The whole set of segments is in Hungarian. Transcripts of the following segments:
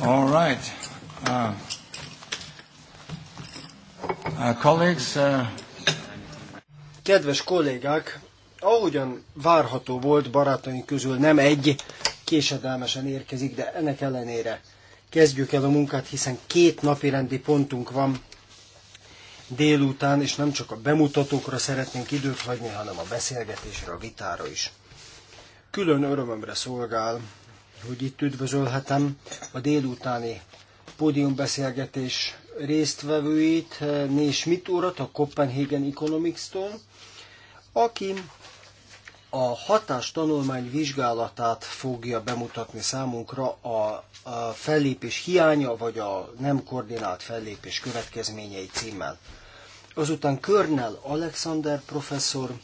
All right. Uh, uh, colleagues, uh... Kedves kollégák, ahogyan várható volt barátaink közül nem egy, késedelmesen érkezik, de ennek ellenére kezdjük el a munkát, hiszen két napi rendi pontunk van délután, és nem csak a bemutatókra szeretnénk időt hagyni, hanem a beszélgetésre, a vitára is. Külön örömömre szolgál, hogy itt üdvözölhetem a délutáni pódiumbeszélgetés résztvevőit, Nés Schmidt urat a Copenhagen Economics-tól, aki a hatástanulmány vizsgálatát fogja bemutatni számunkra a, a fellépés hiánya, vagy a nem koordinált fellépés következményei címmel. Azután Körnel Alexander professzor,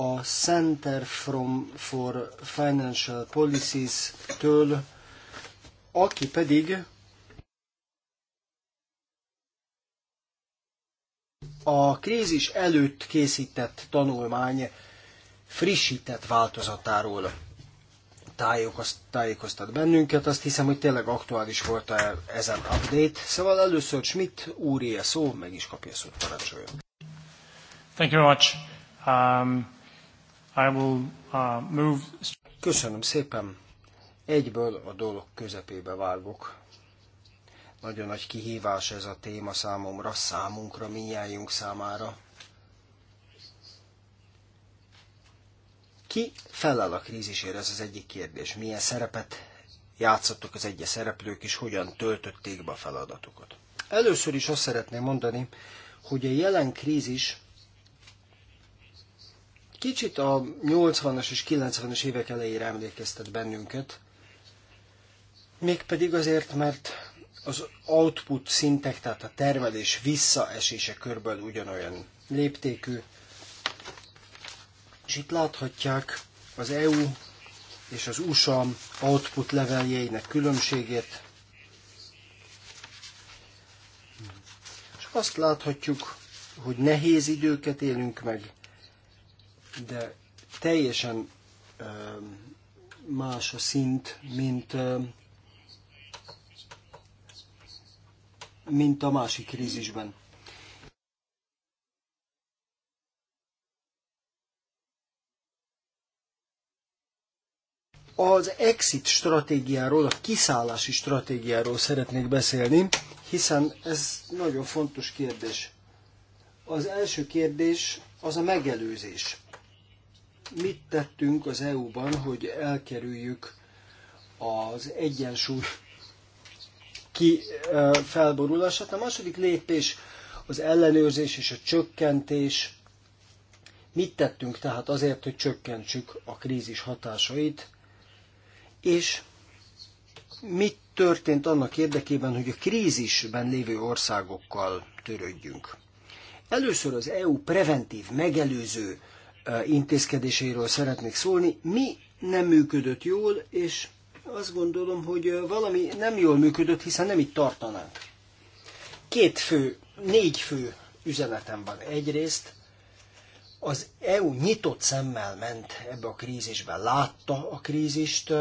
a Center from for Financial Policies-től, aki pedig a krízis előtt készített tanulmány frissített változatáról tájékoztat bennünket. Azt hiszem, hogy tényleg aktuális volt e-, ez az update. Szóval először Schmidt úré a szó, meg is kapja a szót, parancsoljon. Thank you very much. Um... I will uh, move... Köszönöm szépen. Egyből a dolog közepébe vágok. Nagyon nagy kihívás ez a téma számomra, számunkra, minnyájunk számára. Ki felel a krízisért? Ez az egyik kérdés. Milyen szerepet játszottak az egyes szereplők, és hogyan töltötték be a feladatukat? Először is azt szeretném mondani, hogy a jelen krízis Kicsit a 80-as és 90-es évek elejére emlékeztet bennünket, mégpedig azért, mert az output szintek, tehát a termelés visszaesése körből ugyanolyan léptékű. És itt láthatják az EU és az USA output leveljeinek különbségét. És azt láthatjuk, hogy nehéz időket élünk meg, de teljesen más a szint, mint, mint a másik krízisben. Az exit stratégiáról, a kiszállási stratégiáról szeretnék beszélni, hiszen ez nagyon fontos kérdés. Az első kérdés az a megelőzés mit tettünk az EU-ban, hogy elkerüljük az egyensúly ki felborulását. A második lépés az ellenőrzés és a csökkentés. Mit tettünk tehát azért, hogy csökkentsük a krízis hatásait, és mit történt annak érdekében, hogy a krízisben lévő országokkal törődjünk. Először az EU preventív, megelőző intézkedéseiről szeretnék szólni. Mi nem működött jól, és azt gondolom, hogy valami nem jól működött, hiszen nem itt tartanánk. Két fő, négy fő üzenetem van. Egyrészt az EU nyitott szemmel ment ebbe a krízisbe, látta a krízist,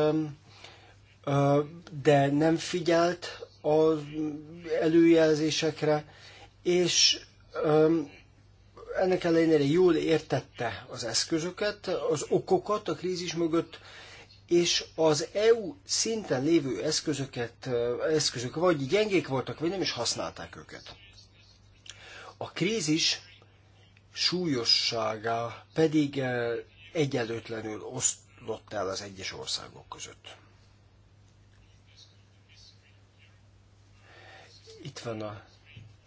de nem figyelt az előjelzésekre, és ennek ellenére jól értette az eszközöket, az okokat a krízis mögött, és az EU szinten lévő eszközöket, eszközök vagy gyengék voltak, vagy nem is használták őket. A krízis súlyossága pedig egyenlőtlenül oszlott el az egyes országok között. Itt van a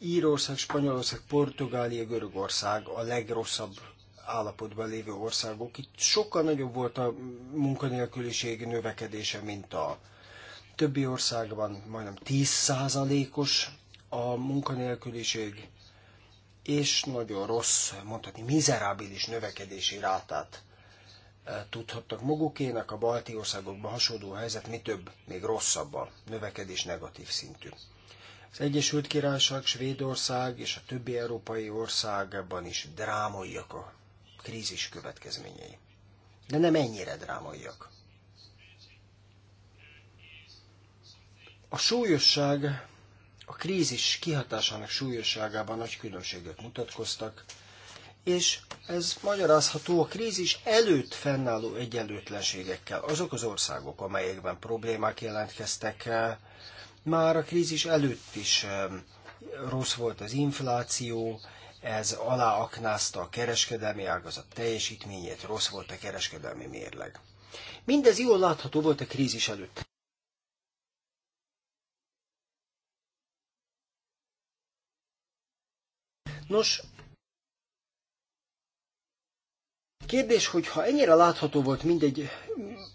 Írország, Spanyolország, Portugália, Görögország a legrosszabb állapotban lévő országok. Itt sokkal nagyobb volt a munkanélküliség növekedése, mint a többi országban, majdnem 10%-os a munkanélküliség, és nagyon rossz, mondhatni, mizerábilis növekedési rátát e, tudhattak magukének, a balti országokban hasonló helyzet mi több, még rosszabb a növekedés negatív szintű. Az Egyesült Királyság, Svédország és a többi európai országban is drámaiak a krízis következményei. De nem ennyire drámaiak. A súlyosság, a krízis kihatásának súlyosságában nagy különbséget mutatkoztak, és ez magyarázható a krízis előtt fennálló egyenlőtlenségekkel. Azok az országok, amelyekben problémák jelentkeztek, már a krízis előtt is eh, rossz volt az infláció, ez aláaknázta a kereskedelmi ágazat teljesítményét, rossz volt a kereskedelmi mérleg. Mindez jól látható volt a krízis előtt. Nos, Kérdés, hogy ha ennyire látható volt mindegy,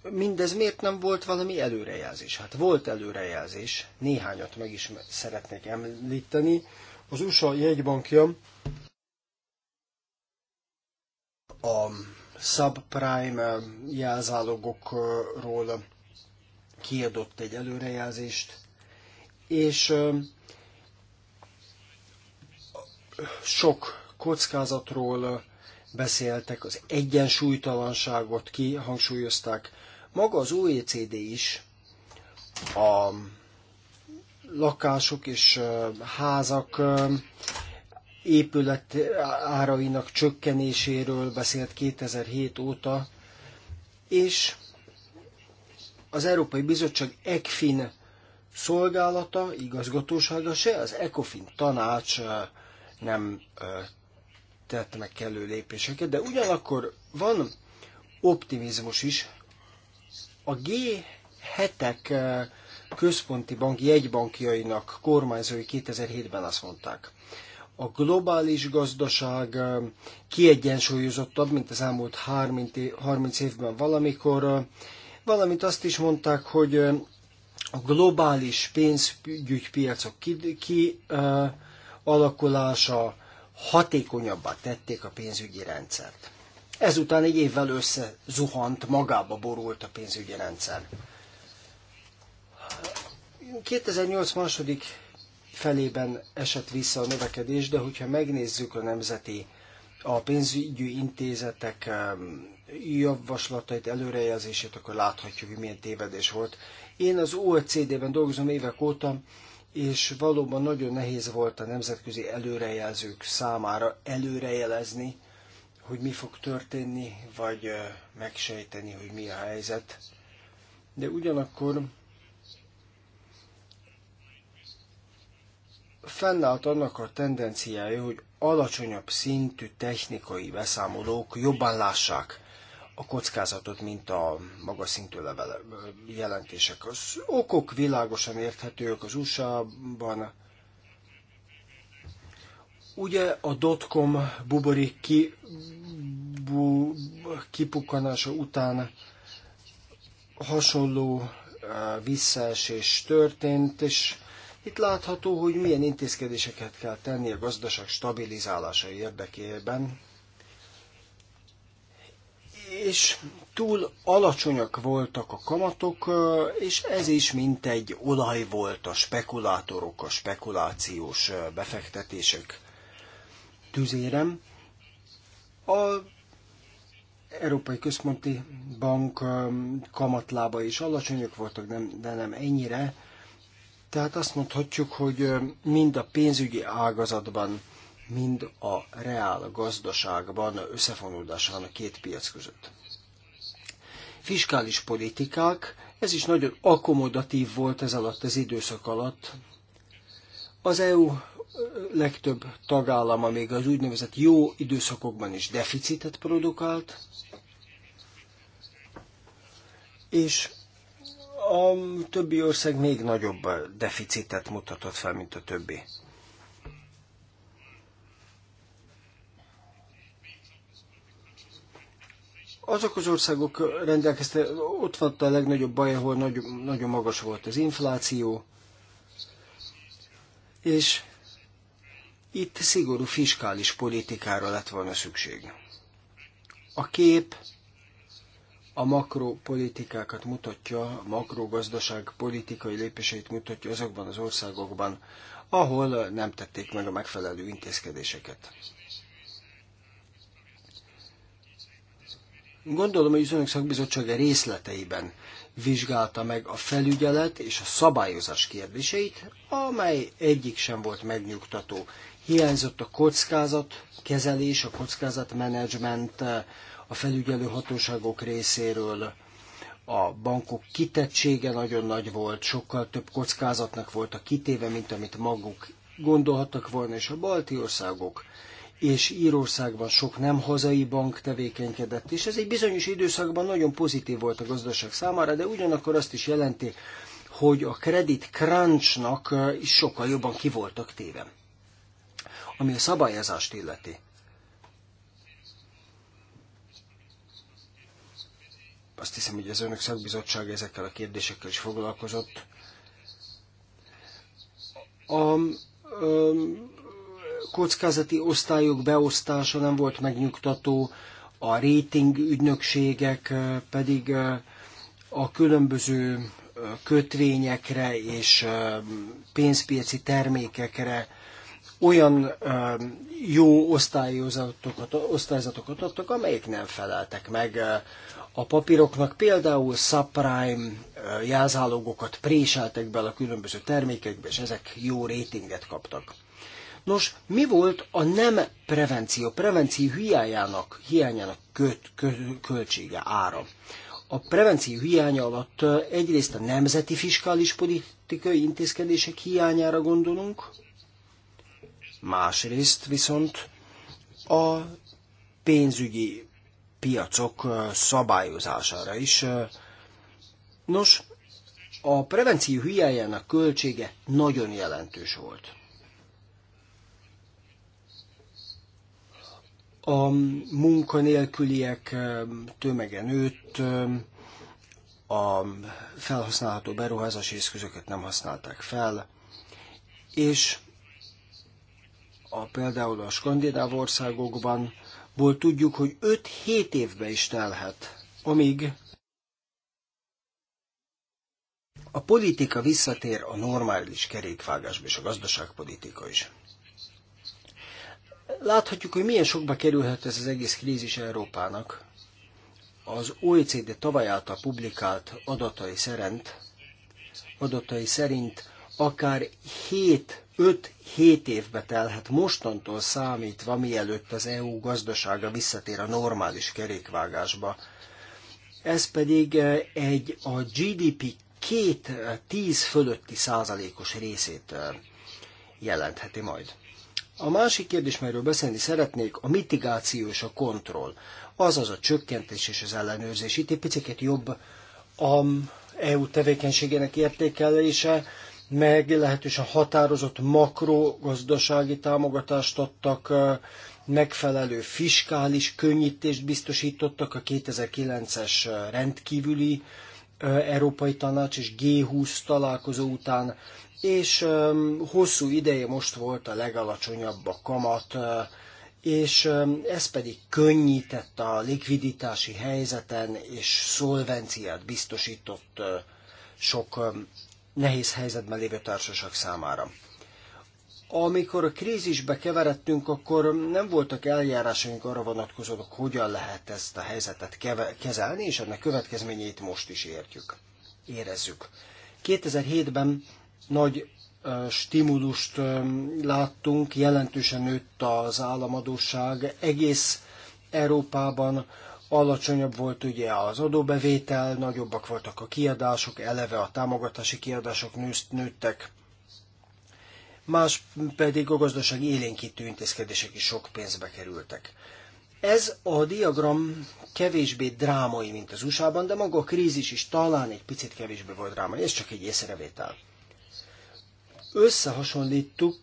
mindez miért nem volt valami előrejelzés? Hát volt előrejelzés, néhányat meg is szeretnék említeni. Az USA jegybankja a subprime jelzálogokról kiadott egy előrejelzést, és sok kockázatról beszéltek, az egyensúlytalanságot kihangsúlyozták. Maga az OECD is a lakások és házak épület árainak csökkenéséről beszélt 2007 óta, és az Európai Bizottság ECFIN szolgálata, igazgatósága se, az ECOFIN tanács nem tett meg kellő lépéseket, de ugyanakkor van optimizmus is. A G7-ek eh, központi bank jegybankjainak kormányzói 2007-ben azt mondták, a globális gazdaság eh, kiegyensúlyozottabb, mint az elmúlt 30 évben valamikor, eh, valamint azt is mondták, hogy a globális pénzügypiacok kialakulása, hatékonyabbá tették a pénzügyi rendszert. Ezután egy évvel összezuhant, magába borult a pénzügyi rendszer. 2008 második felében esett vissza a növekedés, de hogyha megnézzük a nemzeti a pénzügyi intézetek javaslatait, előrejelzését, akkor láthatjuk, hogy milyen tévedés volt. Én az OECD-ben dolgozom évek óta, és valóban nagyon nehéz volt a nemzetközi előrejelzők számára előrejelezni, hogy mi fog történni, vagy megsejteni, hogy mi a helyzet. De ugyanakkor fennállt annak a tendenciája, hogy alacsonyabb szintű technikai beszámolók jobban lássák a kockázatot, mint a magas szintű levele, jelentések. Az okok világosan érthetők az USA-ban. Ugye a dotcom buborék ki, bu, kipukkanása után hasonló visszaesés történt, és itt látható, hogy milyen intézkedéseket kell tenni a gazdaság stabilizálása érdekében, és túl alacsonyak voltak a kamatok, és ez is mint egy olaj volt a spekulátorok, a spekulációs befektetések tüzérem. A Európai Központi Bank kamatlába is alacsonyak voltak, de nem ennyire. Tehát azt mondhatjuk, hogy mind a pénzügyi ágazatban mind a reál gazdaságban a két piac között. Fiskális politikák, ez is nagyon akkomodatív volt ez alatt az időszak alatt. Az EU legtöbb tagállama még az úgynevezett jó időszakokban is deficitet produkált, és a többi ország még nagyobb deficitet mutatott fel, mint a többi. azok az országok rendelkezte, ott volt a legnagyobb baj, ahol nagy, nagyon magas volt az infláció, és itt szigorú fiskális politikára lett volna szükség. A kép a makropolitikákat mutatja, a makrogazdaság politikai lépéseit mutatja azokban az országokban, ahol nem tették meg a megfelelő intézkedéseket. Gondolom, hogy az önök szakbizottsága részleteiben vizsgálta meg a felügyelet és a szabályozás kérdéseit, amely egyik sem volt megnyugtató. Hiányzott a kockázat kezelés, a kockázat menedzsment, eh, a felügyelő hatóságok részéről, a bankok kitettsége nagyon nagy volt, sokkal több kockázatnak volt a kitéve, mint amit maguk gondolhattak volna, és a balti országok és Írországban sok nem hazai bank tevékenykedett, és ez egy bizonyos időszakban nagyon pozitív volt a gazdaság számára, de ugyanakkor azt is jelenti, hogy a kredit crunchnak is sokkal jobban kivoltak téve. Ami a szabályozást illeti. Azt hiszem, hogy az önök szakbizottság ezekkel a kérdésekkel is foglalkozott. A, a, kockázati osztályok beosztása nem volt megnyugtató, a rating ügynökségek pedig a különböző kötvényekre és pénzpiaci termékekre olyan jó osztályozatokat, osztályzatokat adtak, amelyek nem feleltek meg a papíroknak. Például subprime jázálogokat préseltek bele a különböző termékekbe, és ezek jó rétinget kaptak. Nos, mi volt a nem prevenció, prevenció hiányának, hiányának köt, kö, költsége, ára? A prevenció hiánya alatt egyrészt a nemzeti fiskális politikai intézkedések hiányára gondolunk, másrészt viszont a pénzügyi piacok szabályozására is. Nos, a prevenció hiányának költsége nagyon jelentős volt. A munkanélküliek tömege nőtt, a felhasználható beruházási eszközöket nem használták fel, és a, például a skandináv országokban volt tudjuk, hogy 5-7 évbe is telhet, amíg a politika visszatér a normális kerékvágásba és a gazdaságpolitika is. Láthatjuk, hogy milyen sokba kerülhet ez az egész krízis Európának. Az OECD tavaly által publikált adatai szerint, adatai szerint akár 7 5-7 évbe telhet mostantól számítva, mielőtt az EU gazdasága visszatér a normális kerékvágásba. Ez pedig eh, egy a GDP két 10 eh, fölötti százalékos részét eh, jelentheti majd. A másik kérdés, melyről beszélni szeretnék, a mitigáció és a kontroll. Azaz a csökkentés és az ellenőrzés. Itt egy picit jobb a EU tevékenységének értékelése, meg lehetősen határozott makrogazdasági támogatást adtak, megfelelő fiskális könnyítést biztosítottak a 2009-es rendkívüli Európai Tanács és G20 találkozó után és hosszú ideje most volt a legalacsonyabb a kamat, és ez pedig könnyített a likviditási helyzeten, és szolvenciát biztosított sok nehéz helyzetben lévő társaság számára. Amikor a krízisbe keveredtünk, akkor nem voltak eljárásaink arra vonatkozóak, hogyan lehet ezt a helyzetet kezelni, és ennek következményeit most is értjük, érezzük. 2007-ben nagy stimulust láttunk, jelentősen nőtt az államadóság egész Európában, alacsonyabb volt ugye az adóbevétel, nagyobbak voltak a kiadások, eleve a támogatási kiadások nőtt, nőttek. Más pedig a gazdaság élénkítő intézkedések is sok pénzbe kerültek. Ez a diagram kevésbé drámai, mint az USA-ban, de maga a krízis is talán egy picit kevésbé volt drámai. Ez csak egy észrevétel összehasonlítottuk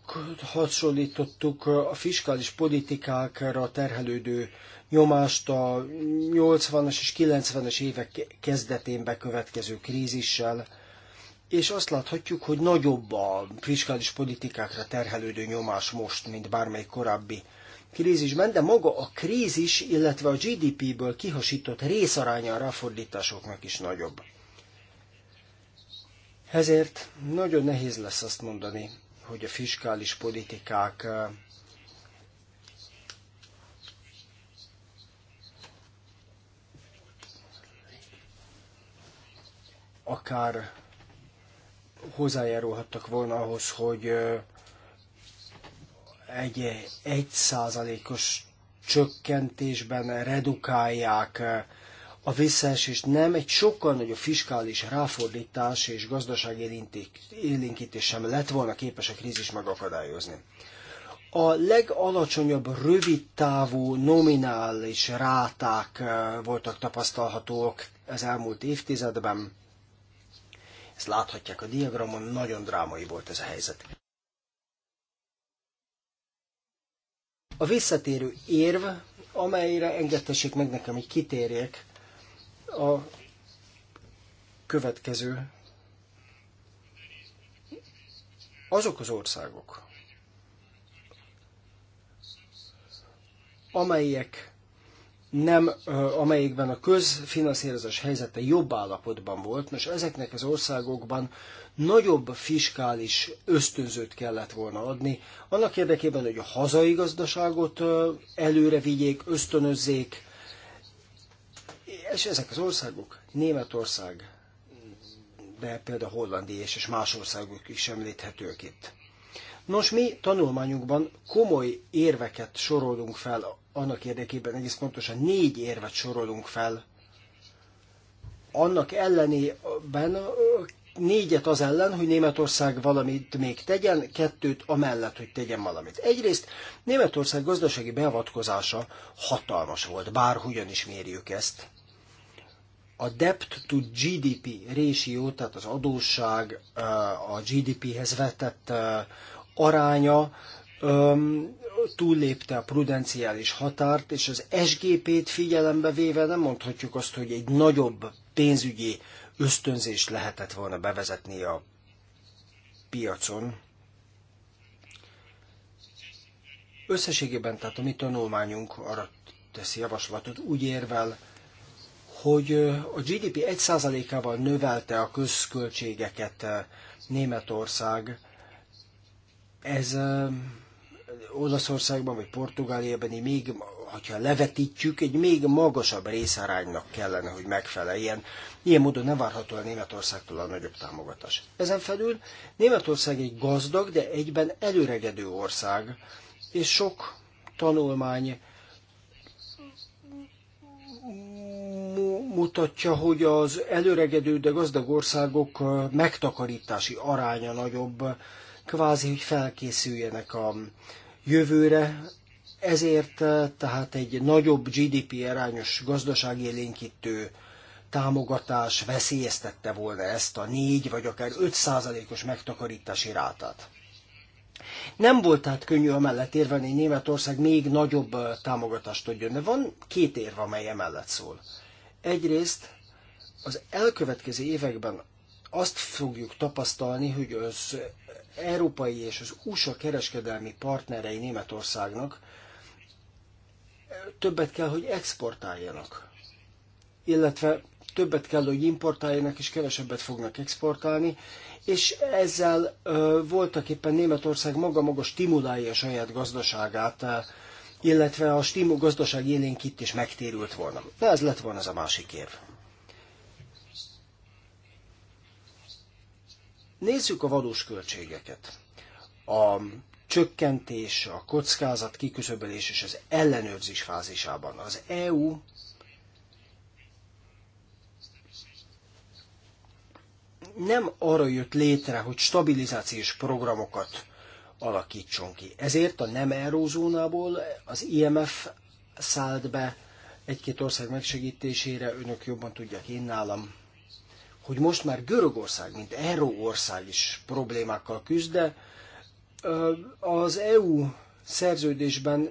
hasonlítottuk a fiskális politikákra terhelődő nyomást a 80-as és 90-es évek kezdetén bekövetkező krízissel, és azt láthatjuk, hogy nagyobb a fiskális politikákra terhelődő nyomás most, mint bármely korábbi krízisben, de maga a krízis, illetve a GDP-ből kihasított részaránya a ráfordításoknak is nagyobb. Ezért nagyon nehéz lesz azt mondani, hogy a fiskális politikák eh, akár hozzájárulhattak volna ahhoz, hogy eh, egy egy százalékos csökkentésben redukálják eh, a visszaesés nem egy sokkal nagyobb fiskális ráfordítás és gazdasági élénkítés sem lett volna képes a krízis megakadályozni. A legalacsonyabb rövid távú nominális ráták eh, voltak tapasztalhatók az elmúlt évtizedben. Ezt láthatják a diagramon, nagyon drámai volt ez a helyzet. A visszatérő érv, amelyre engedtessék meg nekem, hogy kitérjek, a következő. Azok az országok, amelyek nem, amelyikben a közfinanszírozás helyzete jobb állapotban volt, most ezeknek az országokban nagyobb fiskális ösztönzőt kellett volna adni, annak érdekében, hogy a hazai gazdaságot előre vigyék, ösztönözzék, és ezek az országok, Németország, de például Hollandi és, és más országok is említhetők itt. Nos, mi tanulmányunkban komoly érveket sorolunk fel annak érdekében, egész pontosan négy érvet sorolunk fel, annak ellenében négyet az ellen, hogy Németország valamit még tegyen, kettőt amellett, hogy tegyen valamit. Egyrészt Németország gazdasági beavatkozása hatalmas volt, bárhogyan is mérjük ezt a debt to GDP ratio, tehát az adósság eh, a GDP-hez vetett eh, aránya túllépte a prudenciális határt, és az SGP-t figyelembe véve nem mondhatjuk azt, hogy egy nagyobb pénzügyi ösztönzést lehetett volna bevezetni a piacon. Összességében tehát a mi tanulmányunk arra teszi javaslatot, úgy érvel, hogy a GDP 1%-ával növelte a közköltségeket Németország. Ez Olaszországban vagy Portugáliában még, ha levetítjük, egy még magasabb részaránynak kellene, hogy megfeleljen. Ilyen módon nem várható el Németországtól a nagyobb támogatás. Ezen felül Németország egy gazdag, de egyben előregedő ország, és sok tanulmány mutatja, hogy az előregedő, de gazdag országok megtakarítási aránya nagyobb, kvázi, hogy felkészüljenek a jövőre, ezért tehát egy nagyobb GDP arányos gazdaságélénkítő támogatás veszélyeztette volna ezt a 4 vagy akár 5 százalékos megtakarítási rátát. Nem volt tehát könnyű amellett érvelni, hogy Németország még nagyobb támogatást adjon, de van két érve, amely emellett szól. Egyrészt az elkövetkező években azt fogjuk tapasztalni, hogy az európai és az USA kereskedelmi partnerei Németországnak többet kell, hogy exportáljanak. Illetve többet kell, hogy importáljanak, és kevesebbet fognak exportálni, és ezzel ö, voltak éppen Németország maga maga stimulálja saját gazdaságát, illetve a stímu gazdaság élénk itt is megtérült volna. De ez lett volna az a másik érv. Nézzük a valós költségeket. A csökkentés, a kockázat kiküszöbölés és az ellenőrzés fázisában az EU nem arra jött létre, hogy stabilizációs programokat alakítson ki. Ezért a nem eurózónából az IMF szállt be egy-két ország megsegítésére, önök jobban tudják én nálam, hogy most már Görögország, mint ország is problémákkal küzd, de az EU szerződésben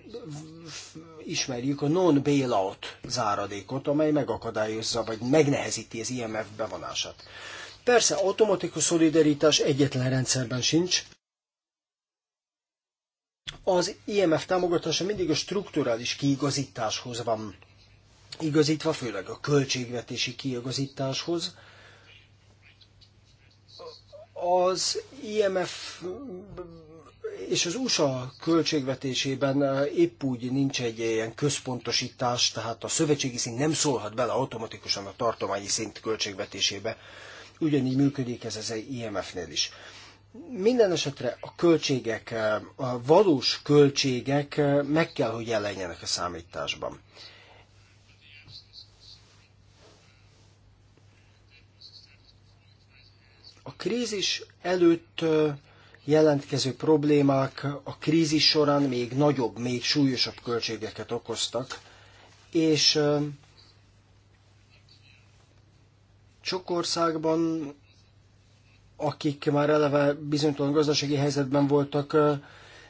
ismerjük a non-bailout záradékot, amely megakadályozza vagy megnehezíti az IMF bevonását. Persze automatikus szolidaritás egyetlen rendszerben sincs, az IMF támogatása mindig a strukturális kiigazításhoz van igazítva, főleg a költségvetési kiigazításhoz. Az IMF és az USA költségvetésében épp úgy nincs egy ilyen központosítás, tehát a szövetségi szint nem szólhat bele automatikusan a tartományi szint költségvetésébe. Ugyanígy működik ez az IMF-nél is. Minden esetre a költségek, a valós költségek meg kell, hogy jelenjenek a számításban. A krízis előtt jelentkező problémák a krízis során még nagyobb, még súlyosabb költségeket okoztak, és sok országban akik már eleve bizonytalan gazdasági helyzetben voltak,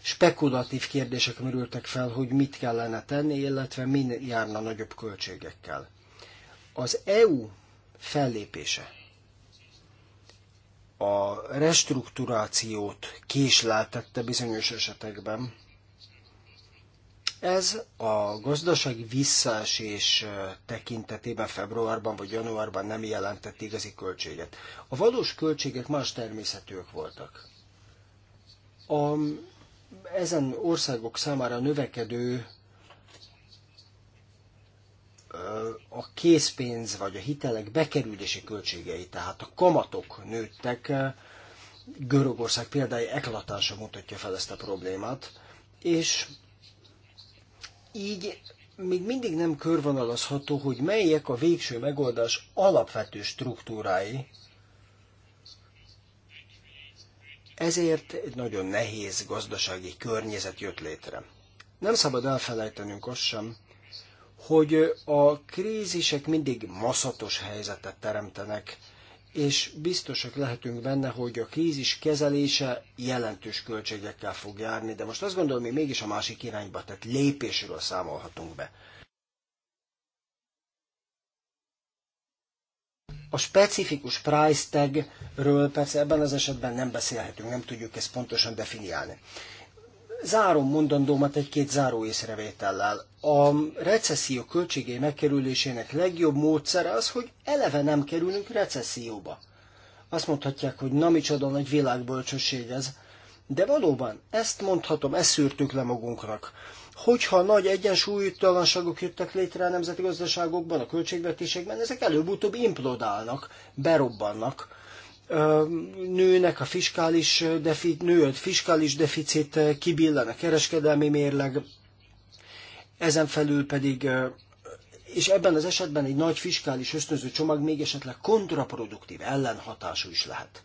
spekulatív kérdések merültek fel, hogy mit kellene tenni, illetve min járna nagyobb költségekkel. Az EU fellépése a restrukturációt késleltette bizonyos esetekben, ez a gazdasági visszaesés tekintetében februárban vagy januárban nem jelentett igazi költséget. A valós költségek más természetűek voltak. A ezen országok számára növekedő a készpénz vagy a hitelek bekerülési költségei, tehát a kamatok nőttek, Görögország példája eklatása mutatja fel ezt a problémát, és így még mindig nem körvonalazható, hogy melyek a végső megoldás alapvető struktúrái. Ezért egy nagyon nehéz gazdasági környezet jött létre. Nem szabad elfelejtenünk azt sem, hogy a krízisek mindig maszatos helyzetet teremtenek, és biztosak lehetünk benne, hogy a krízis kezelése jelentős költségekkel fog járni, de most azt gondolom, hogy mégis a másik irányba, tehát lépésről számolhatunk be. A specifikus price tagről persze ebben az esetben nem beszélhetünk, nem tudjuk ezt pontosan definiálni zárom mondandómat egy-két záró észrevétellel. A recesszió költségei megkerülésének legjobb módszere az, hogy eleve nem kerülünk recesszióba. Azt mondhatják, hogy na micsoda nagy világbölcsösség ez, de valóban, ezt mondhatom, ezt szűrtük le magunknak. Hogyha nagy egyensúlytalanságok jöttek létre a nemzeti gazdaságokban, a költségvetésekben, ezek előbb-utóbb implodálnak, berobbannak nőnek a fiskális, defi, nő a fiskális deficit, kibillen a kereskedelmi mérleg, ezen felül pedig, és ebben az esetben egy nagy fiskális ösztönző csomag még esetleg kontraproduktív ellenhatású is lehet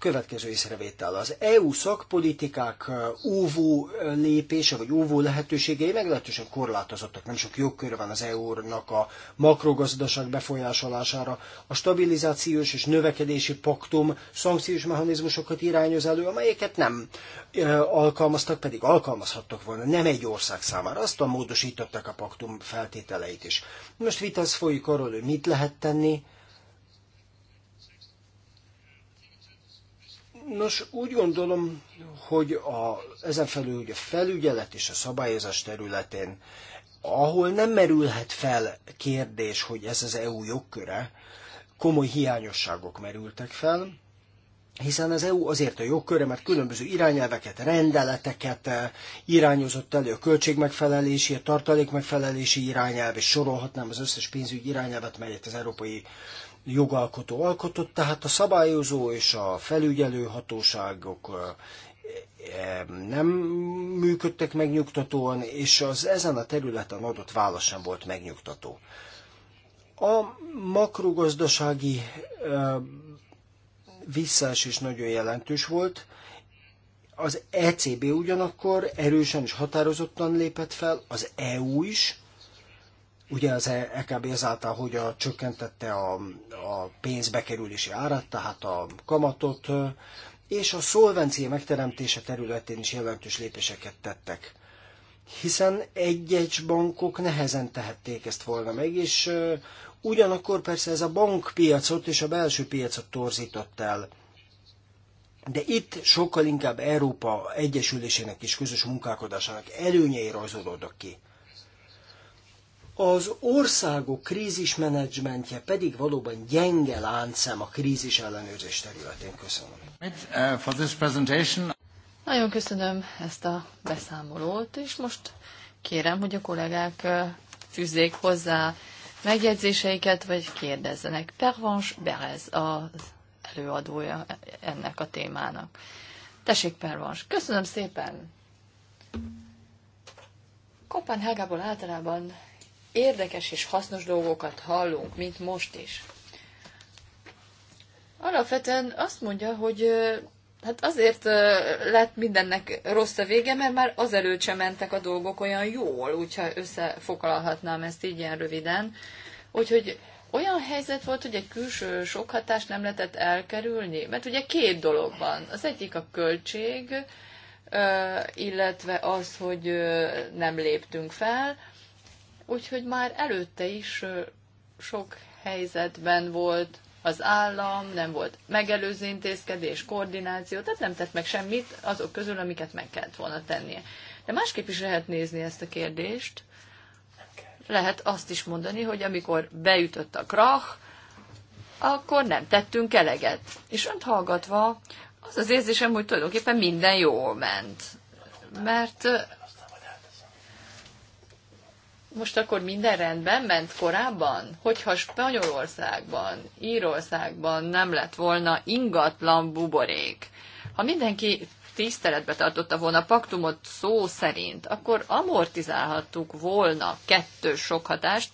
következő észrevétel. Az EU szakpolitikák uh, óvó uh, lépése, vagy óvó lehetőségei meglehetősen korlátozottak. Nem sok jogkör van az EU-nak a makrogazdaság befolyásolására. A stabilizációs és növekedési paktum szankciós mechanizmusokat irányoz elő, amelyeket nem uh, alkalmaztak, pedig alkalmazhattak volna nem egy ország számára. Aztán módosították a paktum feltételeit is. Most vitasz folyik arról, hogy mit lehet tenni, Nos, úgy gondolom, hogy a, ezen felül hogy a felügyelet és a szabályozás területén, ahol nem merülhet fel kérdés, hogy ez az EU jogköre, komoly hiányosságok merültek fel, hiszen az EU azért a jogköre, mert különböző irányelveket, rendeleteket eh, irányozott elő a költségmegfelelési, a tartalékmegfelelési irányelv, és sorolhatnám az összes pénzügyi irányelvet, melyet az Európai jogalkotó alkotott, tehát a szabályozó és a felügyelő hatóságok nem működtek megnyugtatóan, és az ezen a területen adott válasz sem volt megnyugtató. A makrogazdasági visszaesés nagyon jelentős volt, az ECB ugyanakkor erősen és határozottan lépett fel, az EU is, Ugye az EKB e ezáltal, hogy a, csökkentette a, a pénz árat, tehát a kamatot, és a szolvencia megteremtése területén is jelentős lépéseket tettek. Hiszen egy-egy bankok nehezen tehették ezt volna meg, és ugyanakkor persze ez a bankpiacot és a belső piacot torzított el. De itt sokkal inkább Európa Egyesülésének és közös munkálkodásának előnyei rajzolódnak ki. Az országok krízismenedzsmentje pedig valóban gyenge láncem a krízis ellenőrzés területén. Köszönöm. Uh, Nagyon köszönöm ezt a beszámolót, és most kérem, hogy a kollégák uh, fűzzék hozzá megjegyzéseiket, vagy kérdezzenek. Pervans Berez az előadója ennek a témának. Tessék, Pervans, köszönöm szépen! Kopenhágából általában érdekes és hasznos dolgokat hallunk, mint most is. Alapvetően azt mondja, hogy hát azért lett mindennek rossz a vége, mert már azelőtt sem mentek a dolgok olyan jól, úgyha összefoglalhatnám ezt így ilyen röviden. Úgyhogy olyan helyzet volt, hogy egy külső sok hatást nem lehetett elkerülni, mert ugye két dolog van. Az egyik a költség, illetve az, hogy nem léptünk fel, Úgyhogy már előtte is sok helyzetben volt az állam, nem volt megelőző intézkedés, koordináció, tehát nem tett meg semmit azok közül, amiket meg kellett volna tennie. De másképp is lehet nézni ezt a kérdést. Lehet azt is mondani, hogy amikor beütött a krach, akkor nem tettünk eleget. És önt hallgatva az az érzésem, hogy tulajdonképpen minden jól ment. Mert most akkor minden rendben ment korábban? Hogyha Spanyolországban, Írországban nem lett volna ingatlan buborék, ha mindenki tiszteletbe tartotta volna a paktumot szó szerint, akkor amortizálhattuk volna kettős sok hatást,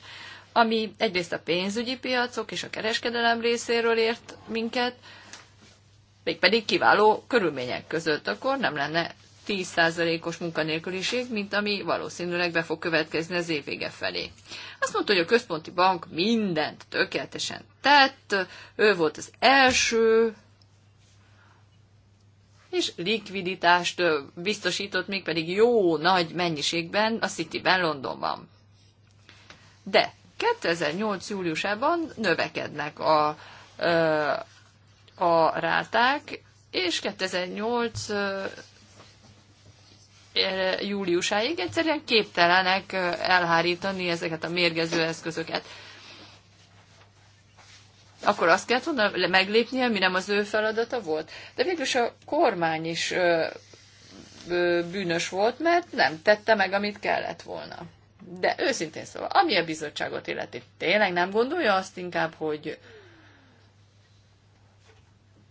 ami egyrészt a pénzügyi piacok és a kereskedelem részéről ért minket, mégpedig kiváló körülmények között, akkor nem lenne 10%-os munkanélküliség, mint ami valószínűleg be fog következni az év vége felé. Azt mondta, hogy a központi bank mindent tökéletesen tett, ő volt az első, és likviditást biztosított, mégpedig jó nagy mennyiségben a Cityben, Londonban. De 2008. júliusában növekednek a, a ráták, és 2008 Eh, júliusáig egyszerűen képtelenek eh, elhárítani ezeket a mérgező eszközöket. Akkor azt kellett volna meglépnie, ami nem az ő feladata volt. De végülis a kormány is eh, bűnös volt, mert nem tette meg, amit kellett volna. De őszintén szóval, ami a bizottságot illeti, tényleg nem gondolja azt inkább, hogy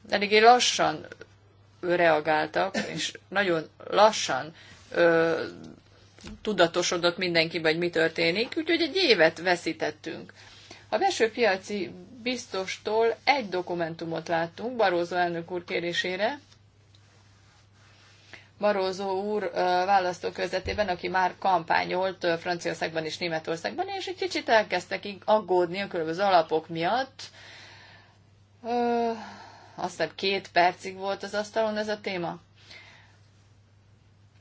eléggé lassan reagáltak, és nagyon lassan ö, tudatosodott mindenkiben, vagy mi történik, úgyhogy egy évet veszítettünk. A belső piaci biztostól egy dokumentumot láttunk Barózó elnök úr kérésére. Barózó úr választókörzetében, aki már kampányolt Franciaországban és Németországban, és egy kicsit elkezdtek aggódni a különböző alapok miatt. Ö, aztán két percig volt az asztalon ez a téma.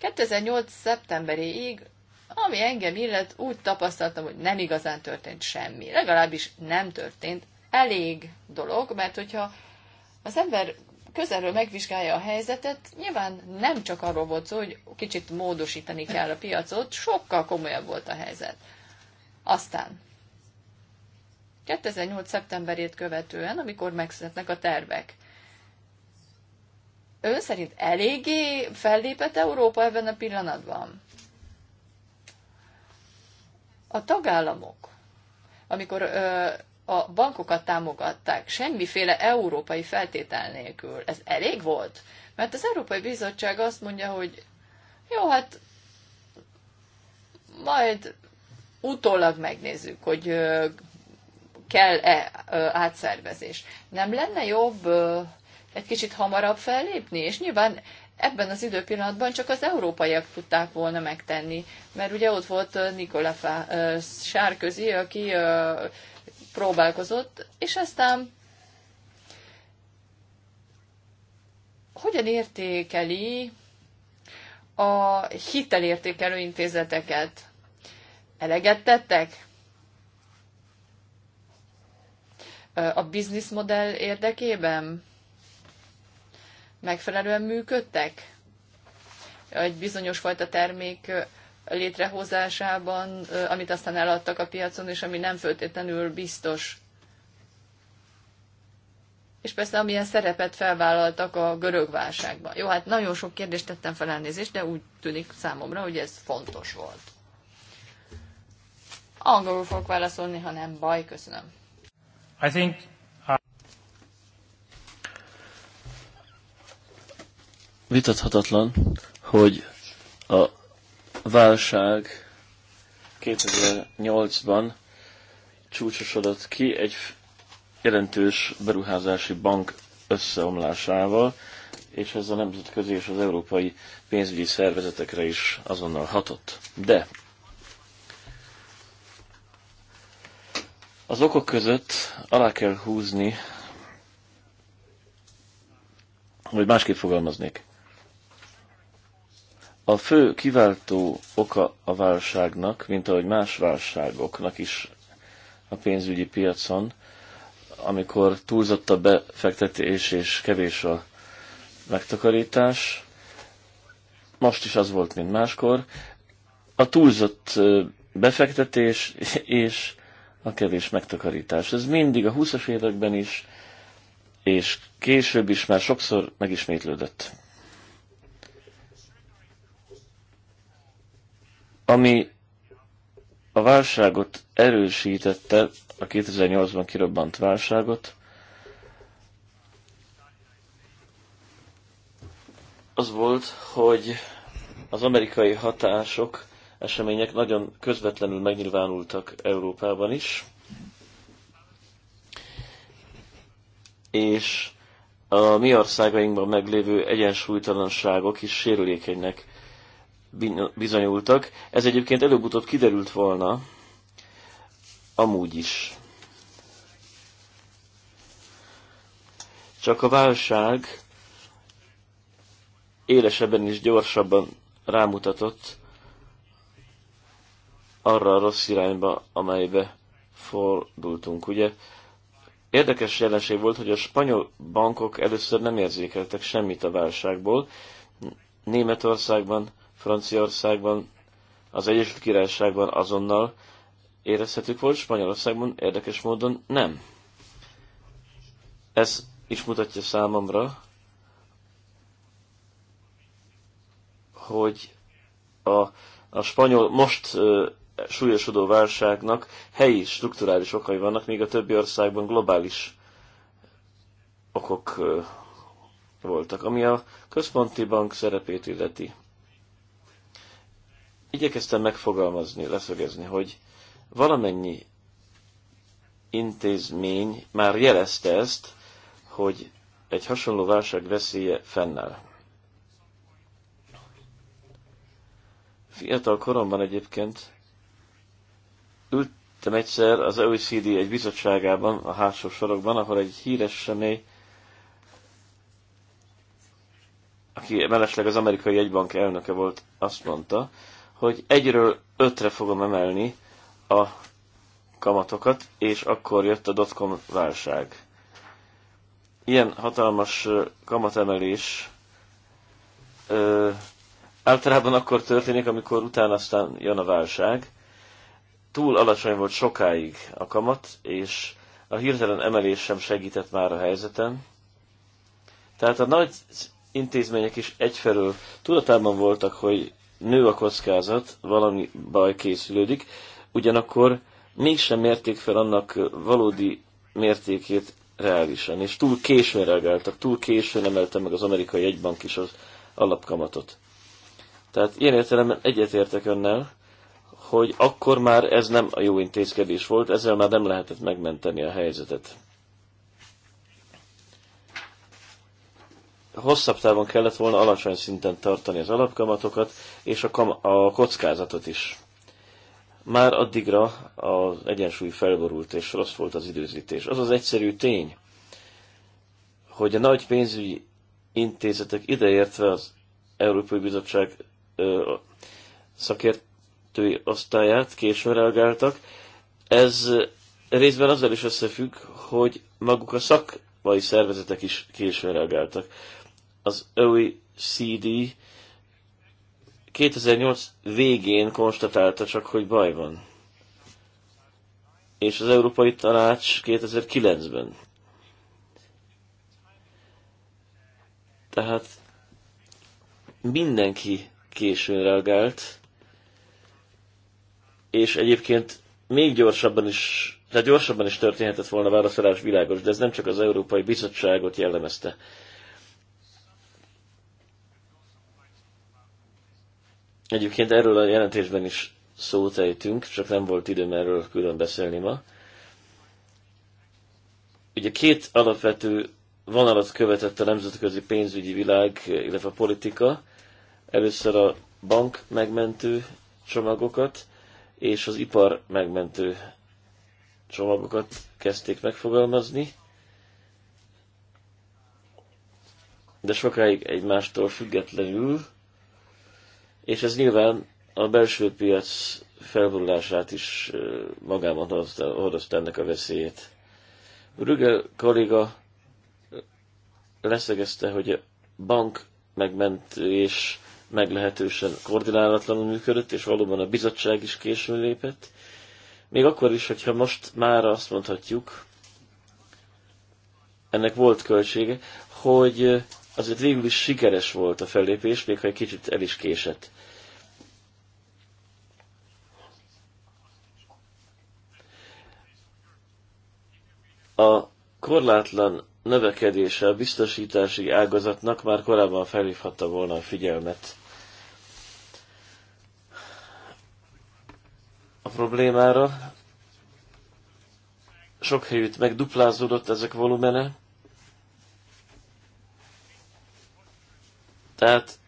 2008. szeptemberéig, ami engem illet, úgy tapasztaltam, hogy nem igazán történt semmi. Legalábbis nem történt elég dolog, mert hogyha az ember közelről megvizsgálja a helyzetet, nyilván nem csak arról volt szó, hogy kicsit módosítani kell a piacot, sokkal komolyabb volt a helyzet. Aztán 2008. szeptemberét követően, amikor megszületnek a tervek, ön szerint eléggé fellépett Európa ebben a pillanatban? A tagállamok, amikor ö, a bankokat támogatták semmiféle európai feltétel nélkül, ez elég volt? Mert az Európai Bizottság azt mondja, hogy jó, hát majd utólag megnézzük, hogy kell-e átszervezés. Nem lenne jobb egy kicsit hamarabb fellépni, és nyilván ebben az időpillanatban csak az európaiak tudták volna megtenni, mert ugye ott volt Nikola Sárközi, aki próbálkozott, és aztán hogyan értékeli a hitelértékelő intézeteket? Eleget tettek? A bizniszmodell érdekében? megfelelően működtek? Egy bizonyos fajta termék létrehozásában, amit aztán eladtak a piacon, és ami nem föltétlenül biztos. És persze, amilyen szerepet felvállaltak a görög válságban. Jó, hát nagyon sok kérdést tettem fel elnézést, de úgy tűnik számomra, hogy ez fontos volt. Angolul fogok válaszolni, ha nem baj, köszönöm. I think vitathatatlan, hogy a válság 2008-ban csúcsosodott ki egy jelentős beruházási bank összeomlásával, és ez a nemzetközi és az európai pénzügyi szervezetekre is azonnal hatott. De az okok között alá kell húzni, vagy másképp fogalmaznék. A fő kiváltó oka a válságnak, mint ahogy más válságoknak is a pénzügyi piacon, amikor túlzott a befektetés és kevés a megtakarítás, most is az volt, mint máskor, a túlzott befektetés és a kevés megtakarítás. Ez mindig a 20-as években is, és később is már sokszor megismétlődött. Ami a válságot erősítette, a 2008-ban kirobbant válságot, az volt, hogy az amerikai hatások, események nagyon közvetlenül megnyilvánultak Európában is, és a mi országainkban meglévő egyensúlytalanságok is sérülékenynek bizonyultak. Ez egyébként előbb-utóbb kiderült volna, amúgy is. Csak a válság élesebben és gyorsabban rámutatott arra a rossz irányba, amelybe fordultunk. Ugye érdekes jelenség volt, hogy a spanyol bankok először nem érzékeltek semmit a válságból. Németországban, Franciaországban, az Egyesült Királyságban azonnal érezhetők volt, Spanyolországban érdekes módon nem. Ez is mutatja számomra, hogy a, a spanyol most ö, súlyosodó válságnak helyi strukturális okai vannak, míg a többi országban globális okok ö, voltak. Ami a központi bank szerepét illeti igyekeztem megfogalmazni, leszögezni, hogy valamennyi intézmény már jelezte ezt, hogy egy hasonló válság veszélye fennáll. Fiatal koromban egyébként ültem egyszer az OECD egy bizottságában, a hátsó sorokban, ahol egy híres személy, aki mellesleg az amerikai egybank elnöke volt, azt mondta, hogy egyről ötre fogom emelni a kamatokat, és akkor jött a dotcom válság. Ilyen hatalmas kamatemelés ö, általában akkor történik, amikor utána aztán jön a válság. Túl alacsony volt sokáig a kamat, és a hirtelen emelés sem segített már a helyzeten. Tehát a nagy intézmények is egyfelől tudatában voltak, hogy nő a kockázat, valami baj készülődik, ugyanakkor mégsem mérték fel annak valódi mértékét reálisan, és túl későn reagáltak, túl későn emelte meg az amerikai egybank is az alapkamatot. Tehát ilyen értelemben egyetértek önnel, hogy akkor már ez nem a jó intézkedés volt, ezzel már nem lehetett megmenteni a helyzetet. hosszabb távon kellett volna alacsony szinten tartani az alapkamatokat és a, kam- a kockázatot is. Már addigra az egyensúly felborult és rossz volt az időzítés. Az az egyszerű tény, hogy a nagy pénzügyi intézetek ideértve az Európai Bizottság ö, szakértői osztályát későn reagáltak, ez részben azzal is összefügg, hogy maguk a szakmai szervezetek is későn reagáltak az OECD 2008 végén konstatálta csak, hogy baj van. És az Európai Tanács 2009-ben. Tehát mindenki későn reagált, és egyébként még gyorsabban is, tehát gyorsabban is történhetett volna válaszolás világos, de ez nem csak az Európai Bizottságot jellemezte. Egyébként erről a jelentésben is szót ejtünk, csak nem volt időm erről külön beszélni ma. Ugye két alapvető vonalat követett a nemzetközi pénzügyi világ, illetve a politika. Először a bank megmentő csomagokat és az ipar megmentő csomagokat kezdték megfogalmazni, de sokáig egymástól függetlenül és ez nyilván a belső piac felborulását is magában hordozta ennek a veszélyét. Rüge kolléga leszegezte, hogy a bank megmentés meglehetősen koordinálatlanul működött, és valóban a bizottság is későn lépett. Még akkor is, hogyha most már azt mondhatjuk, ennek volt költsége, hogy azért végül is sikeres volt a fellépés, még ha egy kicsit el is késett. A korlátlan növekedése a biztosítási ágazatnak már korábban felhívhatta volna a figyelmet a problémára. Sok helyütt megduplázódott ezek volumene, tehát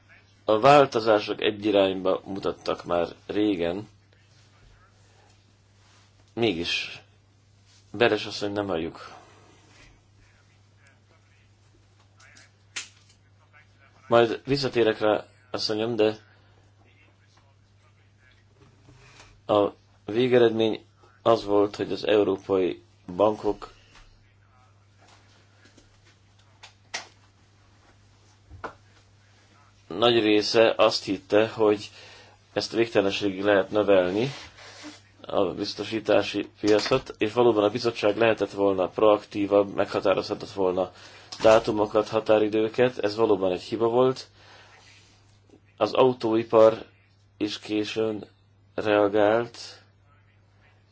a változások egy irányba mutattak már régen, mégis Beres asszony, nem halljuk. Majd visszatérek rá, asszonyom, de a végeredmény az volt, hogy az európai bankok nagy része azt hitte, hogy ezt végtelenségig lehet növelni, a biztosítási piacot, és valóban a bizottság lehetett volna proaktívabb, meghatározhatott volna dátumokat, határidőket, ez valóban egy hiba volt. Az autóipar is későn reagált,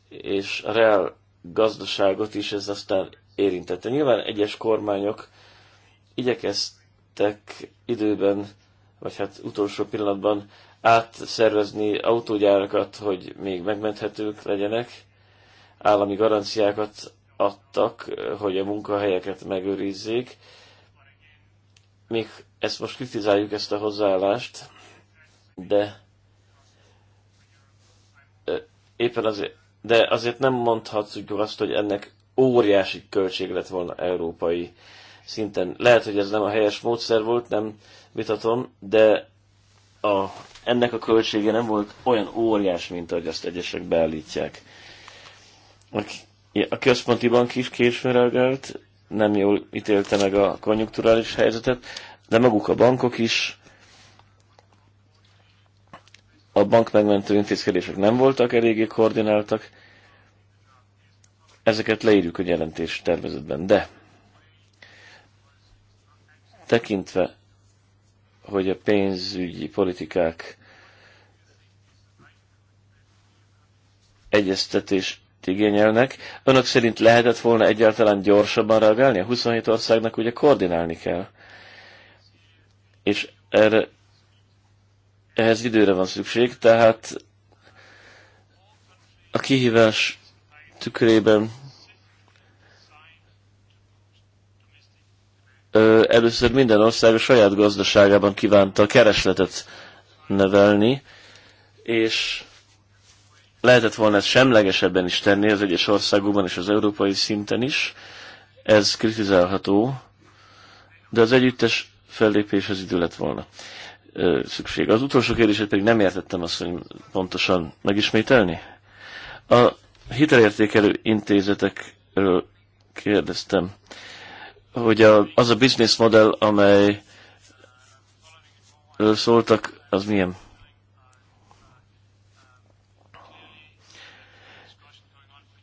és a reál gazdaságot is ez aztán érintette. Nyilván egyes kormányok igyekeztek időben, vagy hát utolsó pillanatban átszervezni autógyárakat, hogy még megmenthetők legyenek. Állami garanciákat adtak, hogy a munkahelyeket megőrizzék. Még ezt most kritizáljuk, ezt a hozzáállást, de éppen azért, de azért nem mondhatjuk azt, hogy ennek óriási költség lett volna európai szinten. Lehet, hogy ez nem a helyes módszer volt, nem vitatom, de a ennek a költsége nem volt olyan óriás, mint ahogy azt egyesek beállítják. A központi bank is későn reagált, nem jól ítélte meg a konjunkturális helyzetet, de maguk a bankok is. A bank megmentő intézkedések nem voltak eléggé koordináltak. Ezeket leírjuk a jelentés tervezetben, de tekintve hogy a pénzügyi politikák egyeztetést igényelnek. Önök szerint lehetett volna egyáltalán gyorsabban reagálni? A 27 országnak ugye koordinálni kell. És erre, ehhez időre van szükség, tehát a kihívás tükrében először minden ország a saját gazdaságában kívánta a keresletet nevelni, és lehetett volna ezt semlegesebben is tenni az egyes országokban és az európai szinten is. Ez kritizálható, de az együttes fellépés az idő lett volna ö, szükség. Az utolsó kérdését pedig nem értettem azt, hogy pontosan megismételni. A hitelértékelő intézetekről kérdeztem. Ö, hogy a, az a business model, amely szóltak, az milyen?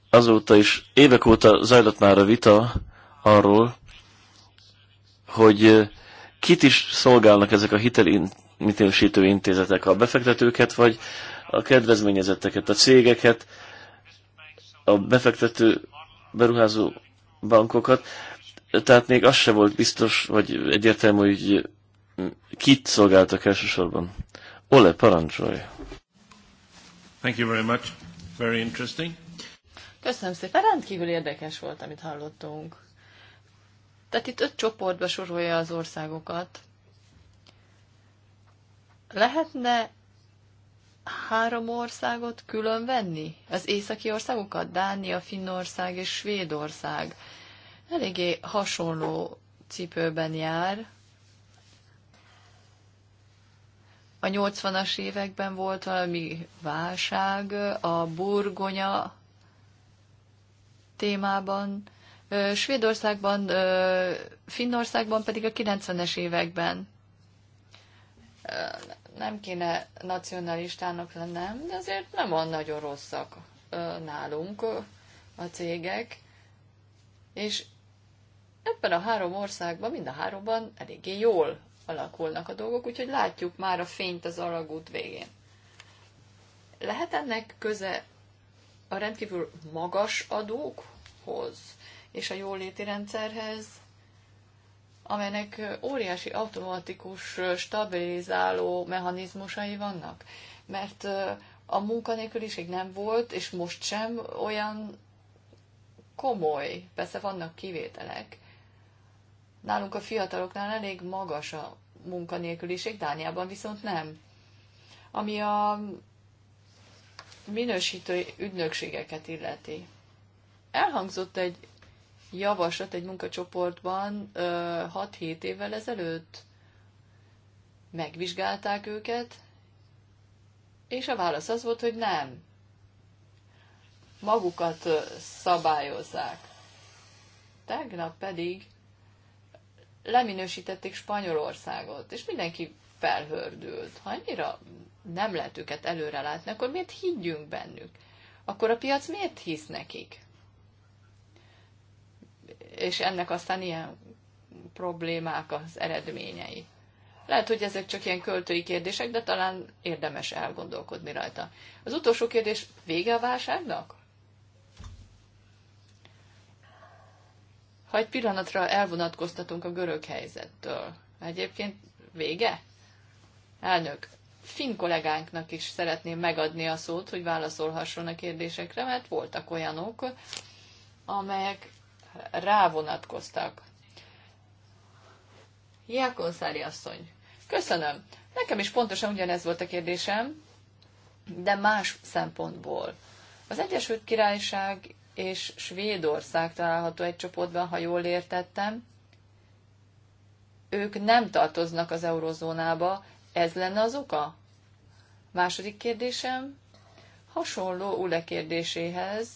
Azóta is, évek óta zajlott már a vita arról, hogy kit is szolgálnak ezek a hitelintézsítő intézetek, a befektetőket, vagy a kedvezményezetteket, a cégeket, a befektető beruházó bankokat tehát még az se volt biztos, vagy egyértelmű, hogy kit szolgáltak elsősorban. Ole, parancsolj! Thank you very much. Very interesting. Köszönöm szépen, rendkívül érdekes volt, amit hallottunk. Tehát itt öt csoportba sorolja az országokat. Lehetne három országot külön venni? Az északi országokat? Dánia, Finnország és Svédország eléggé hasonló cipőben jár. A 80-as években volt valami válság a burgonya témában, Svédországban, Finnországban pedig a 90-es években. Nem kéne nacionalistának lennem, de azért nem van nagyon rosszak nálunk a cégek, és ebben a három országban, mind a háromban eléggé jól alakulnak a dolgok, úgyhogy látjuk már a fényt az alagút végén. Lehet ennek köze a rendkívül magas adókhoz és a jóléti rendszerhez, amelynek óriási automatikus stabilizáló mechanizmusai vannak. Mert a munkanélküliség nem volt, és most sem olyan komoly, persze vannak kivételek, Nálunk a fiataloknál elég magas a munkanélküliség, Dániában viszont nem. Ami a minősítő ügynökségeket illeti. Elhangzott egy javaslat egy munkacsoportban 6-7 évvel ezelőtt. Megvizsgálták őket, és a válasz az volt, hogy nem. Magukat szabályozzák. Tegnap pedig leminősítették Spanyolországot, és mindenki felhördült. Ha annyira nem lehet őket előrelátni, akkor miért higgyünk bennük? Akkor a piac miért hisz nekik? És ennek aztán ilyen problémák az eredményei. Lehet, hogy ezek csak ilyen költői kérdések, de talán érdemes elgondolkodni rajta. Az utolsó kérdés, vége a válságnak? ha egy pillanatra elvonatkoztatunk a görög helyzettől, egyébként vége? Elnök, finn kollégánknak is szeretném megadni a szót, hogy válaszolhasson a kérdésekre, mert voltak olyanok, amelyek rávonatkoztak. Jákonszári asszony, köszönöm. Nekem is pontosan ugyanez volt a kérdésem, de más szempontból. Az Egyesült Királyság és Svédország található egy csoportban, ha jól értettem. Ők nem tartoznak az eurozónába, ez lenne az oka? Második kérdésem hasonló Ule kérdéséhez.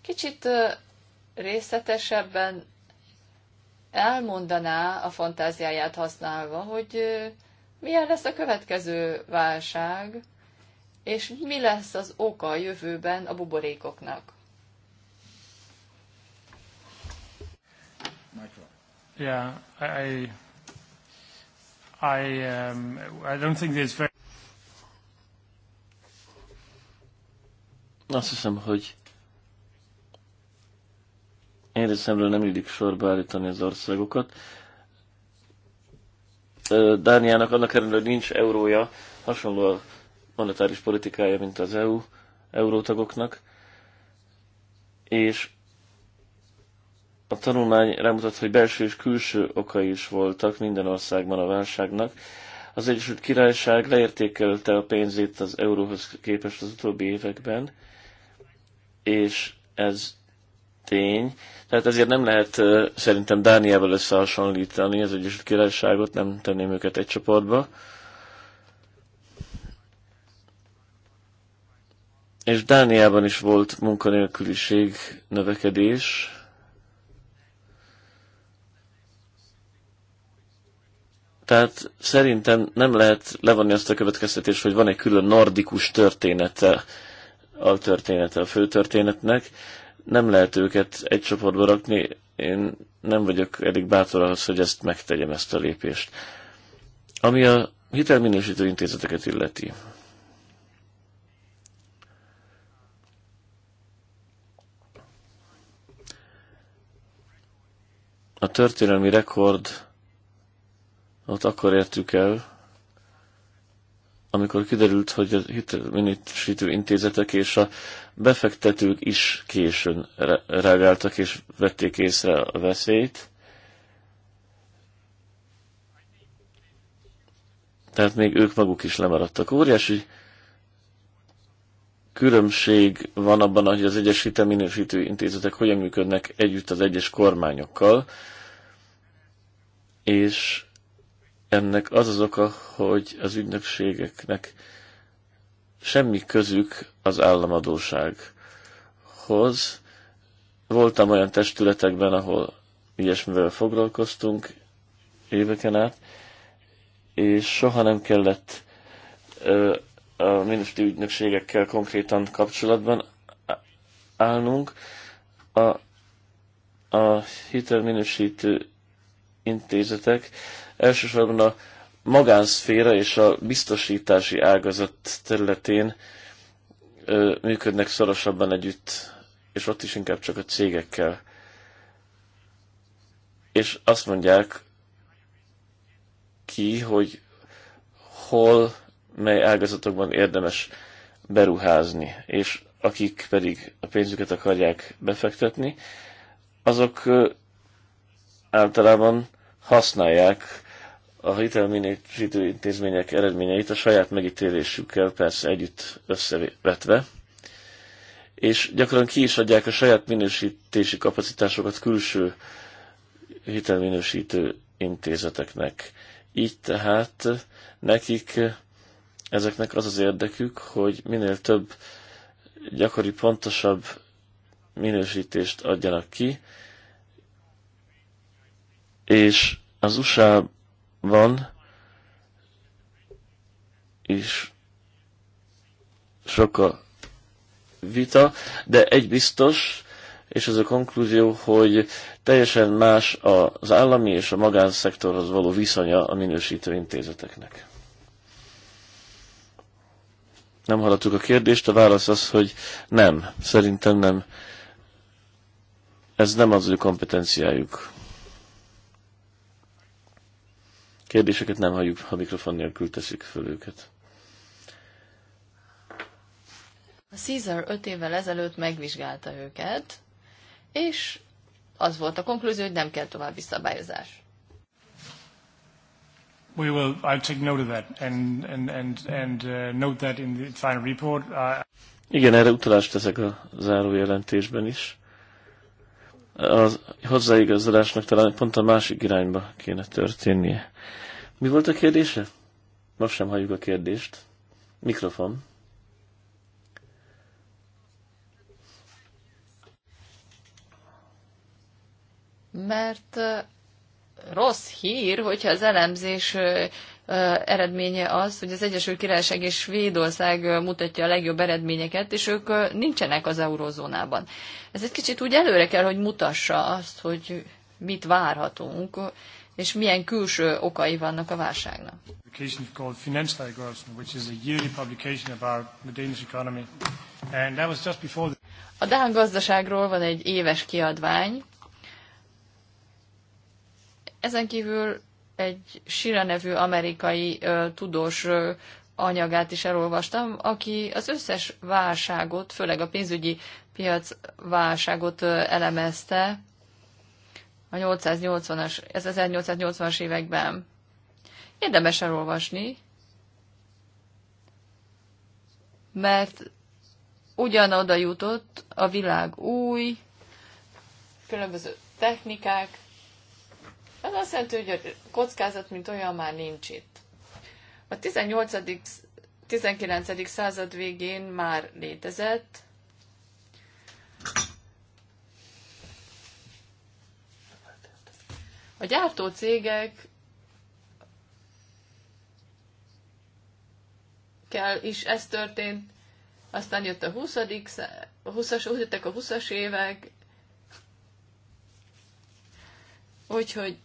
Kicsit részletesebben elmondaná a fantáziáját használva, hogy milyen lesz a következő válság, és mi lesz az oka a jövőben a buborékoknak. I, I, um, I don't think there's very... Azt hiszem, hogy én részemről nem illik sorba állítani az országokat. Dániának annak ellenére, hogy nincs eurója, hasonló a monetáris politikája, mint az EU, eurótagoknak, és a tanulmány rámutat, hogy belső és külső okai is voltak minden országban a válságnak. Az Egyesült Királyság leértékelte a pénzét az euróhoz képest az utóbbi években, és ez tény. Tehát ezért nem lehet szerintem Dániával összehasonlítani az Egyesült Királyságot, nem tenném őket egy csoportba. És Dániában is volt munkanélküliség növekedés. Tehát szerintem nem lehet levonni azt a következtetést, hogy van egy külön nordikus története, a története a főtörténetnek. Nem lehet őket egy csoportba rakni. Én nem vagyok elég bátor ahhoz, hogy ezt megtegyem, ezt a lépést. Ami a hitelminősítő intézeteket illeti. A történelmi rekord ott akkor értük el, amikor kiderült, hogy a hitelminősítő intézetek és a befektetők is későn reagáltak és vették észre a veszélyt. Tehát még ők maguk is lemaradtak. Óriási különbség van abban, hogy az egyes hitelminősítő intézetek hogyan működnek együtt az egyes kormányokkal és ennek az az oka, hogy az ügynökségeknek semmi közük az államadósághoz. Voltam olyan testületekben, ahol ilyesmivel foglalkoztunk éveken át, és soha nem kellett ö, a minisztri ügynökségekkel konkrétan kapcsolatban állnunk. A, a hitelminősítő intézetek elsősorban a magánszféra és a biztosítási ágazat területén ö, működnek szorosabban együtt, és ott is inkább csak a cégekkel. És azt mondják ki, hogy hol, mely ágazatokban érdemes beruházni, és akik pedig a pénzüket akarják befektetni, azok általában használják a hitelminősítő intézmények eredményeit a saját megítélésükkel persze együtt összevetve, és gyakran ki is adják a saját minősítési kapacitásokat külső hitelminősítő intézeteknek. Így tehát nekik ezeknek az az érdekük, hogy minél több gyakori, pontosabb minősítést adjanak ki, és az USA-ban is sok a vita, de egy biztos, és ez a konklúzió, hogy teljesen más az állami és a magánszektorhoz való viszonya a minősítő intézeteknek. Nem hallottuk a kérdést, a válasz az, hogy nem, szerintem nem. Ez nem az ő kompetenciájuk. kérdéseket nem halljuk, ha mikrofon nélkül teszik föl őket. A Caesar öt évvel ezelőtt megvizsgálta őket, és az volt a konklúzió, hogy nem kell további szabályozás. We will, I'll take note of that and, and, and, and uh, note that in the final report. Uh... Igen, erre utalást teszek a záró jelentésben is az hozzáigazolásnak talán pont a másik irányba kéne történnie. Mi volt a kérdése? Most sem halljuk a kérdést. Mikrofon. Mert rossz hír, hogyha az elemzés eredménye az, hogy az Egyesült Királyság és Svédország mutatja a legjobb eredményeket, és ők nincsenek az Eurózónában. Ez egy kicsit úgy előre kell, hogy mutassa azt, hogy mit várhatunk, és milyen külső okai vannak a válságnak. a A Dán gazdaságról van egy éves kiadvány. Ezen kívül egy Sira nevű amerikai tudós anyagát is elolvastam, aki az összes válságot, főleg a pénzügyi piac válságot elemezte a 880-as, 1880-as években. Érdemes elolvasni, mert ugyanoda jutott a világ új, különböző technikák ez azt jelenti, hogy a kockázat, mint olyan már nincs itt. A 18. 19. század végén már létezett, A gyártó cégek kell is ez történt, aztán jött a 20. a 20 jöttek a 20-as évek, úgyhogy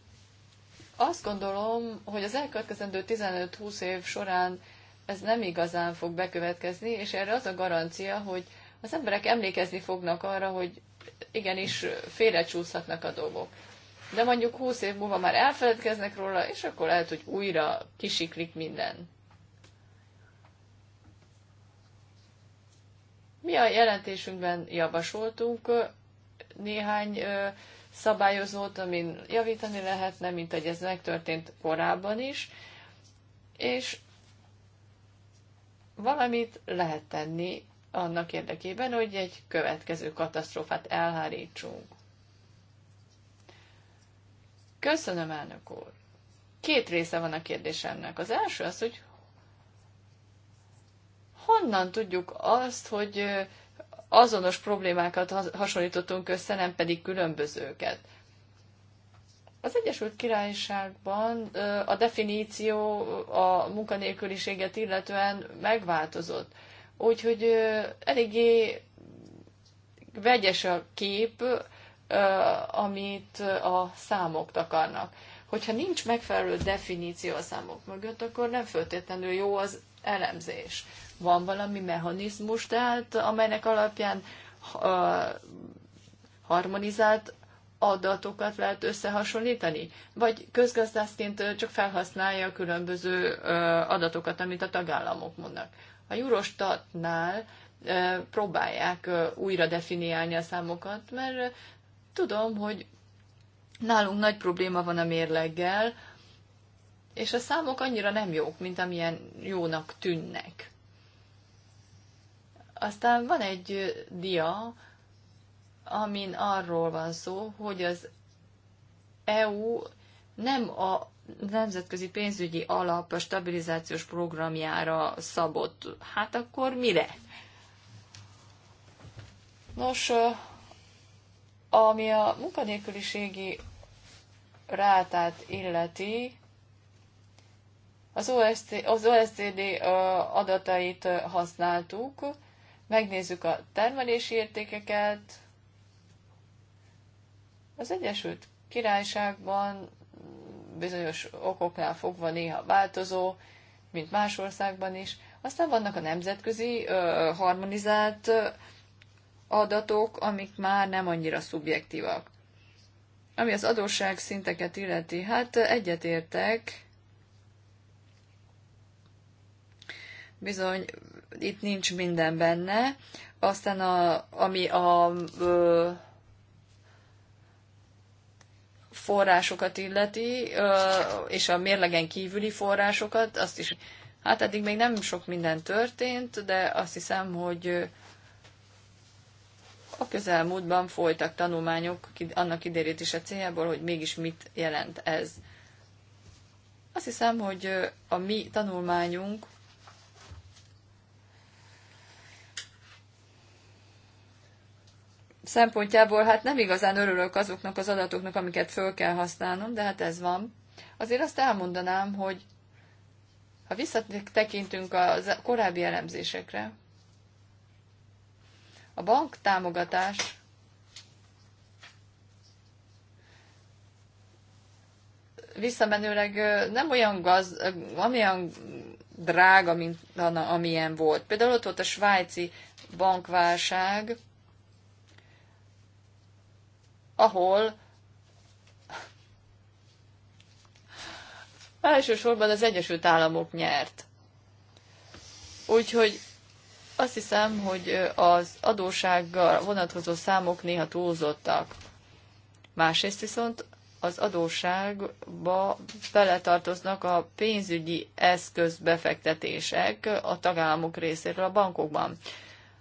azt gondolom, hogy az elkövetkezendő 15-20 év során ez nem igazán fog bekövetkezni, és erre az a garancia, hogy az emberek emlékezni fognak arra, hogy igenis félrecsúszhatnak a dolgok. De mondjuk 20 év múlva már elfeledkeznek róla, és akkor lehet, hogy újra kisiklik minden. Mi a jelentésünkben javasoltunk néhány szabályozót, amin javítani lehetne, mint hogy ez megtörtént korábban is, és valamit lehet tenni annak érdekében, hogy egy következő katasztrófát elhárítsunk. Köszönöm, elnök úr! Két része van a kérdésemnek. Az első az, hogy honnan tudjuk azt, hogy azonos problémákat hasonlítottunk össze, nem pedig különbözőket. Az Egyesült Királyságban a definíció a munkanélküliséget illetően megváltozott. Úgyhogy eléggé vegyes a kép, amit a számok takarnak. Hogyha nincs megfelelő definíció a számok mögött, akkor nem feltétlenül jó az elemzés. Van valami mechanizmus, tehát amelynek alapján harmonizált adatokat lehet összehasonlítani? Vagy közgazdászként csak felhasználja a különböző adatokat, amit a tagállamok mondnak? A Eurostatnál próbálják újra definiálni a számokat, mert tudom, hogy nálunk nagy probléma van a mérleggel, és a számok annyira nem jók, mint amilyen jónak tűnnek. Aztán van egy dia, amin arról van szó, hogy az EU nem a nemzetközi pénzügyi alap a stabilizációs programjára szabott. Hát akkor mire? Nos, ami a munkanélküliségi rátát illeti, az OSCD adatait használtuk, megnézzük a termelési értékeket. Az Egyesült Királyságban bizonyos okoknál fogva néha változó, mint más országban is. Aztán vannak a nemzetközi harmonizált adatok, amik már nem annyira szubjektívak. Ami az adósság szinteket illeti, hát egyetértek, bizony itt nincs minden benne. Aztán a, ami a ö, forrásokat illeti, ö, és a mérlegen kívüli forrásokat, azt is, hát eddig még nem sok minden történt, de azt hiszem, hogy a közelmúltban folytak tanulmányok annak idérítése céljából, hogy mégis mit jelent ez. Azt hiszem, hogy a mi tanulmányunk szempontjából hát nem igazán örülök azoknak az adatoknak, amiket föl kell használnom, de hát ez van. Azért azt elmondanám, hogy ha visszatekintünk a korábbi elemzésekre, a bank támogatás visszamenőleg nem olyan, gaz, olyan drága, mint amilyen volt. Például ott volt a svájci bankválság, ahol elsősorban az Egyesült Államok nyert. Úgyhogy azt hiszem, hogy az adósággal vonatkozó számok néha túlzottak. Másrészt viszont az adósságba beletartoznak a pénzügyi eszközbefektetések a tagállamok részéről a bankokban.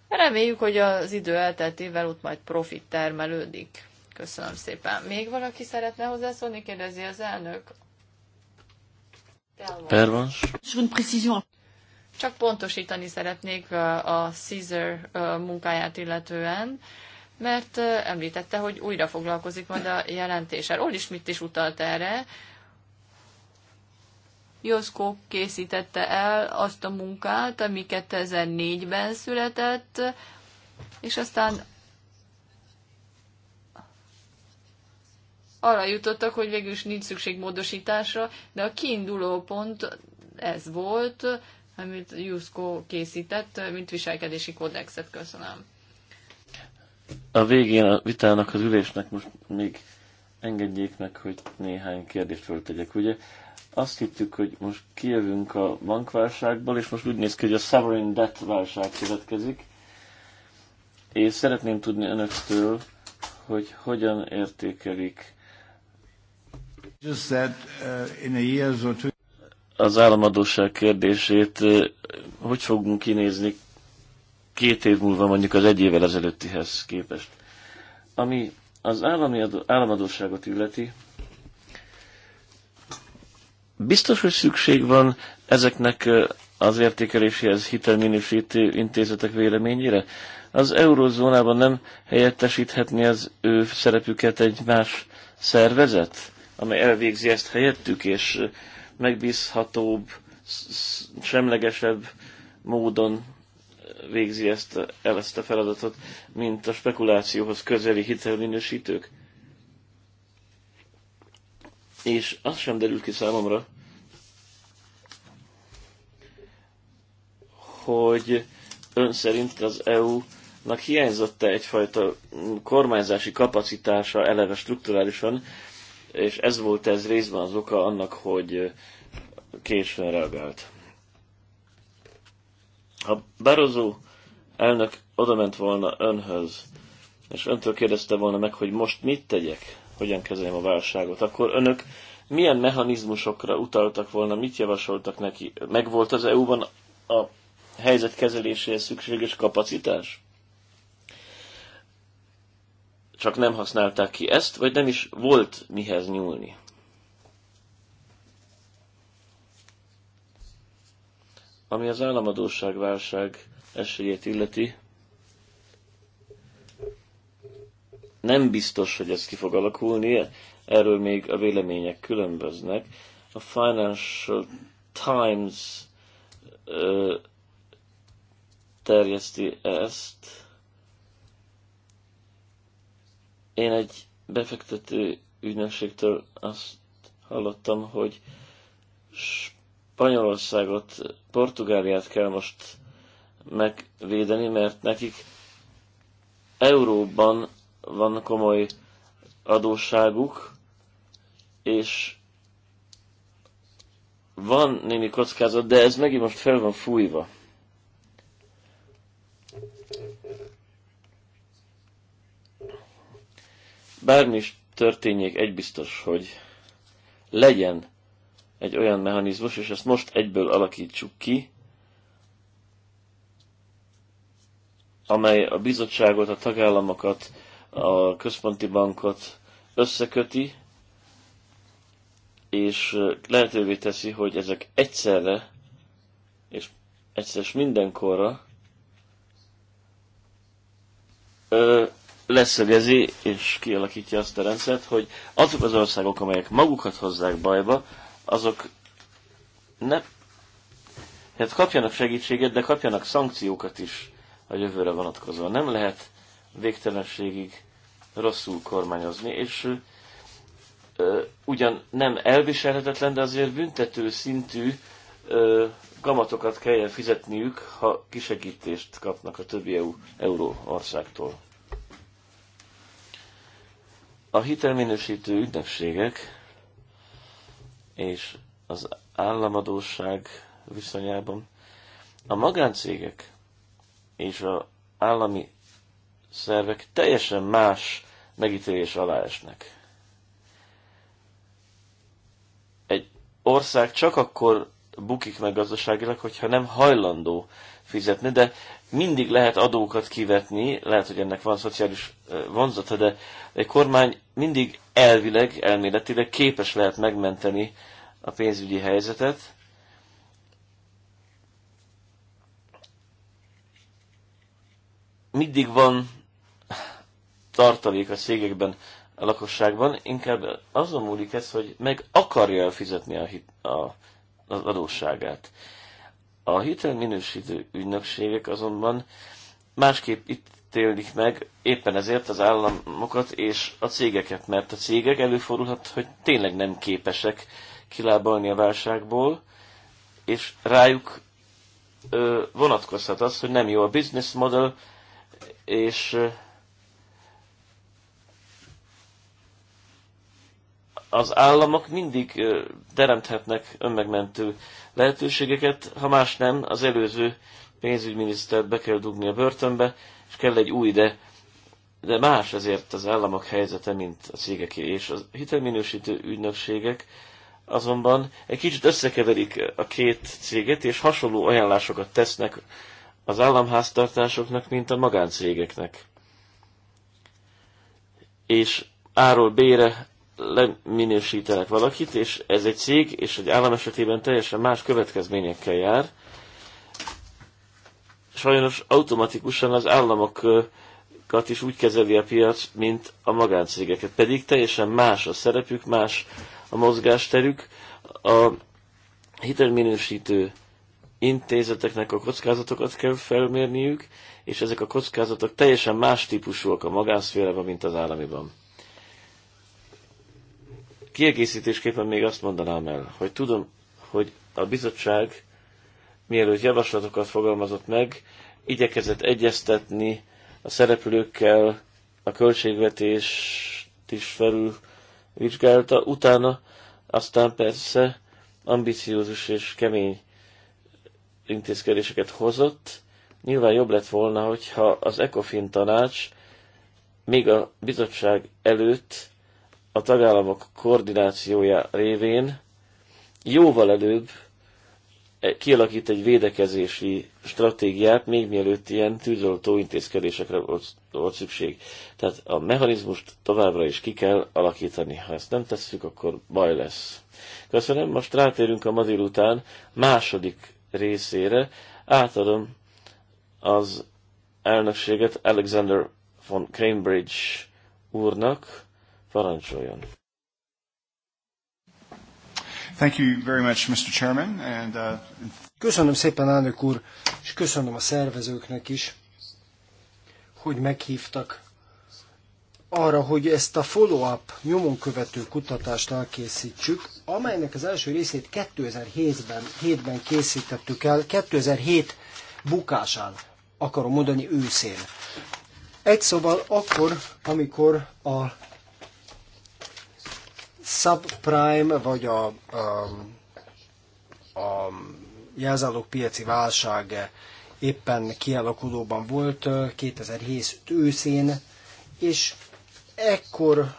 Reméljük, hogy az idő elteltével ott majd profit termelődik. Köszönöm szépen. Még valaki szeretne hozzászólni? Kérdezi az elnök. Csak pontosítani szeretnék a Caesar munkáját illetően, mert említette, hogy újra foglalkozik majd a jelentéssel. Ol is mit is utalt erre. Joszkó készítette el azt a munkát, ami 2004-ben született, és aztán arra jutottak, hogy végül is nincs szükség módosításra, de a kiinduló pont ez volt, amit Juszko készített, mint viselkedési kódexet. Köszönöm. A végén a vitának, az ülésnek most még engedjék meg, hogy néhány kérdést föltegyek. Ugye azt hittük, hogy most kijövünk a bankválságból, és most úgy néz ki, hogy a sovereign debt válság következik, és szeretném tudni önöktől, hogy hogyan értékelik Uh, az államadóság kérdését uh, hogy fogunk kinézni két év múlva mondjuk az egy évvel ezelőttihez képest? Ami az állami adó, államadóságot illeti, biztos, hogy szükség van ezeknek uh, az értékeléséhez hitelminősítő intézetek véleményére? Az eurozónában nem helyettesíthetni az ő szerepüket egy más szervezet? amely elvégzi ezt helyettük, és megbízhatóbb, semlegesebb módon végzi ezt, el ezt a feladatot, mint a spekulációhoz közeli hitelminősítők. És az sem derült ki számomra, hogy ön szerint az EU-nak hiányzott -e egyfajta kormányzási kapacitása eleve strukturálisan és ez volt ez részben az oka annak, hogy későn reagált. Ha Barozó elnök odament volna önhöz, és öntől kérdezte volna meg, hogy most mit tegyek, hogyan kezeljem a válságot, akkor önök milyen mechanizmusokra utaltak volna, mit javasoltak neki? Megvolt az EU-ban a helyzet kezeléséhez szükséges kapacitás? csak nem használták ki ezt, vagy nem is volt mihez nyúlni. Ami az államadóságválság esélyét illeti, nem biztos, hogy ez ki fog alakulni, erről még a vélemények különböznek. A Financial Times ö, terjeszti ezt, Én egy befektető ügynökségtől azt hallottam, hogy Spanyolországot, Portugáliát kell most megvédeni, mert nekik euróban van komoly adósságuk, és van némi kockázat, de ez megint most fel van fújva. Bármi is történjék, egy biztos, hogy legyen egy olyan mechanizmus, és ezt most egyből alakítsuk ki, amely a bizottságot, a tagállamokat, a központi bankot összeköti, és lehetővé teszi, hogy ezek egyszerre, és egyszer mindenkorra leszögezi és kialakítja azt a rendszert, hogy azok az országok, amelyek magukat hozzák bajba, azok ne, hát kapjanak segítséget, de kapjanak szankciókat is a jövőre vonatkozóan. Nem lehet végtelenségig rosszul kormányozni, és ö, ugyan nem elviselhetetlen, de azért büntető szintű ö, kamatokat kelljen fizetniük, ha kisegítést kapnak a többi EU, euró országtól. A hitelminősítő ügynökségek és az államadóság viszonyában a magáncégek és a állami szervek teljesen más megítélés alá esnek. Egy ország csak akkor bukik meg gazdaságilag, hogyha nem hajlandó fizetni, de mindig lehet adókat kivetni, lehet, hogy ennek van szociális vonzata, de egy kormány mindig elvileg, elméletileg képes lehet megmenteni a pénzügyi helyzetet, mindig van tartalék a cégekben, a lakosságban, inkább azon múlik ez, hogy meg akarja fizetni a, hit, a, az adósságát. A hitelminősítő ügynökségek azonban másképp itt ítélik meg éppen ezért az államokat és a cégeket, mert a cégek előfordulhat, hogy tényleg nem képesek kilábalni a válságból, és rájuk ö, vonatkozhat az, hogy nem jó a business model, és az államok mindig teremthetnek önmegmentő lehetőségeket, ha más nem, az előző pénzügyminisztert be kell dugni a börtönbe, és kell egy új, de, de más ezért az államok helyzete, mint a cégeké, és a hitelminősítő ügynökségek azonban egy kicsit összekeverik a két céget, és hasonló ajánlásokat tesznek az államháztartásoknak, mint a magáncégeknek. És áról bére leminősítenek valakit, és ez egy cég, és egy állam esetében teljesen más következményekkel jár. Sajnos automatikusan az államokat is úgy kezeli a piac, mint a magáncégeket. Pedig teljesen más a szerepük, más a mozgásterük. A hitelminősítő intézeteknek a kockázatokat kell felmérniük, és ezek a kockázatok teljesen más típusúak a magánszférában, mint az államiban. Kiegészítésképpen még azt mondanám el, hogy tudom, hogy a bizottság mielőtt javaslatokat fogalmazott meg, igyekezett egyeztetni a szereplőkkel, a költségvetést is felül vizsgálta, utána aztán persze ambiciózus és kemény intézkedéseket hozott. Nyilván jobb lett volna, hogyha az ECOFIN tanács még a bizottság előtt a tagállamok koordinációja révén jóval előbb eh, kialakít egy védekezési stratégiát, még mielőtt ilyen tűzoltó intézkedésekre volt szükség. Tehát a mechanizmust továbbra is ki kell alakítani. Ha ezt nem tesszük, akkor baj lesz. Köszönöm, most rátérünk a ma után második részére. Átadom az elnökséget Alexander von Cambridge úrnak, Parancsoljon! Thank you very much, Mr. Chairman, and, uh... Köszönöm szépen, elnök úr, és köszönöm a szervezőknek is, hogy meghívtak arra, hogy ezt a follow-up nyomon követő kutatást elkészítsük, amelynek az első részét 2007-ben 7-ben készítettük el, 2007 bukásán, akarom mondani őszén. Egy szóval akkor, amikor a subprime, vagy a, a, a jelzálók piaci válság éppen kialakulóban volt 2007 őszén, és ekkor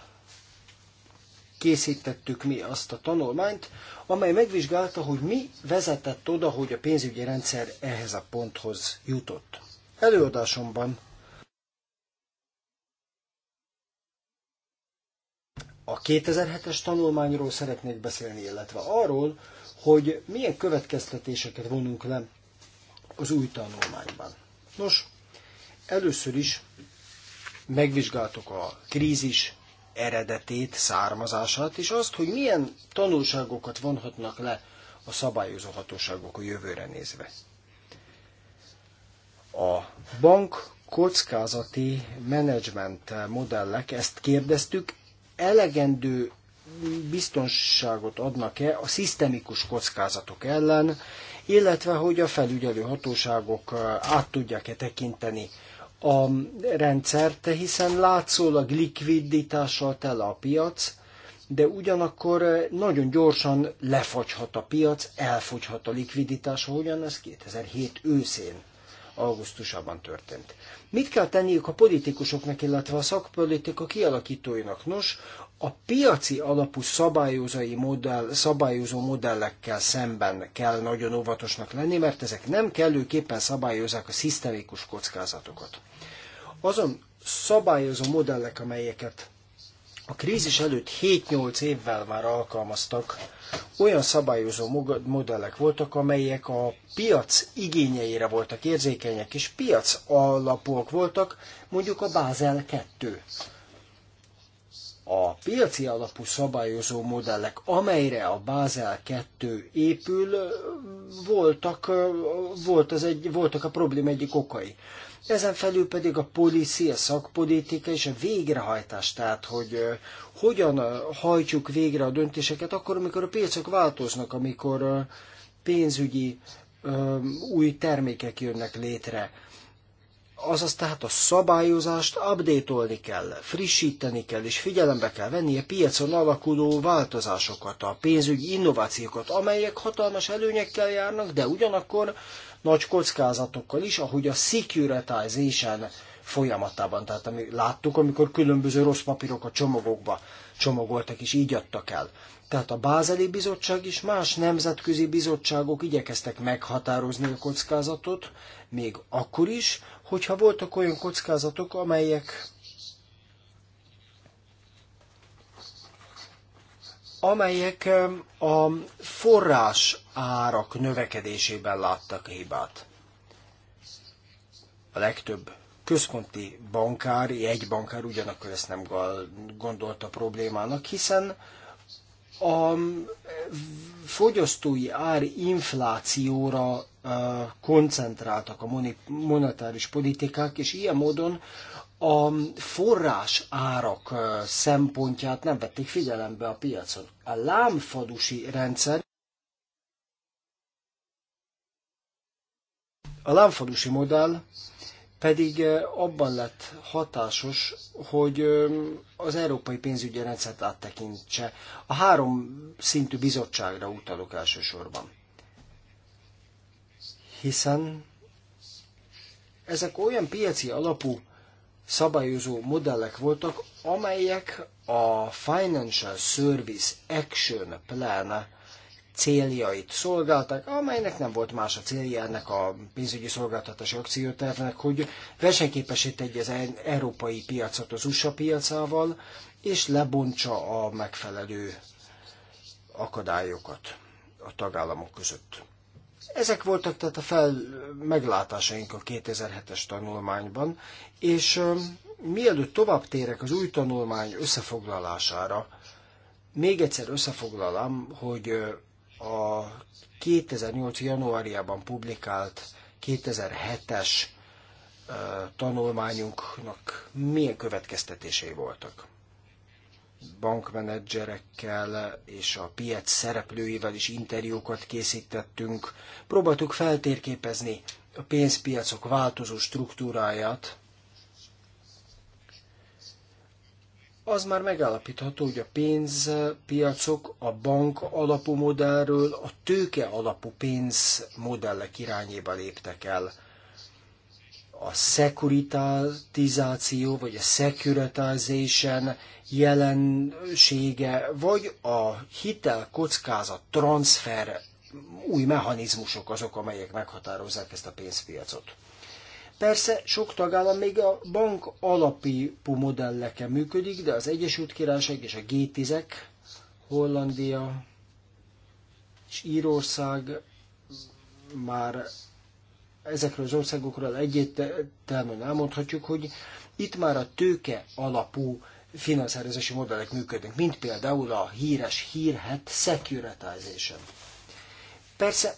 készítettük mi azt a tanulmányt, amely megvizsgálta, hogy mi vezetett oda, hogy a pénzügyi rendszer ehhez a ponthoz jutott. Előadásomban a 2007-es tanulmányról szeretnék beszélni, illetve arról, hogy milyen következtetéseket vonunk le az új tanulmányban. Nos, először is megvizsgáltuk a krízis eredetét, származását, és azt, hogy milyen tanulságokat vonhatnak le a szabályozó hatóságok a jövőre nézve. A bank kockázati menedzsment modellek, ezt kérdeztük, elegendő biztonságot adnak-e a szisztemikus kockázatok ellen, illetve hogy a felügyelő hatóságok uh, át tudják-e tekinteni a rendszert, hiszen látszólag likviditással tele a piac, de ugyanakkor uh, nagyon gyorsan lefagyhat a piac, elfogyhat a likviditás, ahogyan ez 2007 őszén augusztusában történt. Mit kell tenniük a politikusoknak, illetve a szakpolitika kialakítóinak? Nos, a piaci alapú szabályozói modell, szabályozó modellekkel szemben kell nagyon óvatosnak lenni, mert ezek nem kellőképpen szabályozzák a szisztemikus kockázatokat. Azon szabályozó modellek, amelyeket a krízis előtt 7-8 évvel már alkalmaztak, olyan szabályozó modellek voltak, amelyek a piac igényeire voltak érzékenyek, és piac alapúak voltak, mondjuk a Bázel 2. A piaci alapú szabályozó modellek, amelyre a Bázel 2 épül, voltak, volt az egy, voltak a probléma egyik okai. Ezen felül pedig a policy, a szakpolitika és a végrehajtás, tehát hogy hogyan hajtjuk végre a döntéseket akkor, amikor a piacok változnak, amikor pénzügyi új termékek jönnek létre. Azaz tehát a szabályozást updatolni kell, frissíteni kell, és figyelembe kell venni a piacon alakuló változásokat, a pénzügyi innovációkat, amelyek hatalmas előnyekkel járnak, de ugyanakkor nagy kockázatokkal is, ahogy a securitization folyamatában. Tehát ami láttuk, amikor különböző rossz papírok a csomagokba csomagoltak és így adtak el. Tehát a Bázeli Bizottság és más nemzetközi bizottságok igyekeztek meghatározni a kockázatot, még akkor is, hogyha voltak olyan kockázatok, amelyek amelyek a forrás árak növekedésében láttak hibát. A legtöbb központi bankár, egy bankár ugyanakkor ezt nem gondolta problémának, hiszen a fogyasztói ár inflációra eh, koncentráltak a monetáris politikák, és ilyen módon a forrás árak szempontját nem vették figyelembe a piacon. A lámfadusi rendszer A lámfadusi modell pedig abban lett hatásos, hogy az európai pénzügyi rendszert áttekintse. A három szintű bizottságra utalok elsősorban. Hiszen ezek olyan piaci alapú szabályozó modellek voltak, amelyek a Financial Service Action Plan céljait szolgálták, amelynek nem volt más a célja ennek a pénzügyi szolgáltatási akciótervnek, hogy versenyképesít egy az e- európai piacot az USA piacával, és lebontsa a megfelelő akadályokat a tagállamok között. Ezek voltak tehát a fel meglátásaink a 2007-es tanulmányban, és mielőtt tovább térek az új tanulmány összefoglalására, még egyszer összefoglalom, hogy a 2008. januárjában publikált 2007-es tanulmányunknak milyen következtetései voltak bankmenedzserekkel és a piac szereplőivel is interjúkat készítettünk. Próbáltuk feltérképezni a pénzpiacok változó struktúráját. Az már megállapítható, hogy a pénzpiacok a bank alapú modellről a tőke alapú pénzmodellek irányába léptek el a szekuritizáció vagy a securitization jelensége, vagy a hitel kockázat transfer új mechanizmusok azok, amelyek meghatározzák ezt a pénzpiacot. Persze sok tagállam még a bank alapú modelleken működik, de az Egyesült Királyság és a g 10 Hollandia és Írország már ezekről az országokról egyértelműen elmondhatjuk, hogy itt már a tőke alapú finanszírozási modellek működnek, mint például a híres hírhet securitization. Persze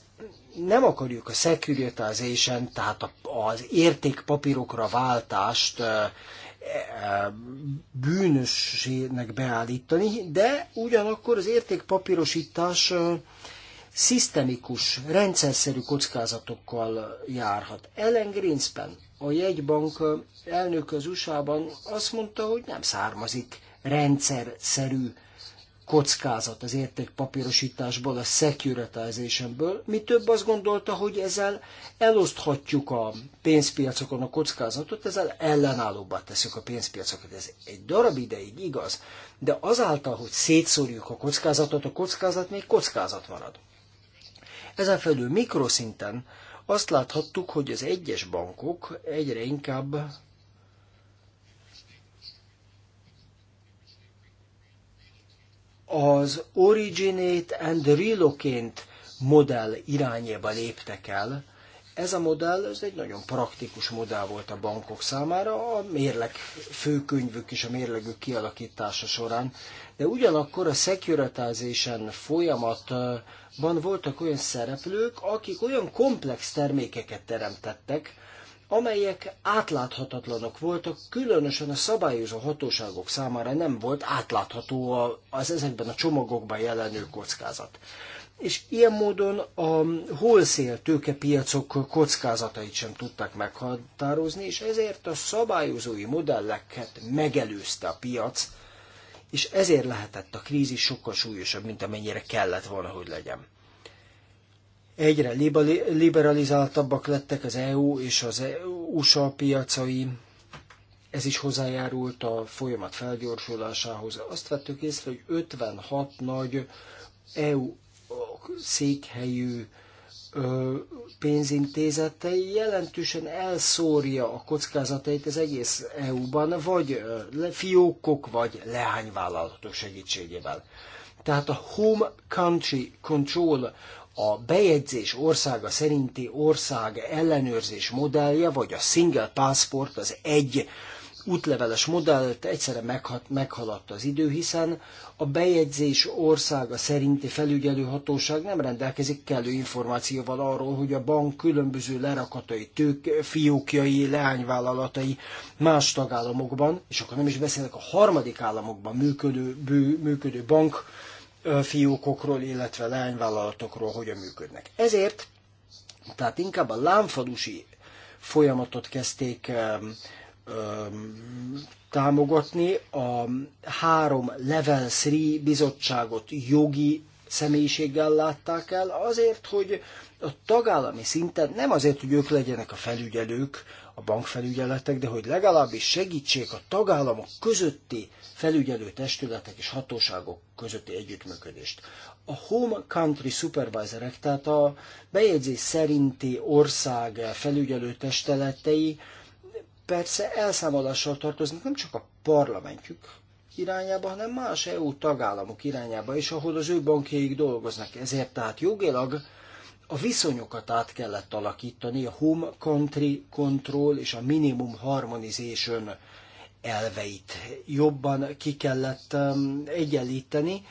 nem akarjuk a securitization, tehát az értékpapírokra váltást bűnösségnek beállítani, de ugyanakkor az értékpapírosítás szisztemikus, rendszerszerű kockázatokkal járhat. Ellen Greenspan, a jegybank elnök az USA-ban azt mondta, hogy nem származik rendszerszerű kockázat az értékpapírosításból, a securitizationből. Mi több azt gondolta, hogy ezzel eloszthatjuk a pénzpiacokon a kockázatot, ezzel ellenállóbbá teszük a pénzpiacokat. Ez egy darab ideig igaz, de azáltal, hogy szétszórjuk a kockázatot, a kockázat még kockázat marad. Ezen felül mikroszinten azt láthattuk, hogy az egyes bankok egyre inkább az originate and relocate modell irányába léptek el, ez a modell, ez egy nagyon praktikus modell volt a bankok számára, a mérleg főkönyvük és a mérlegük kialakítása során, de ugyanakkor a securitization folyamatban voltak olyan szereplők, akik olyan komplex termékeket teremtettek, amelyek átláthatatlanok voltak, különösen a szabályozó hatóságok számára nem volt átlátható az ezekben a csomagokban jelenő kockázat és ilyen módon a holszél tőkepiacok kockázatait sem tudták meghatározni, és ezért a szabályozói modelleket megelőzte a piac, és ezért lehetett a krízis sokkal súlyosabb, mint amennyire kellett volna, hogy legyen. Egyre liberalizáltabbak lettek az EU és az e USA piacai, ez is hozzájárult a folyamat felgyorsulásához. Azt vettük észre, hogy 56 nagy EU székhelyű pénzintézetei jelentősen elszórja a kockázatait az egész EU-ban, vagy fiókok, vagy leányvállalatok segítségével. Tehát a Home Country Control a bejegyzés országa szerinti ország ellenőrzés modellje, vagy a Single Passport, az egy útleveles modellt egyszerre meghaladta az idő, hiszen a bejegyzés országa szerinti felügyelőhatóság nem rendelkezik kellő információval arról, hogy a bank különböző lerakatai, tők, fiókjai, leányvállalatai más tagállamokban, és akkor nem is beszélek a harmadik államokban működő, bő, működő bank fiókokról, illetve leányvállalatokról hogyan működnek. Ezért, tehát inkább a lámfalusi folyamatot kezdték támogatni. A három Level 3 bizottságot jogi személyiséggel látták el, azért, hogy a tagállami szinten nem azért, hogy ők legyenek a felügyelők, a bankfelügyeletek, de hogy legalábbis segítsék a tagállamok közötti felügyelő testületek és hatóságok közötti együttműködést. A Home Country Supervisorek, tehát a bejegyzés szerinti ország felügyelő testületei persze elszámolással tartoznak nem csak a parlamentjük irányába, hanem más EU tagállamok irányába is, ahol az ő bankjaik dolgoznak. Ezért tehát jogilag a viszonyokat át kellett alakítani, a home country control és a minimum harmonization elveit jobban ki kellett um, egyenlíteni,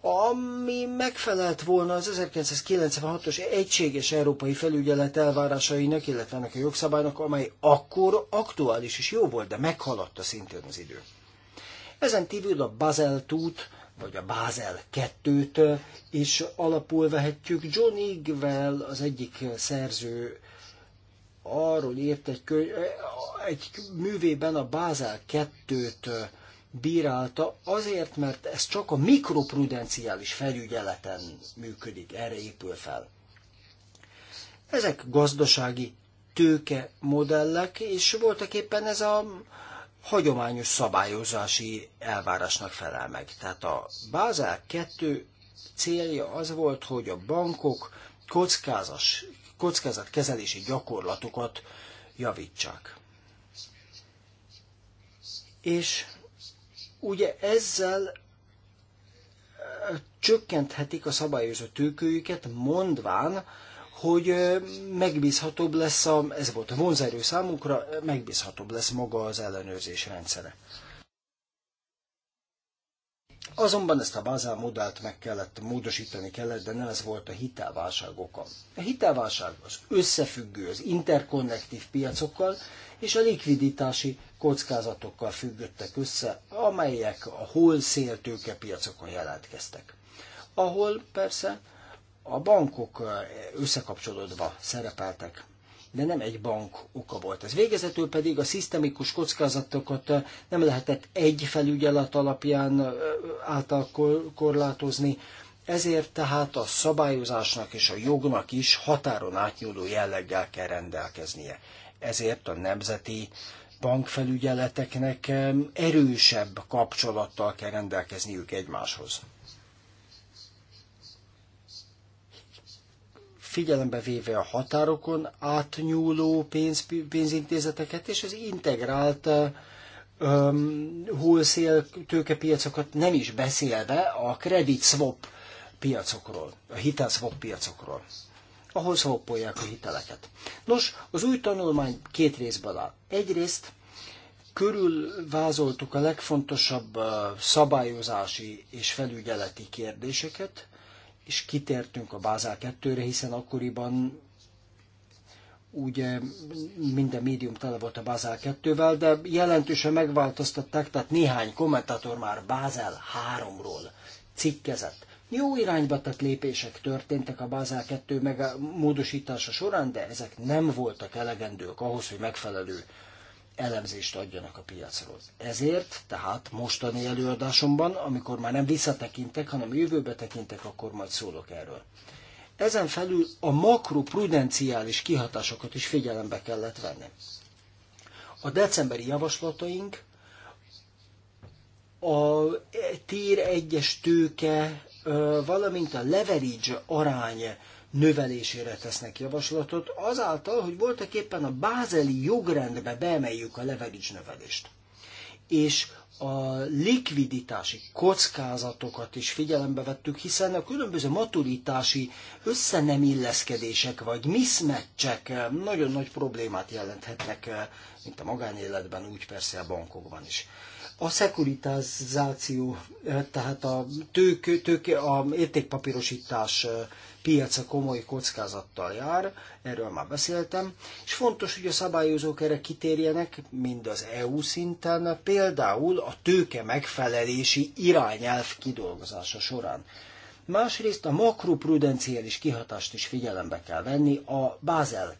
ami megfelelt volna az 1996-os egységes európai felügyelet elvárásainak, illetve ennek a jogszabálynak, amely akkor aktuális és jó volt, de meghaladta szintén az idő. Ezen kívül a Basel út, vagy a Basel 2-t is alapul vehetjük. John Igvel az egyik szerző arról írt egy, könyv, egy művében a Basel 2-t bírálta, azért, mert ez csak a mikroprudenciális felügyeleten működik, erre épül fel. Ezek gazdasági tőke modellek, és voltak éppen ez a hagyományos szabályozási elvárásnak felel meg. Tehát a Bázel 2 célja az volt, hogy a bankok kockázas, kockázatkezelési gyakorlatokat javítsák. És Ugye ezzel csökkenthetik a szabályozó tőkőjüket, mondván, hogy megbízhatóbb lesz, a, ez volt a vonzerő számukra, megbízhatóbb lesz maga az ellenőrzés rendszere. Azonban ezt a Bázár modellt meg kellett módosítani kellett, de nem ez volt a hitelválság oka. A hitelválság az összefüggő az interkonnektív piacokkal és a likviditási kockázatokkal függöttek össze, amelyek a wholesale piacokon jelentkeztek. Ahol persze a bankok összekapcsolódva szerepeltek de nem egy bank oka volt. Ez végezetül pedig a szisztemikus kockázatokat eh, nem lehetett egy felügyelet alapján eh, által korlátozni, ezért tehát a szabályozásnak és a jognak is határon átnyúló jelleggel kell rendelkeznie. Ezért a nemzeti bankfelügyeleteknek eh, erősebb kapcsolattal kell rendelkezniük egymáshoz. figyelembe véve a határokon átnyúló pénz, pénzintézeteket és az integrált um, hulszél tőkepiacokat nem is beszélve a credit swap piacokról, a hitel swap piacokról, ahol swapolják a hiteleket. Nos, az új tanulmány két részből áll. Egyrészt körülvázoltuk a legfontosabb szabályozási és felügyeleti kérdéseket, és kitértünk a Bázár 2-re, hiszen akkoriban ugye minden médium tele volt a Bázár 2-vel, de jelentősen megváltoztatták, tehát néhány kommentátor már Bázel 3-ról cikkezett. Jó irányba tett lépések történtek a Bázál 2 meg a módosítása során, de ezek nem voltak elegendők ahhoz, hogy megfelelő elemzést adjanak a piacról. Ezért, tehát mostani előadásomban, amikor már nem visszatekintek, hanem jövőbe tekintek, akkor majd szólok erről. Ezen felül a makroprudenciális kihatásokat is figyelembe kellett venni. A decemberi javaslataink a tér egyes tőke, valamint a leverage arány növelésére tesznek javaslatot, azáltal, hogy voltak éppen a bázeli jogrendbe beemeljük a leverage növelést. És a likviditási kockázatokat is figyelembe vettük, hiszen a különböző maturitási összenemilleszkedések vagy mismatchek eh, nagyon nagy problémát jelenthetnek, eh, mint a magánéletben, úgy persze a bankokban is a szekuritázáció, eh, tehát a tők, tőke, a értékpapírosítás eh, piaca komoly kockázattal jár, erről már beszéltem, és fontos, hogy a szabályozók erre kitérjenek, mind az EU szinten, például a tőke megfelelési irányelv kidolgozása során. Másrészt a makroprudenciális kihatást is figyelembe kell venni a Basel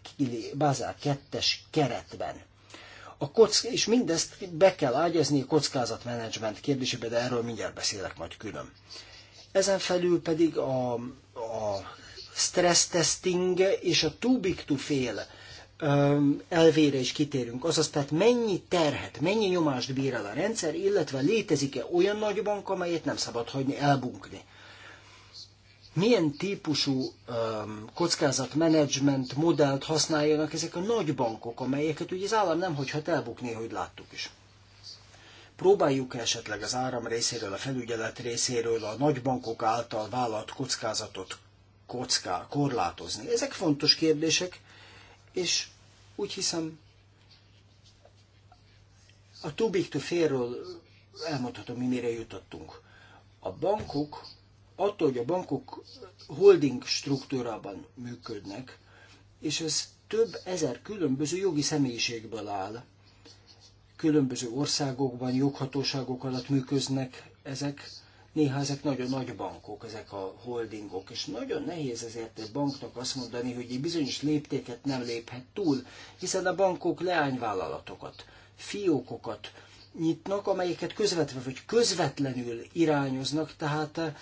Bázel 2-es keretben. A kock, és mindezt be kell ágyazni a kockázatmenedzsment kérdésébe, de erről mindjárt beszélek majd külön. Ezen felül pedig a, a stress testing és a too big to fail elvére is kitérünk. Azaz, tehát mennyi terhet, mennyi nyomást bír el a rendszer, illetve létezik-e olyan nagy bank, amelyet nem szabad hagyni elbunkni milyen típusú um, kockázatmenedzsment modellt használjanak ezek a nagy bankok, amelyeket ugye az állam nem hagyhat elbukni, hogy láttuk is. Próbáljuk esetleg az áram részéről, a felügyelet részéről a nagy bankok által vállalt kockázatot kocká, korlátozni. Ezek fontos kérdések, és úgy hiszem, a too big to elmondhatom, mi mire jutottunk. A bankok attól, hogy a bankok holding struktúrában működnek, és ez több ezer különböző jogi személyiségből áll. Különböző országokban joghatóságok alatt működnek ezek, néha ezek nagyon nagy bankok, ezek a holdingok, és nagyon nehéz ezért egy banknak azt mondani, hogy egy bizonyos léptéket nem léphet túl, hiszen a bankok leányvállalatokat, fiókokat, nyitnak, amelyeket közvetve vagy közvetlenül irányoznak, tehát eh,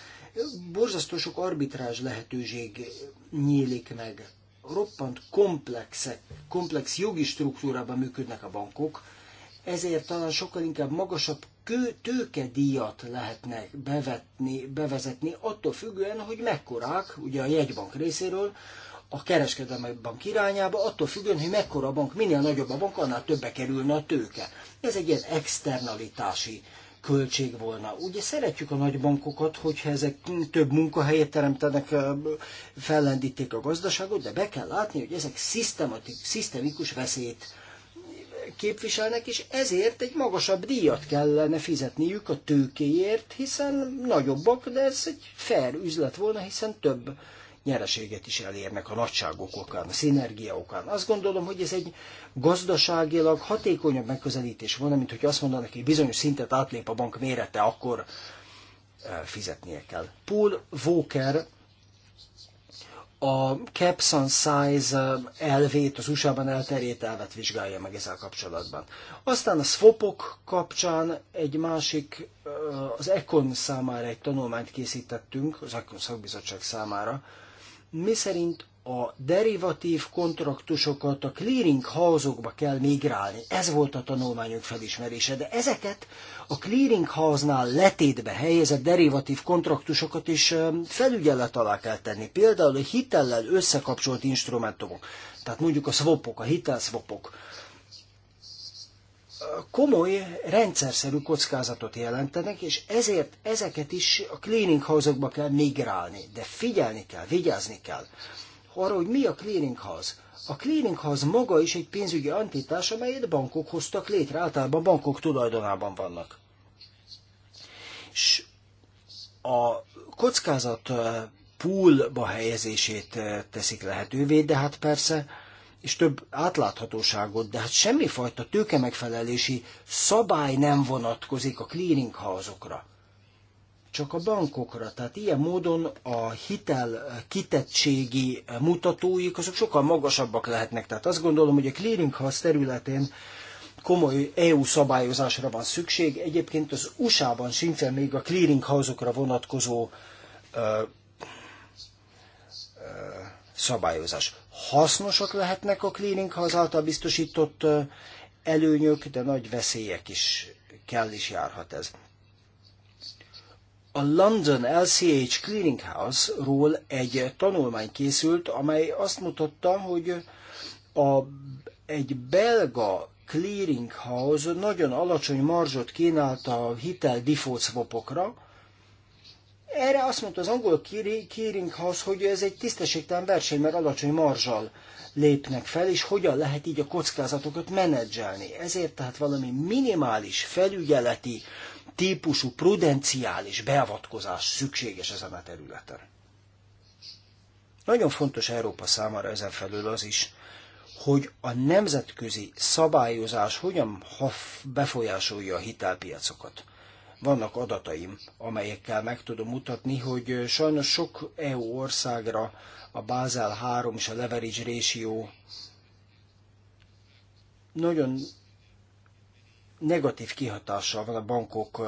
borzasztó sok arbitrázs lehetőség nyílik meg. Roppant komplexek, komplex jogi struktúrában működnek a bankok, ezért talán sokkal inkább magasabb kő, tőkedíjat lehetne bevetni, bevezetni, attól függően, hogy mekkorák, ugye a jegybank részéről, a kereskedelmi bank irányába, attól függően, hogy mekkora a bank, minél nagyobb a bank, annál többe kerülne a tőke. Ez egy ilyen externalitási költség volna. Ugye szeretjük a nagy bankokat, hogyha ezek több munkahelyet teremtenek, fellendíték a gazdaságot, de be kell látni, hogy ezek szisztemikus veszélyt képviselnek, és ezért egy magasabb díjat kellene fizetniük a tőkéért, hiszen nagyobbak, de ez egy fair üzlet volna, hiszen több nyereséget is elérnek a nagyságok okán, a szinergia okán. Azt gondolom, hogy ez egy gazdaságilag hatékonyabb megközelítés van, mint hogy azt mondanak, hogy bizonyos szintet átlép a bank mérete, akkor eh, fizetnie kell. Paul Walker a caps on size eh, elvét, az USA-ban elterjedt elvet vizsgálja meg ezzel kapcsolatban. Aztán a swapok kapcsán egy másik, eh, az Econ számára egy tanulmányt készítettünk, az Econ szakbizottság számára, miszerint a derivatív kontraktusokat a clearing house-okba kell migrálni. Ez volt a tanulmányok felismerése, de ezeket a clearing house-nál letétbe helyezett derivatív kontraktusokat is felügyelet alá kell tenni. Például a hitellel összekapcsolt instrumentumok, tehát mondjuk a swapok, a hitelszwapok, komoly, rendszerszerű kockázatot jelentenek, és ezért ezeket is a cleaning house-okba kell migrálni, de figyelni kell, vigyázni kell arra, hogy mi a cleaning house. A cleaning house maga is egy pénzügyi antitás, amelyet bankok hoztak létre, általában bankok tulajdonában vannak. És a kockázat eh, poolba helyezését eh, teszik lehetővé, de hát persze és több átláthatóságot, de hát semmifajta tőkemegfelelési szabály nem vonatkozik a clearinghouse-okra csak a bankokra. Tehát ilyen módon a hitel kitettségi mutatóik azok sokkal magasabbak lehetnek. Tehát azt gondolom, hogy a clearinghouse területén komoly EU szabályozásra van szükség. Egyébként az USA-ban sincsen még a clearinghouse-okra vonatkozó uh, uh, szabályozás hasznosak lehetnek a clearinghoz által biztosított előnyök, de nagy veszélyek is kell is járhat ez. A London LCH house ról egy tanulmány készült, amely azt mutatta, hogy a, egy belga house nagyon alacsony marzsot kínált a hitel default swapokra, erre azt mondta az angol Keeringhouse, hogy ez egy tisztességtelen verseny, mert alacsony marzsal lépnek fel, és hogyan lehet így a kockázatokat menedzselni. Ezért tehát valami minimális felügyeleti típusú prudenciális beavatkozás szükséges ezen a területen. Nagyon fontos Európa számára ezen felül az is, hogy a nemzetközi szabályozás hogyan befolyásolja a hitelpiacokat. Vannak adataim, amelyekkel meg tudom mutatni, hogy sajnos sok EU országra a Basel 3 és a leverage ratio nagyon negatív kihatással van a bankok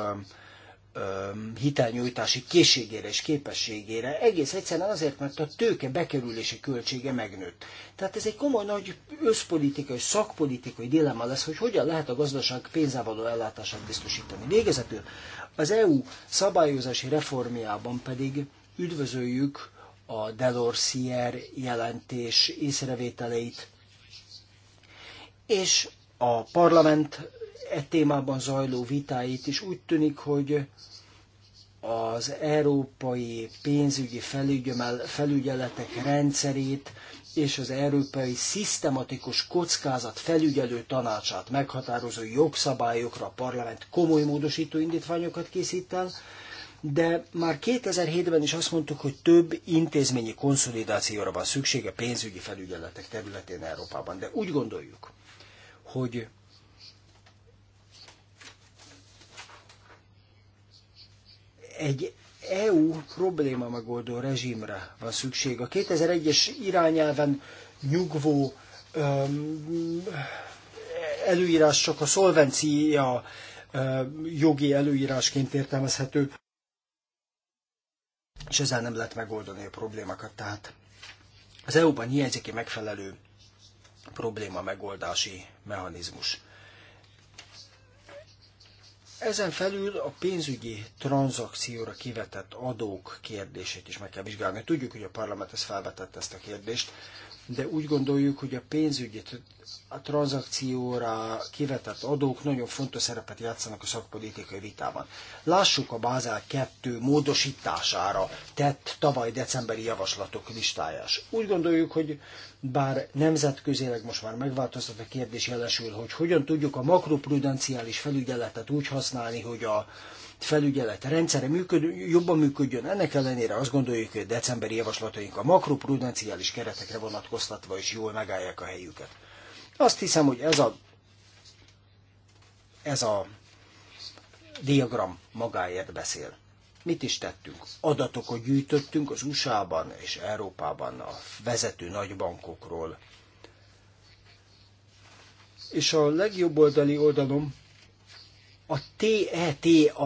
hitelnyújtási készségére és képességére, egész egyszerűen azért, mert a tőke bekerülési költsége megnőtt. Tehát ez egy komoly nagy összpolitikai, szakpolitikai dilemma lesz, hogy hogyan lehet a gazdaság pénzávaló ellátását biztosítani. Végezetül az EU szabályozási reformjában pedig üdvözöljük a Delorsier jelentés észrevételeit, és a parlament e témában zajló vitáit is úgy tűnik, hogy az európai pénzügyi felügyeletek rendszerét és az európai szisztematikus kockázat felügyelő tanácsát meghatározó jogszabályokra a parlament komoly módosító indítványokat készít el, de már 2007-ben is azt mondtuk, hogy több intézményi konszolidációra van szüksége pénzügyi felügyeletek területén Európában. De úgy gondoljuk, hogy egy EU probléma megoldó rezsimre van szükség. A 2001-es irányelven nyugvó um, előírás csak a szolvencia um, jogi előírásként értelmezhető, és ezzel nem lehet megoldani a problémákat. Tehát az EU-ban hiányzik egy megfelelő probléma megoldási mechanizmus. Ezen felül a pénzügyi tranzakcióra kivetett adók kérdését is meg kell vizsgálni. Tudjuk, hogy a parlament ezt felvetett ezt a kérdést, de úgy gondoljuk, hogy a pénzügyi a tranzakcióra kivetett adók nagyon fontos szerepet játszanak a szakpolitikai vitában. Lássuk a Bázel 2 módosítására tett tavaly decemberi javaslatok listájás. Úgy gondoljuk, hogy bár nemzetközileg most már megváltoztat a kérdés jelesül, hogy hogyan tudjuk a makroprudenciális felügyeletet úgy használni, hogy a felügyelet rendszere működő, jobban működjön. Ennek ellenére azt gondoljuk, hogy a decemberi javaslataink a makroprudenciális keretekre vonatkoztatva is jól megállják a helyüket. Azt hiszem, hogy ez a, ez a diagram magáért beszél. Mit is tettünk? Adatokat gyűjtöttünk az USA-ban és Európában a vezető nagybankokról. És a legjobb oldali oldalom a TETA,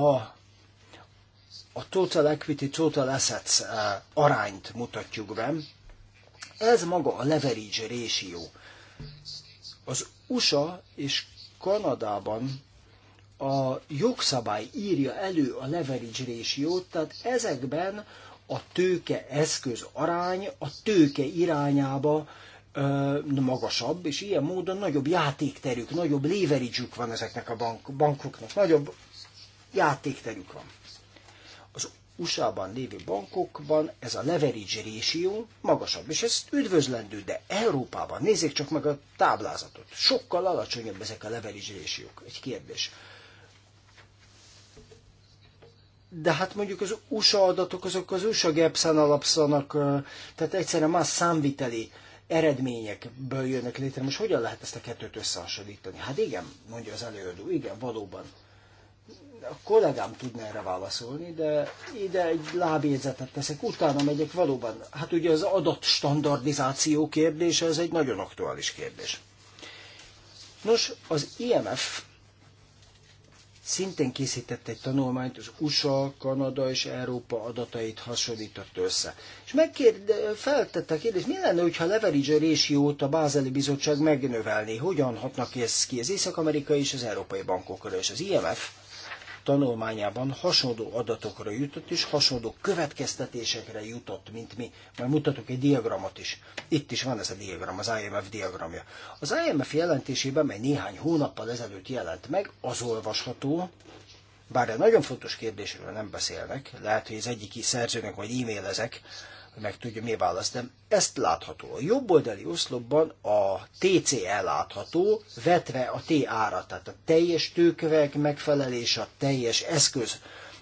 a Total Equity Total Assets eh, arányt mutatjuk be. Ez maga a leverage ratio. Az USA és Kanadában a jogszabály írja elő a leverage ratio tehát ezekben a tőke eszköz arány a tőke irányába magasabb, és ilyen módon nagyobb játékterük, nagyobb leverage van ezeknek a bank, bankoknak, nagyobb játékterük van. Az USA-ban lévő bankokban ez a leverage ratio magasabb, és ez üdvözlendő, de Európában, nézzék csak meg a táblázatot, sokkal alacsonyabb ezek a leverage ratio-k. Egy kérdés. De hát mondjuk az USA adatok, azok az USA Gepsen alapszanak, tehát egyszerűen más számviteli uh, eredményekből jönnek létre. Most hogyan lehet ezt a kettőt összehasonlítani? Hát igen, mondja az előadó, igen, valóban. A kollégám tudna erre válaszolni, de ide egy lábjegyzetet teszek, utána megyek valóban. Hát ugye az standardizáció kérdése, ez egy nagyon aktuális kérdés. Nos, az IMF szintén készített egy tanulmányt, az USA, Kanada és Európa adatait hasonlított össze. És megkérde, feltette a kérdést, mi lenne, hogyha leverage ratio-t a Bázeli Bizottság megnövelni? Hogyan hatnak ez ki az észak-amerikai és az európai bankokra? És az IMF tanulmányában hasonló adatokra jutott, és hasonló következtetésekre jutott, mint mi. Majd mutatok egy diagramot is. Itt is van ez a diagram, az IMF diagramja. Az IMF jelentésében, mely néhány hónappal ezelőtt jelent meg, az olvasható, bár egy nagyon fontos kérdésről nem beszélnek, lehet, hogy az egyik szerzőnek vagy e-mailezek, hogy tudja mi a Nem, ezt látható. A jobb oldali oszlopban a TCL e látható, vetve a T árat, tehát a teljes tőkövek megfelelés a teljes eszköz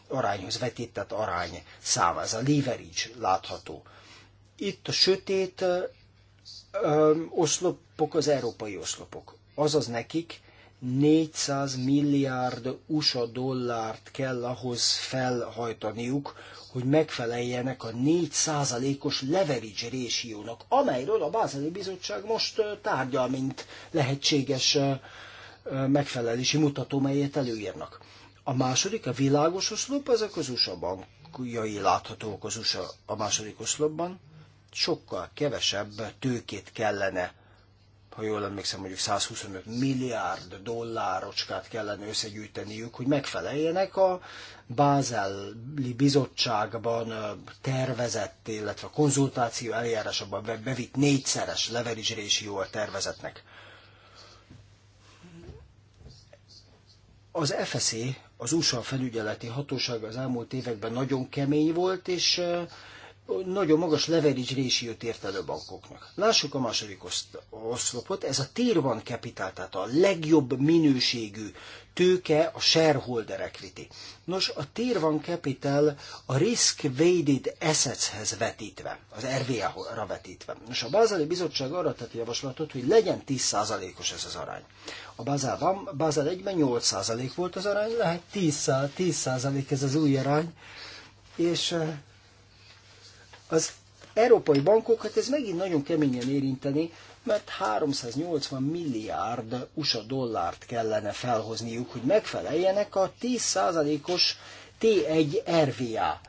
arányhoz vetített arány száma, ez a leverage látható. Itt a sötét ö, oszlopok az európai oszlopok. Azaz nekik 400 milliárd USA dollárt kell ahhoz felhajtaniuk, hogy megfeleljenek a 4%-os leverage résiónak, amelyről a Bázeli Bizottság most tárgyal, mint lehetséges megfelelési mutató, melyet előírnak. A második, a világos oszlop, ezek az a bankjai látható az a második oszlopban. Sokkal kevesebb tőkét kellene ha jól emlékszem, mondjuk 125 milliárd dollárocskát kellene összegyűjteniük, hogy megfeleljenek a Bázeli bizottságban tervezett, illetve a konzultáció eljárásában bevitt négyszeres leverage ratio tervezetnek. Az FSA, az USA felügyeleti hatóság az elmúlt években nagyon kemény volt, és nagyon magas leverage ratio-t írt a bankoknak. Lássuk a második oszlopot, ez a tier van kapitál, tehát a legjobb minőségű tőke a shareholder equity. Nos, a tier van capital a risk-weighted assetshez vetítve, az RVA-ra vetítve. Nos, a Bázali Bizottság arra tett javaslatot, hogy legyen 10%-os ez az arány. A Bázában, Bázal 1-ben 8% volt az arány, lehet 10%, 10% ez az új arány, és eh, az európai bankokat ez megint nagyon keményen érinteni, mert 380 milliárd USA dollárt kellene felhozniuk, hogy megfeleljenek a 10%-os T1 RVA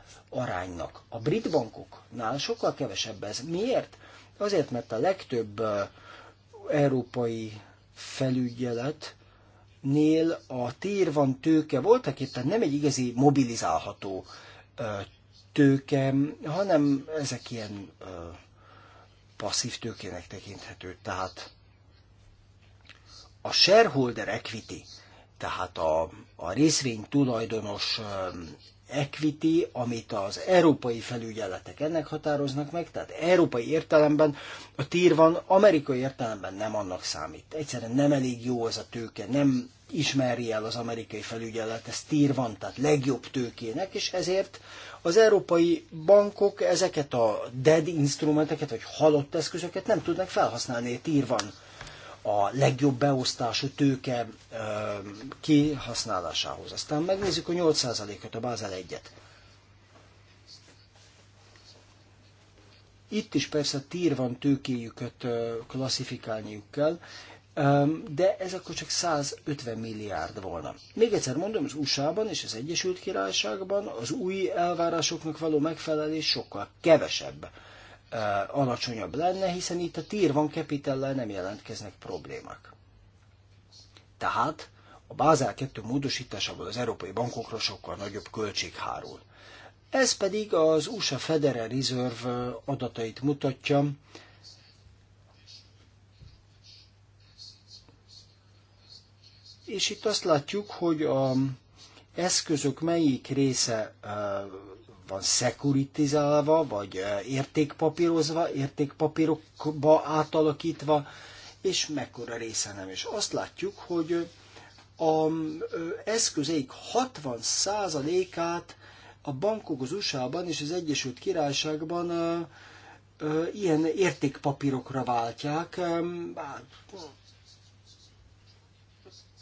aránynak. A brit bankoknál sokkal kevesebb ez. Miért? Azért, mert a legtöbb európai felügyelet nél a tér van tőke voltak éppen nem egy igazi mobilizálható tőke, hanem ezek ilyen ö, passzív tőkének tekinthető. Tehát a shareholder equity, tehát a, a részvény tulajdonos equity, amit az európai felügyeletek ennek határoznak meg, tehát európai értelemben a tír van, amerikai értelemben nem annak számít. Egyszerűen nem elég jó az a tőke, nem ismeri el az amerikai felügyelet, ez tír van, tehát legjobb tőkének, és ezért az európai bankok ezeket a dead instrumenteket, vagy halott eszközöket nem tudnak felhasználni, tír van a legjobb beosztású tőke ö, kihasználásához. Aztán megnézzük a 8%-ot, a Bázel 1-et. Itt is persze tír van tőkéjüket klasszifikálniuk kell, de ez akkor csak 150 milliárd volna. Még egyszer mondom, az USA-ban és az Egyesült Királyságban az új elvárásoknak való megfelelés sokkal kevesebb, alacsonyabb lenne, hiszen itt a tír van kapitellel nem jelentkeznek problémák. Tehát a Bázel 2 módosításával az európai bankokra sokkal nagyobb költség hárul. Ez pedig az USA Federal Reserve adatait mutatja, és itt azt látjuk, hogy a eszközök melyik része van szekuritizálva, vagy értékpapírozva, értékpapírokba átalakítva, és mekkora része nem. És azt látjuk, hogy a eszközeik 60%-át a bankok az USA-ban és az Egyesült Királyságban ilyen értékpapírokra váltják, hát,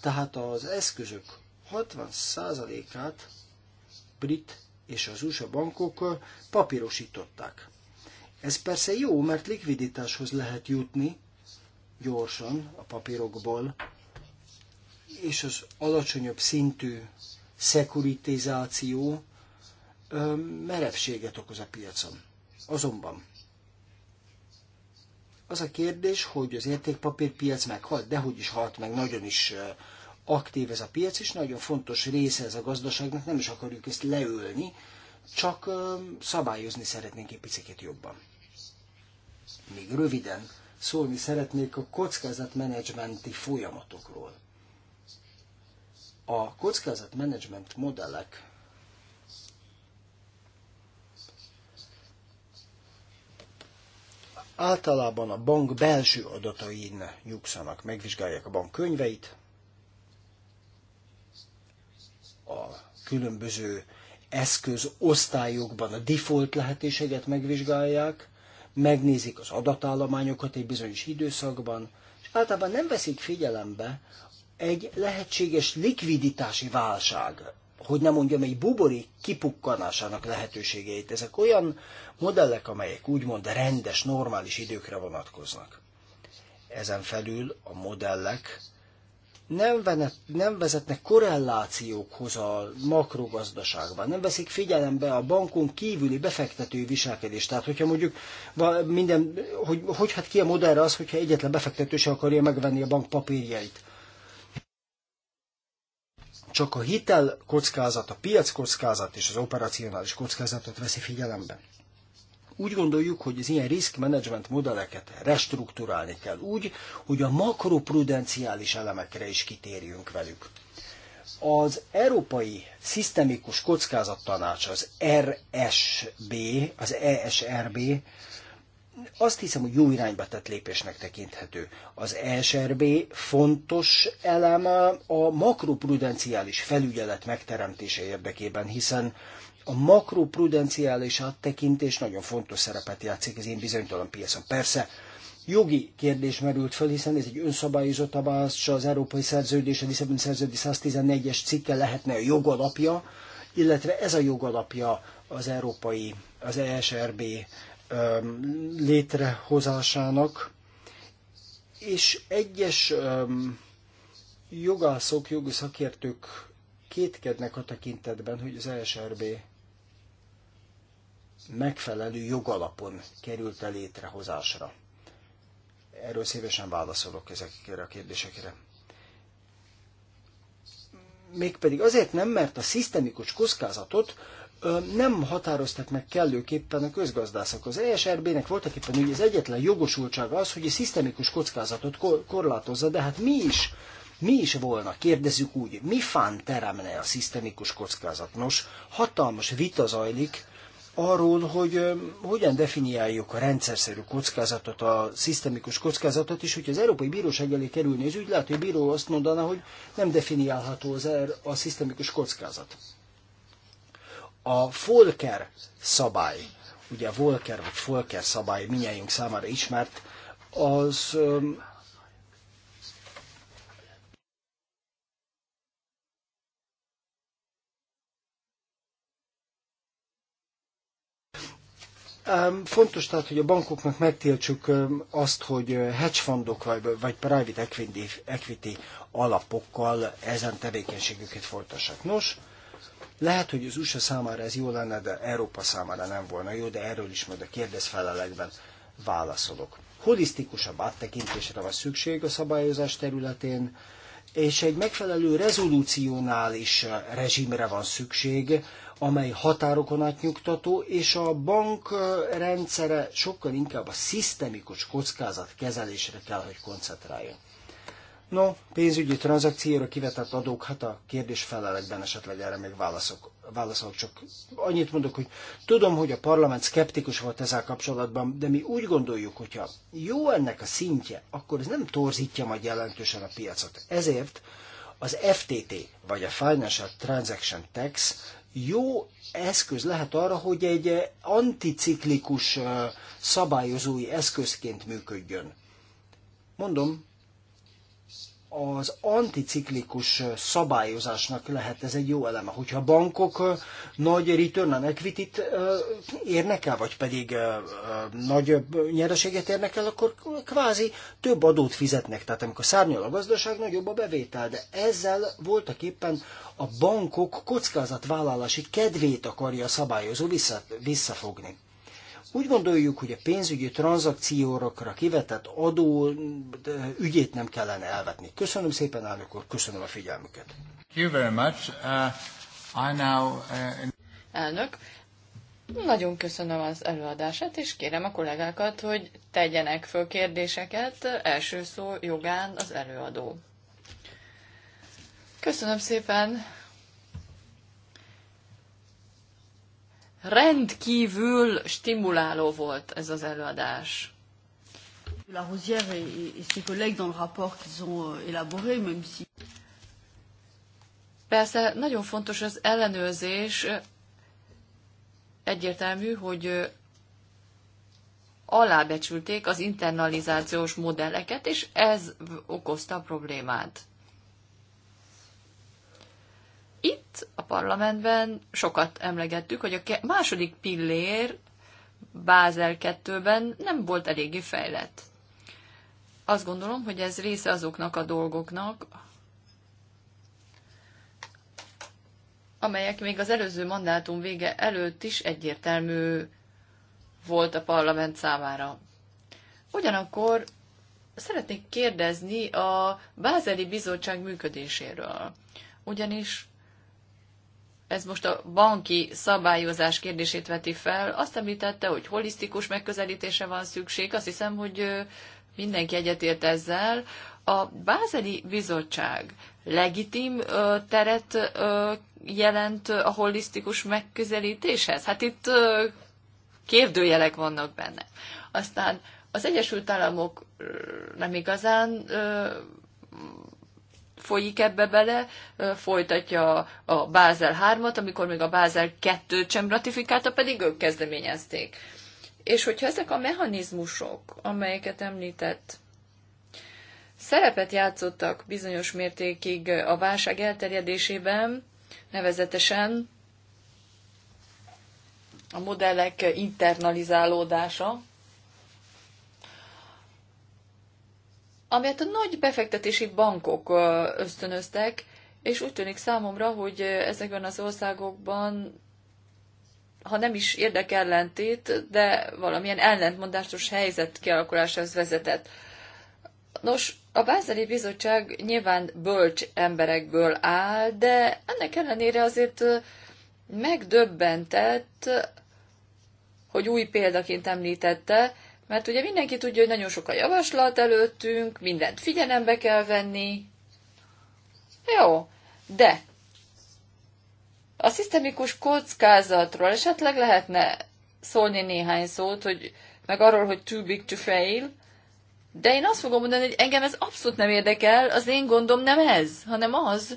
tehát az eszközök 60%-át brit és az USA bankok papírosították. Ez persze jó, mert likviditáshoz lehet jutni gyorsan a papírokból, és az alacsonyabb szintű szekuritizáció merevséget okoz a piacon. Azonban az a kérdés, hogy az értékpapírpiac meghalt, de hogy is halt meg, nagyon is aktív ez a piac, és nagyon fontos része ez a gazdaságnak, nem is akarjuk ezt leölni, csak szabályozni szeretnénk egy picit jobban. Még röviden szólni szeretnék a kockázatmenedzsmenti folyamatokról. A kockázatmenedzsment modellek általában a bank belső adatain nyugszanak, megvizsgálják a bank könyveit, a különböző eszköz osztályokban a default lehetőséget megvizsgálják, megnézik az adatállományokat egy bizonyos időszakban, és általában nem veszik figyelembe egy lehetséges likviditási válság hogy nem mondjam, egy buborék kipukkanásának lehetőségeit. Ezek olyan modellek, amelyek úgymond rendes, normális időkre vonatkoznak. Ezen felül a modellek nem, venet, nem vezetnek korrelációkhoz a makrogazdaságban, nem veszik figyelembe a bankon kívüli befektető viselkedést. Tehát, hogyha mondjuk minden, hogy, hogy hát ki a modellre az, hogyha egyetlen befektető se akarja megvenni a bank papírjait csak a hitel kockázat, a piac kockázat és az operacionális kockázatot veszi figyelembe. Úgy gondoljuk, hogy az ilyen risk management modelleket restruktúrálni kell úgy, hogy a makroprudenciális elemekre is kitérjünk velük. Az Európai Szisztemikus Kockázattanács, az RSB, az ESRB azt hiszem, hogy jó irányba tett lépésnek tekinthető. Az SRB fontos eleme a makroprudenciális felügyelet megteremtése érdekében, hiszen a makroprudenciális áttekintés nagyon fontos szerepet játszik az én bizonytalan piacon. Persze, jogi kérdés merült fel, hiszen ez egy önszabályozó tabás, az Európai Szerződés, a Lisszabon Szerződés 114-es cikke lehetne a jogalapja, illetve ez a jogalapja az európai, az ESRB Um, létrehozásának, és egyes um, jogászok, jogi szakértők kétkednek a tekintetben, hogy az ESRB megfelelő jogalapon került a létrehozásra. Erről szívesen válaszolok ezekre a kérdésekre. Mégpedig azért nem, mert a szisztemikus kockázatot nem határozták meg kellőképpen a közgazdászok. Az ESRB-nek voltak éppen ugye az egyetlen jogosultsága az, hogy a szisztemikus kockázatot korlátozza, de hát mi is, mi is volna, kérdezzük úgy, mi fán teremne a szisztemikus kockázat? Nos, hatalmas vita zajlik arról, hogy hogyan definiáljuk a rendszerszerű kockázatot, a szisztemikus kockázatot, és hogyha az Európai Bíróság elé kerülni az ügy, lehet, hogy a bíró azt mondaná, hogy nem definiálható az er, a szisztemikus kockázat a Volker szabály, ugye a Volker vagy Volker szabály minnyájunk számára ismert, az Fontos tehát, hogy a bankoknak megtiltsuk azt, hogy hedge fundok vagy, vagy private equity, equity alapokkal ezen tevékenységüket folytassák. Nos, lehet, hogy az USA számára ez jó lenne, de Európa számára nem volna jó, de erről is majd a kérdezfelelekben válaszolok. Holisztikusabb áttekintésre van szükség a szabályozás területén, és egy megfelelő rezolúcionális rezsimre van szükség, amely határokon átnyugtató, és a bank rendszere sokkal inkább a szisztemikus kockázat kezelésre kell, hogy koncentráljon. No, pénzügyi tranzakcióra kivetett adók, hát a kérdés felelekben esetleg erre még válaszok, válaszolok, csak annyit mondok, hogy tudom, hogy a parlament szkeptikus volt ezzel kapcsolatban, de mi úgy gondoljuk, hogyha jó ennek a szintje, akkor ez nem torzítja majd jelentősen a piacot. Ezért az FTT, vagy a Financial Transaction Tax jó eszköz lehet arra, hogy egy eh, anticiklikus eh, szabályozói eszközként működjön. Mondom, az anticiklikus szabályozásnak lehet ez egy jó eleme, hogyha a bankok nagy return on equity érnek el, vagy pedig nagy nyereséget érnek el, akkor kvázi több adót fizetnek. Tehát amikor szárnyal a gazdaság, nagyobb a bevétel, de ezzel voltak éppen a bankok kockázatvállalási kedvét akarja a szabályozó vissza, visszafogni. Úgy gondoljuk, hogy a pénzügyi tranzakciókra kivetett adó ügyét nem kellene elvetni. Köszönöm szépen, elnök úr, köszönöm a figyelmüket. Thank you very much. Uh, I now, uh, Elnök, nagyon köszönöm az előadását, és kérem a kollégákat, hogy tegyenek föl kérdéseket. Első szó jogán az előadó. Köszönöm szépen, rendkívül stimuláló volt ez az előadás. La Rosière et, et ses collègues dans le rapport qu'ils ont euh, élaboré, même si... Persze nagyon fontos az ellenőrzés, egyértelmű, hogy alábecsülték az internalizációs modelleket, és ez okozta a problémát. Itt a parlamentben sokat emlegettük, hogy a második pillér Bázel 2-ben nem volt eléggé fejlett. Azt gondolom, hogy ez része azoknak a dolgoknak, amelyek még az előző mandátum vége előtt is egyértelmű volt a parlament számára. Ugyanakkor szeretnék kérdezni a Bázeli Bizottság működéséről. Ugyanis ez most a banki szabályozás kérdését veti fel. Azt említette, hogy holisztikus megközelítése van szükség. Azt hiszem, hogy mindenki egyetért ezzel. A Bázeli Bizottság legitim teret jelent a holisztikus megközelítéshez? Hát itt kérdőjelek vannak benne. Aztán az Egyesült Államok nem igazán folyik ebbe bele, folytatja a Bázel 3-at, amikor még a Bázel 2-t sem ratifikálta, pedig ők kezdeményezték. És hogyha ezek a mechanizmusok, amelyeket említett, szerepet játszottak bizonyos mértékig a válság elterjedésében, nevezetesen a modellek internalizálódása, amelyet a nagy befektetési bankok ösztönöztek, és úgy tűnik számomra, hogy ezekben az országokban, ha nem is érdekellentét, de valamilyen ellentmondásos helyzet kialakulásához vezetett. Nos, a Bázeli Bizottság nyilván bölcs emberekből áll, de ennek ellenére azért megdöbbentett, hogy új példaként említette, mert ugye mindenki tudja, hogy nagyon sok a javaslat előttünk, mindent figyelembe kell venni. Jó, de a szisztemikus kockázatról esetleg lehetne szólni néhány szót, hogy meg arról, hogy too big to fail, de én azt fogom mondani, hogy engem ez abszolút nem érdekel, az én gondom nem ez, hanem az,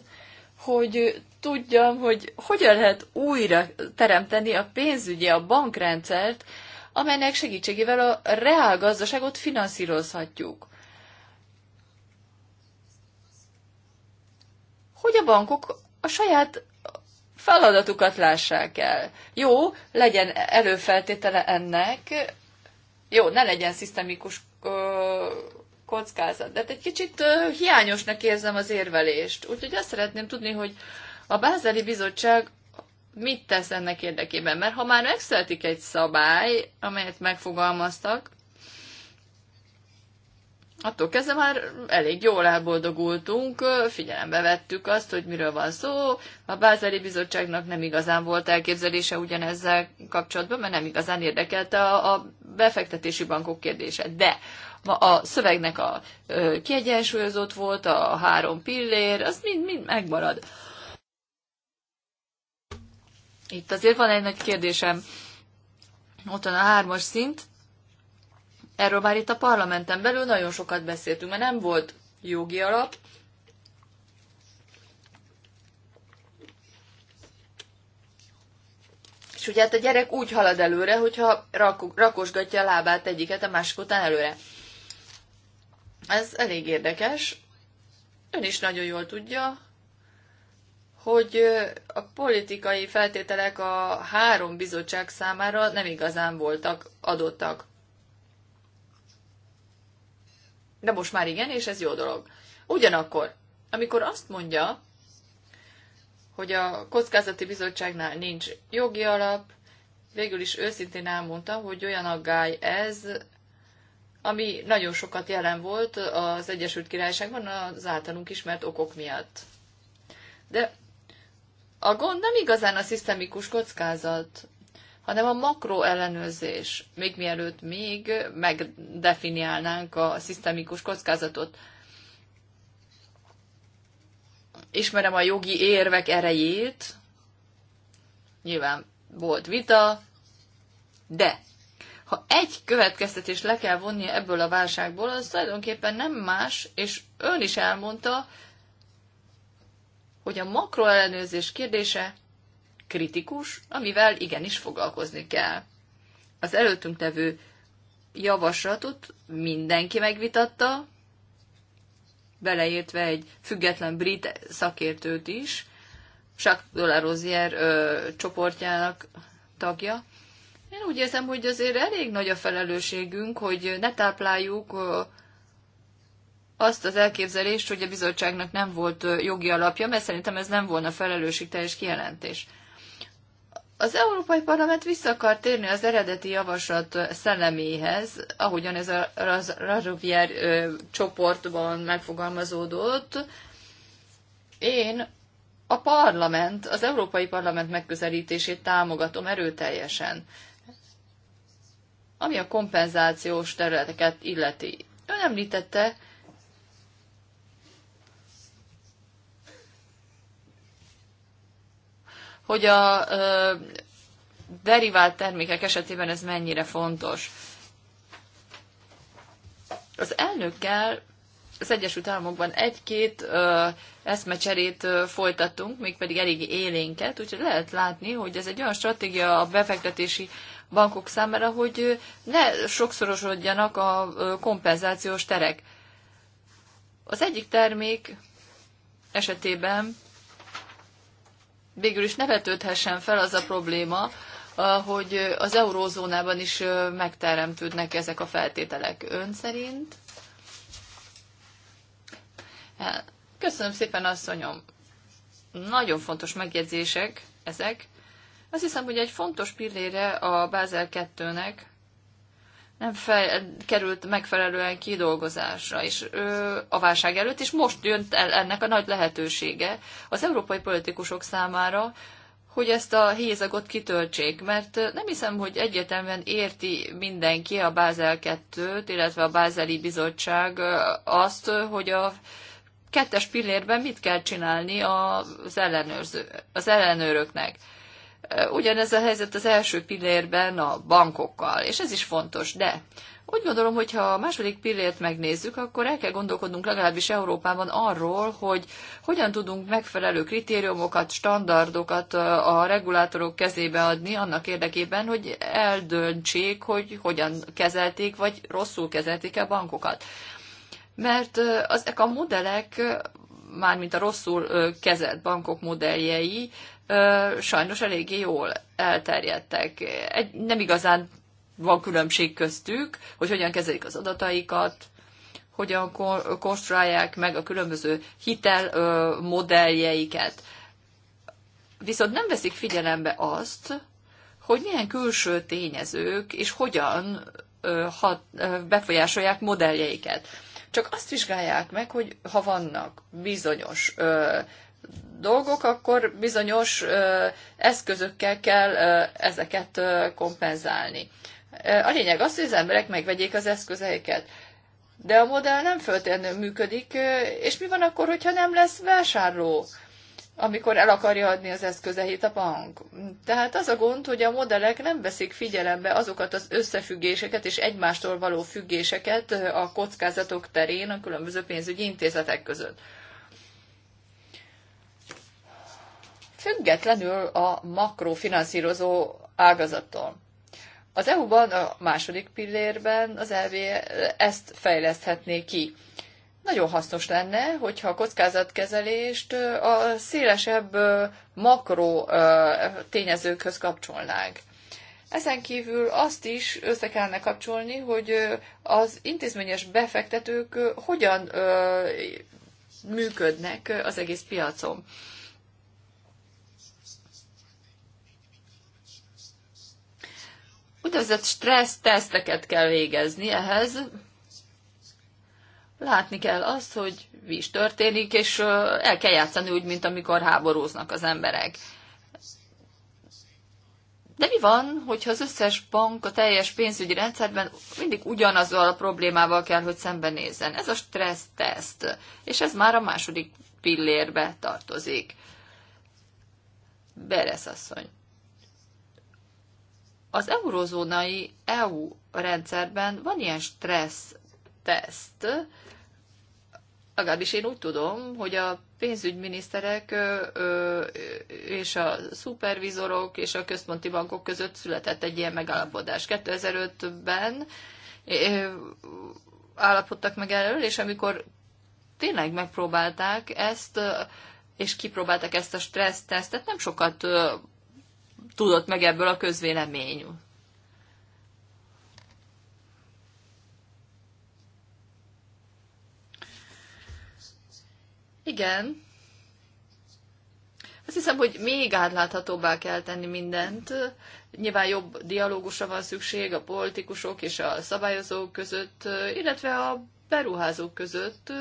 hogy tudjam, hogy hogyan lehet újra teremteni a pénzügyi, a bankrendszert, amelynek segítségével a reál gazdaságot finanszírozhatjuk. Hogy a bankok a saját feladatukat lássák el. Jó, legyen előfeltétele ennek, jó, ne legyen szisztemikus kockázat. De hát egy kicsit hiányosnak érzem az érvelést. Úgyhogy azt szeretném tudni, hogy a Bázeli Bizottság mit tesz ennek érdekében. Mert ha már megszületik egy szabály, amelyet megfogalmaztak, attól kezdve már elég jól elboldogultunk, figyelembe vettük azt, hogy miről van szó. A Bázeli Bizottságnak nem igazán volt elképzelése ugyanezzel kapcsolatban, mert nem igazán érdekelte a, a befektetési bankok kérdése. De a szövegnek a kiegyensúlyozott volt, a három pillér, az mind, mind megmarad. Itt azért van egy nagy kérdésem. Ott van a hármas szint. Erről már itt a parlamenten belül nagyon sokat beszéltünk, mert nem volt jogi alap. És ugye hát a gyerek úgy halad előre, hogyha rakosgatja a lábát egyiket a másik után előre. Ez elég érdekes. Ön is nagyon jól tudja, hogy a politikai feltételek a három bizottság számára nem igazán voltak adottak. De most már igen, és ez jó dolog. Ugyanakkor, amikor azt mondja, hogy a kockázati bizottságnál nincs jogi alap, végül is őszintén elmondta, hogy olyan aggály ez, ami nagyon sokat jelen volt az Egyesült Királyságban az általunk ismert okok miatt. De a gond nem igazán a szisztemikus kockázat, hanem a makro ellenőrzés, még mielőtt még megdefiniálnánk a szisztemikus kockázatot. Ismerem a jogi érvek erejét, nyilván volt vita, de ha egy következtetés le kell vonni ebből a válságból, az tulajdonképpen nem más, és ön is elmondta, hogy a makroellenőrzés kérdése kritikus, amivel igenis foglalkozni kell. Az előttünk tevő javaslatot mindenki megvitatta, beleértve egy független brit szakértőt is, Jacques Dolarozier csoportjának tagja. Én úgy érzem, hogy azért elég nagy a felelősségünk, hogy ne tápláljuk azt az elképzelést, hogy a bizottságnak nem volt jogi alapja, mert szerintem ez nem volna felelősségteljes kijelentés. Az Európai Parlament vissza akar térni az eredeti javaslat szelleméhez, ahogyan ez a Razovier csoportban megfogalmazódott. Én a parlament, az Európai Parlament megközelítését támogatom erőteljesen, ami a kompenzációs területeket illeti. Ön említette, hogy a derivált termékek esetében ez mennyire fontos. Az elnökkel az Egyesült Államokban egy-két eszmecserét ö, folytattunk, mégpedig elég élénket, úgyhogy lehet látni, hogy ez egy olyan stratégia a befektetési bankok számára, hogy ne sokszorosodjanak a kompenzációs terek. Az egyik termék esetében végül is ne vetődhessen fel az a probléma, hogy az eurózónában is megteremtődnek ezek a feltételek ön szerint. E, köszönöm szépen, asszonyom. Nagyon fontos megjegyzések ezek. Azt hiszem, hogy egy fontos pillére a Bázel 2-nek nem fel, került megfelelően kidolgozásra, és ö, a válság előtt, és most jött el ennek a nagy lehetősége az európai politikusok számára, hogy ezt a hézagot kitöltsék, mert nem hiszem, hogy egyetemben érti mindenki a Bázel 2-t, illetve a Bázeli Bizottság azt, hogy a kettes pillérben mit kell csinálni az, ellenőrző, az ellenőröknek. Ugyanez a helyzet az első pillérben a bankokkal, és ez is fontos, de úgy gondolom, hogy ha a második pillért megnézzük, akkor el kell gondolkodnunk legalábbis Európában arról, hogy hogyan tudunk megfelelő kritériumokat, standardokat a regulátorok kezébe adni annak érdekében, hogy eldöntsék, hogy hogyan kezelték, vagy rosszul kezelték a bankokat. Mert ezek a modellek mármint a rosszul kezelt bankok modelljei sajnos eléggé jól elterjedtek. Egy, nem igazán van különbség köztük, hogy hogyan kezelik az adataikat, hogyan konstruálják meg a különböző hitel modelljeiket. Viszont nem veszik figyelembe azt, hogy milyen külső tényezők és hogyan hat, befolyásolják modelljeiket. Csak azt vizsgálják meg, hogy ha vannak bizonyos dolgok, akkor bizonyos eszközökkel kell ezeket kompenzálni. A lényeg az, hogy az emberek megvegyék az eszközeiket. De a modell nem föltétlenül működik, és mi van akkor, hogyha nem lesz vásárló, amikor el akarja adni az eszközeit a bank? Tehát az a gond, hogy a modellek nem veszik figyelembe azokat az összefüggéseket és egymástól való függéseket a kockázatok terén a különböző pénzügyi intézetek között. függetlenül a makrofinanszírozó ágazattól. Az EU-ban a második pillérben az EV ezt fejleszthetné ki. Nagyon hasznos lenne, hogyha a kockázatkezelést a szélesebb makro tényezőkhöz kapcsolnák. Ezen kívül azt is össze kellene kapcsolni, hogy az intézményes befektetők hogyan működnek az egész piacon. úgynevezett stressz teszteket kell végezni ehhez. Látni kell azt, hogy mi is történik, és el kell játszani úgy, mint amikor háborúznak az emberek. De mi van, hogyha az összes bank a teljes pénzügyi rendszerben mindig ugyanazzal a problémával kell, hogy szembenézzen? Ez a stressz teszt, és ez már a második pillérbe tartozik. Beresz asszony. Az eurozónai EU rendszerben van ilyen stressz teszt, legalábbis én úgy tudom, hogy a pénzügyminiszterek és a szupervizorok és a központi bankok között született egy ilyen megállapodás. 2005-ben állapodtak meg erről, és amikor tényleg megpróbálták ezt, és kipróbálták ezt a stressztesztet, nem sokat tudott meg ebből a közvélemény. Igen. Azt hiszem, hogy még átláthatóbbá kell tenni mindent. Nyilván jobb dialógusra van szükség a politikusok és a szabályozók között, illetve a beruházók között,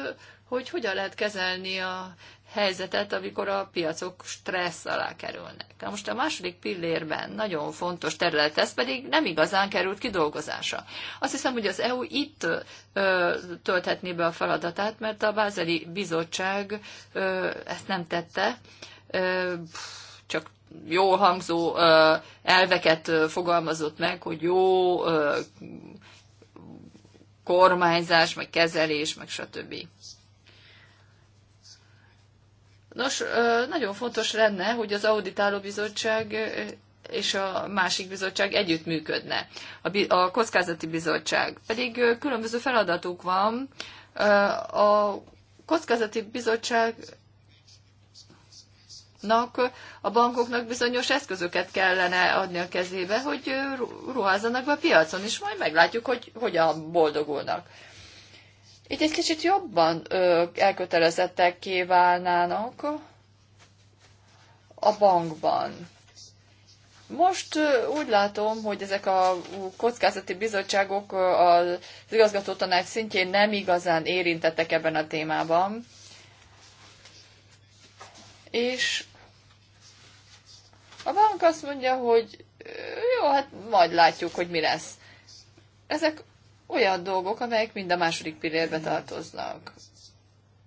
hogy hogyan lehet kezelni a helyzetet, amikor a piacok stressz alá kerülnek. Na most a második pillérben nagyon fontos terület, ez pedig nem igazán került kidolgozása. Azt hiszem, hogy az EU itt ö, tölthetné be a feladatát, mert a Bázeli Bizottság ö, ezt nem tette, ö, csak jó hangzó ö, elveket ö, fogalmazott meg, hogy jó ö, kormányzás, meg kezelés, meg stb. Nos, nagyon fontos lenne, hogy az Auditáló Bizottság és a másik bizottság együttműködne. A, a kockázati bizottság. Pedig különböző feladatuk van. A kockázati bizottságnak, a bankoknak bizonyos eszközöket kellene adni a kezébe, hogy ruházzanak be a piacon, és majd meglátjuk, hogy hogyan boldogulnak itt egy kicsit jobban ö, elkötelezettek kívánnának a bankban. Most úgy látom, hogy ezek a kockázati bizottságok az igazgató tanács szintjén nem igazán érintettek ebben a témában. És a bank azt mondja, hogy jó, hát majd látjuk, hogy mi lesz. Ezek olyan dolgok, amelyek mind a második pillérbe tartoznak.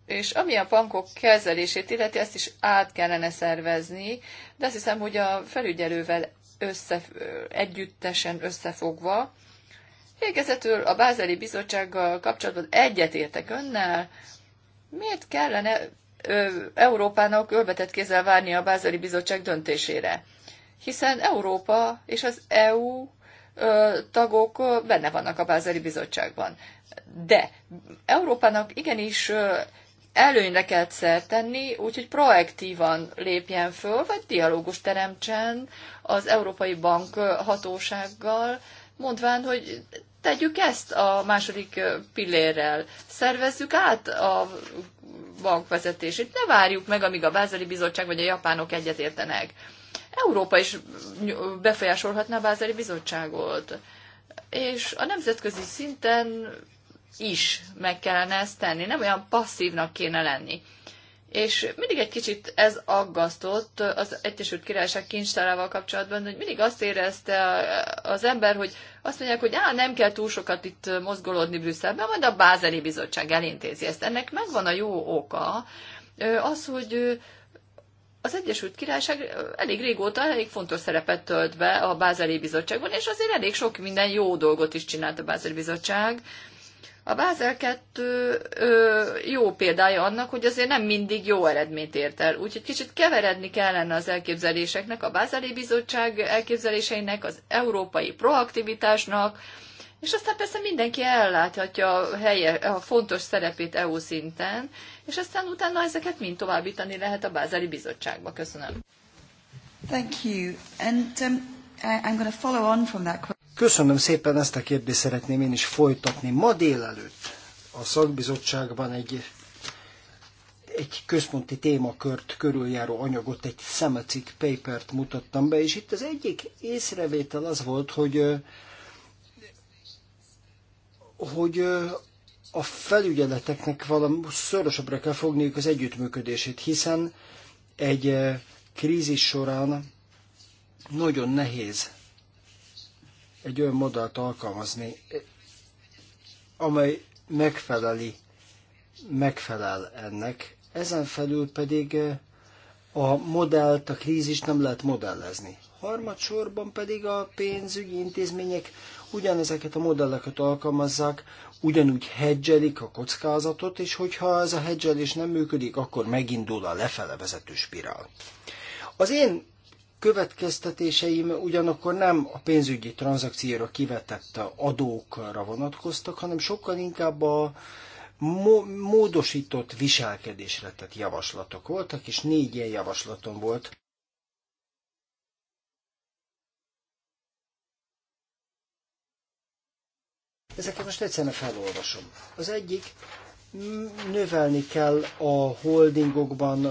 És ami a bankok kezelését illeti, ezt is át kellene szervezni, de azt hiszem, hogy a felügyelővel össze, együttesen összefogva, Végezetül a Bázeli Bizottsággal kapcsolatban egyetértek önnel, miért kellene ö, Európának ölbetett kézzel várni a Bázeli Bizottság döntésére? Hiszen Európa és az EU tagok benne vannak a Bázeli Bizottságban. De Európának igenis előnyre kell szert tenni, úgyhogy proaktívan lépjen föl, vagy dialógus teremtsen az Európai Bank hatósággal, mondván, hogy tegyük ezt a második pillérrel, szervezzük át a bankvezetését, ne várjuk meg, amíg a Bázeli Bizottság vagy a japánok egyetértenek. Európa is befolyásolhatná a Bázeli Bizottságot. És a nemzetközi szinten is meg kellene ezt tenni, nem olyan passzívnak kéne lenni. És mindig egy kicsit ez aggasztott az Egyesült Királyság kincstárával kapcsolatban, hogy mindig azt érezte az ember, hogy azt mondják, hogy á, nem kell túl sokat itt mozgolódni Brüsszelben, majd a Bázeli Bizottság elintézi ezt. Ennek megvan a jó oka, az, hogy az Egyesült Királyság elég régóta elég fontos szerepet tölt be a Bázeli Bizottságban, és azért elég sok minden jó dolgot is csinált a Bázeli Bizottság. A Bázel 2 ö, jó példája annak, hogy azért nem mindig jó eredményt ért el. Úgyhogy kicsit keveredni kellene az elképzeléseknek, a Bázeli Bizottság elképzeléseinek, az európai proaktivitásnak, és aztán persze mindenki elláthatja a, helye, a fontos szerepét EU szinten, és aztán utána ezeket mind továbbítani lehet a bázári Bizottságba. Köszönöm. Thank you. And um, I, I'm going to follow on from that question. Köszönöm szépen, ezt a kérdést szeretném én is folytatni. Ma délelőtt a szakbizottságban egy, egy központi témakört körüljáró anyagot, egy szemecik papert mutattam be, és itt az egyik észrevétel az volt, hogy hogy a felügyeleteknek valami szorosabbra kell fogniuk az együttműködését, hiszen egy eh, krízis során nagyon nehéz egy olyan modellt alkalmazni, amely megfeleli, megfelel ennek. Ezen felül pedig eh, a modellt, a krízis nem lehet modellezni. Harmadsorban pedig a pénzügyi intézmények ugyanezeket a modelleket alkalmazzák, ugyanúgy hedgelik a kockázatot, és hogyha ez a hedgelés nem működik, akkor megindul a lefele vezető spirál. Az én következtetéseim ugyanakkor nem a pénzügyi tranzakcióra kivetett adókra vonatkoztak, hanem sokkal inkább a módosított viselkedésre tett javaslatok voltak, és négy ilyen javaslatom volt. Ezeket most egyszerűen felolvasom. Az egyik, növelni kell a holdingokban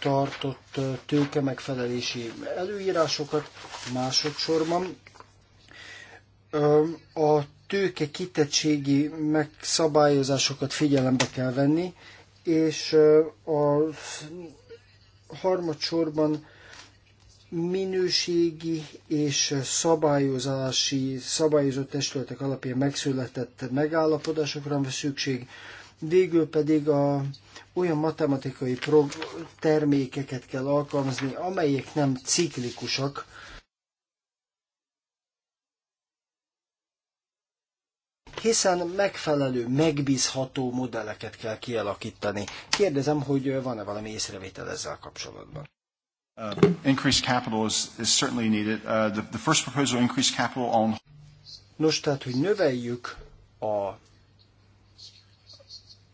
tartott tőke megfelelési előírásokat, másodszorban a tőke kitettségi megszabályozásokat figyelembe kell venni, és a harmadsorban minőségi és szabályozási, szabályozott testületek alapján megszületett megállapodásokra van szükség, végül pedig a, olyan matematikai prog- termékeket kell alkalmazni, amelyek nem ciklikusak, hiszen megfelelő, megbízható modelleket kell kialakítani. Kérdezem, hogy van-e valami észrevétel ezzel kapcsolatban? Uh, increased capital is, is certainly needed. Uh, the, the first proposal increased capital on... Nos, tehát, hogy növeljük a...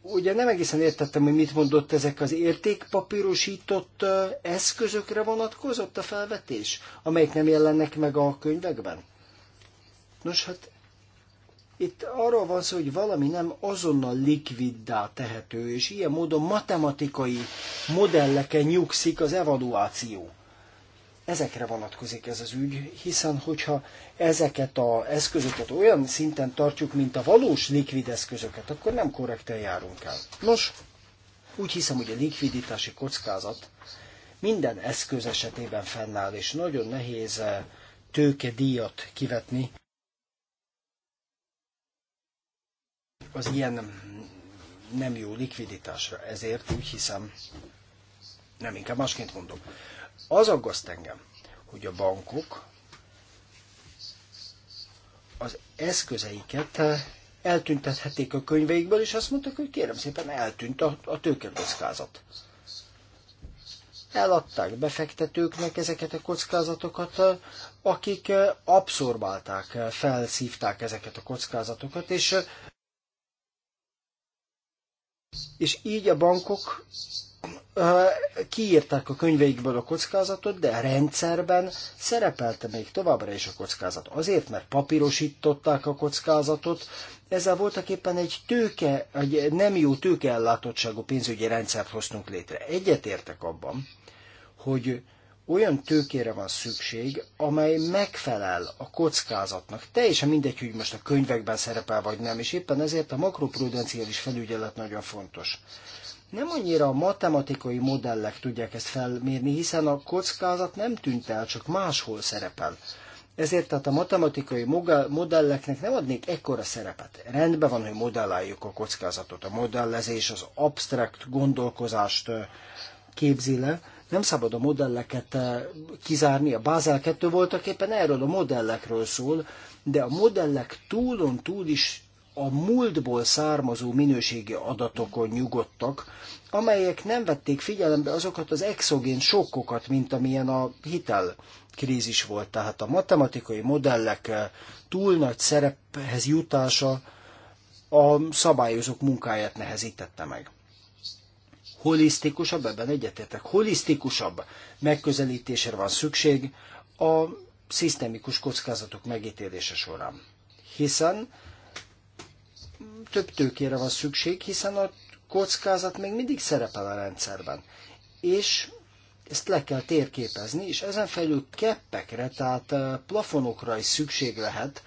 Ugye nem egészen értettem, hogy mit mondott ezek az értékpapírosított uh, eszközökre vonatkozott a felvetés, amelyek nem jelennek meg a könyvekben? Nos, hát itt arról van szó, hogy valami nem azonnal likviddá tehető, és ilyen módon matematikai modelleken nyugszik az evaluáció. Ezekre vonatkozik ez az ügy, hiszen hogyha ezeket az eszközöket olyan szinten tartjuk, mint a valós likvid eszközöket, akkor nem korrekten járunk el. Nos, úgy hiszem, hogy a likviditási kockázat minden eszköz esetében fennáll, és nagyon nehéz eh, tőke díjat kivetni az ilyen nem jó likviditásra. Ezért úgy hiszem, nem inkább másként mondom. Az aggaszt engem, hogy a bankok az eszközeiket eltüntethették a könyveikből, és azt mondták, hogy kérem szépen, eltűnt a, a tőkekockázat. Eladták befektetőknek ezeket a kockázatokat, akik abszorbálták, felszívták ezeket a kockázatokat, és és így a bankok kiírták a könyveikből a kockázatot, de a rendszerben szerepelte még továbbra is a kockázat. Azért, mert papírosították a kockázatot, ezzel voltak éppen egy tőke, egy nem jó tőkeellátottságú pénzügyi rendszert hoztunk létre. Egyetértek abban, hogy olyan tőkére van szükség, amely megfelel a kockázatnak. Teljesen mindegy, hogy most a könyvekben szerepel vagy nem, és éppen ezért a makroprudenciális felügyelet nagyon fontos. Nem annyira a matematikai modellek tudják ezt felmérni, hiszen a kockázat nem tűnt el, csak máshol szerepel. Ezért tehát a matematikai modelleknek nem adnék ekkora szerepet. Rendben van, hogy modelláljuk a kockázatot. A modellezés az absztrakt gondolkozást képzi le, nem szabad a modelleket eh, kizárni, a Bázel 2 voltak éppen erről a modellekről szól, de a modellek túlon túl is a múltból származó minőségi adatokon nyugodtak, amelyek nem vették figyelembe azokat az exogén sokkokat, mint amilyen a hitel krízis volt. Tehát a matematikai modellek eh, túl nagy szerephez jutása a szabályozók munkáját nehezítette meg holisztikusabb, ebben egyetértek, holisztikusabb megközelítésre van szükség a szisztemikus kockázatok megítélése során. Hiszen több tőkére van szükség, hiszen a kockázat még mindig szerepel a rendszerben. És ezt le kell térképezni, és ezen felül keppekre, tehát eh, plafonokra is szükség lehet,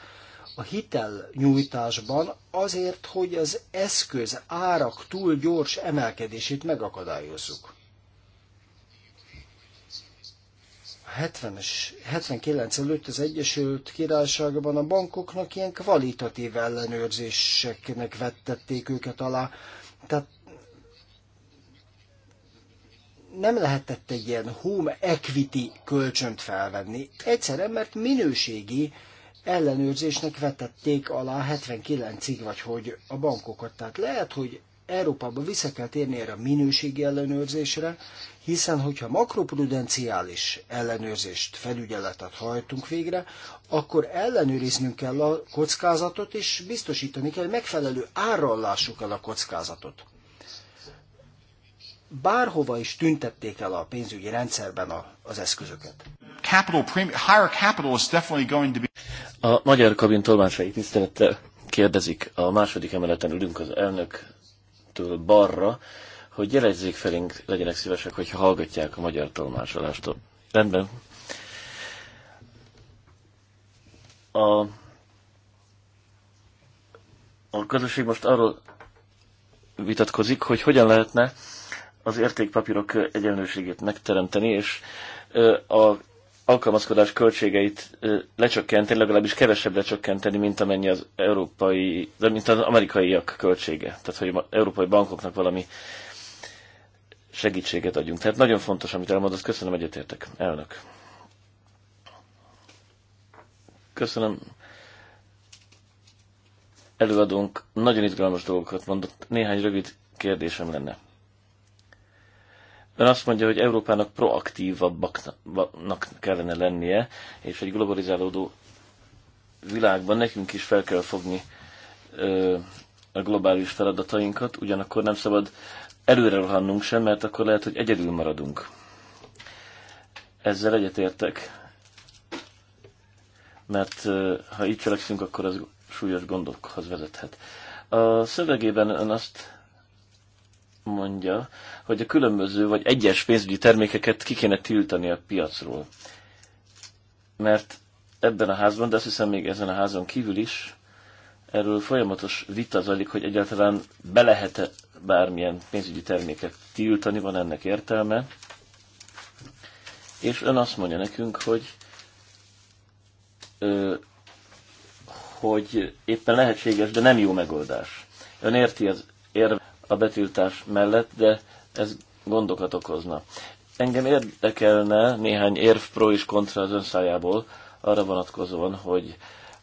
a hitelnyújtásban azért, hogy az eszköz árak túl gyors emelkedését megakadályozzuk. A 70-es, 79 előtt az Egyesült Királyságban a bankoknak ilyen kvalitatív ellenőrzéseknek vettették őket alá. Tehát nem lehetett egy ilyen home equity kölcsönt felvenni, egyszerűen mert minőségi ellenőrzésnek vetették alá 79-ig, vagy hogy a bankokat. Tehát lehet, hogy Európába vissza kell térni erre a minőségi ellenőrzésre, hiszen hogyha makroprudenciális ellenőrzést, felügyeletet hajtunk végre, akkor ellenőriznünk kell a kockázatot, és biztosítani kell, hogy megfelelő árral lássuk el a kockázatot bárhova is tüntették el a pénzügyi rendszerben a, az eszközöket. Capital, higher capital is definitely going to be... A magyar kabin tolmácsai tisztelettel kérdezik, a második emeleten ülünk az elnöktől balra, hogy jelezzék felénk, legyenek szívesek, hogyha hallgatják a magyar tolmácsolást. Rendben. A, a közösség most arról vitatkozik, hogy hogyan lehetne az értékpapírok egyenlőségét megteremteni, és a alkalmazkodás költségeit lecsökkenteni, legalábbis kevesebb lecsökkenteni, mint amennyi az európai, de mint az amerikaiak költsége. Tehát, hogy az európai bankoknak valami segítséget adjunk. Tehát nagyon fontos, amit elmondasz. Köszönöm, egyetértek. Elnök. Köszönöm. Előadónk nagyon izgalmas dolgokat mondott. Néhány rövid kérdésem lenne. Ön azt mondja, hogy Európának proaktívabbaknak kellene lennie, és egy globalizálódó világban nekünk is fel kell fogni ö, a globális feladatainkat, ugyanakkor nem szabad előre rohannunk sem, mert akkor lehet, hogy egyedül maradunk. Ezzel egyetértek, mert ha így cselekszünk, akkor az súlyos gondokhoz vezethet. A szövegében ön azt mondja, hogy a különböző vagy egyes pénzügyi termékeket ki kéne tiltani a piacról. Mert ebben a házban, de azt hiszem még ezen a házon kívül is, erről folyamatos vita zajlik, hogy egyáltalán be lehet-e bármilyen pénzügyi terméket tiltani, van ennek értelme. És ön azt mondja nekünk, hogy ö, hogy éppen lehetséges, de nem jó megoldás. Ön érti az érve a betiltás mellett, de ez gondokat okozna. Engem érdekelne néhány érv pro és kontra az önszájából arra vonatkozóan, hogy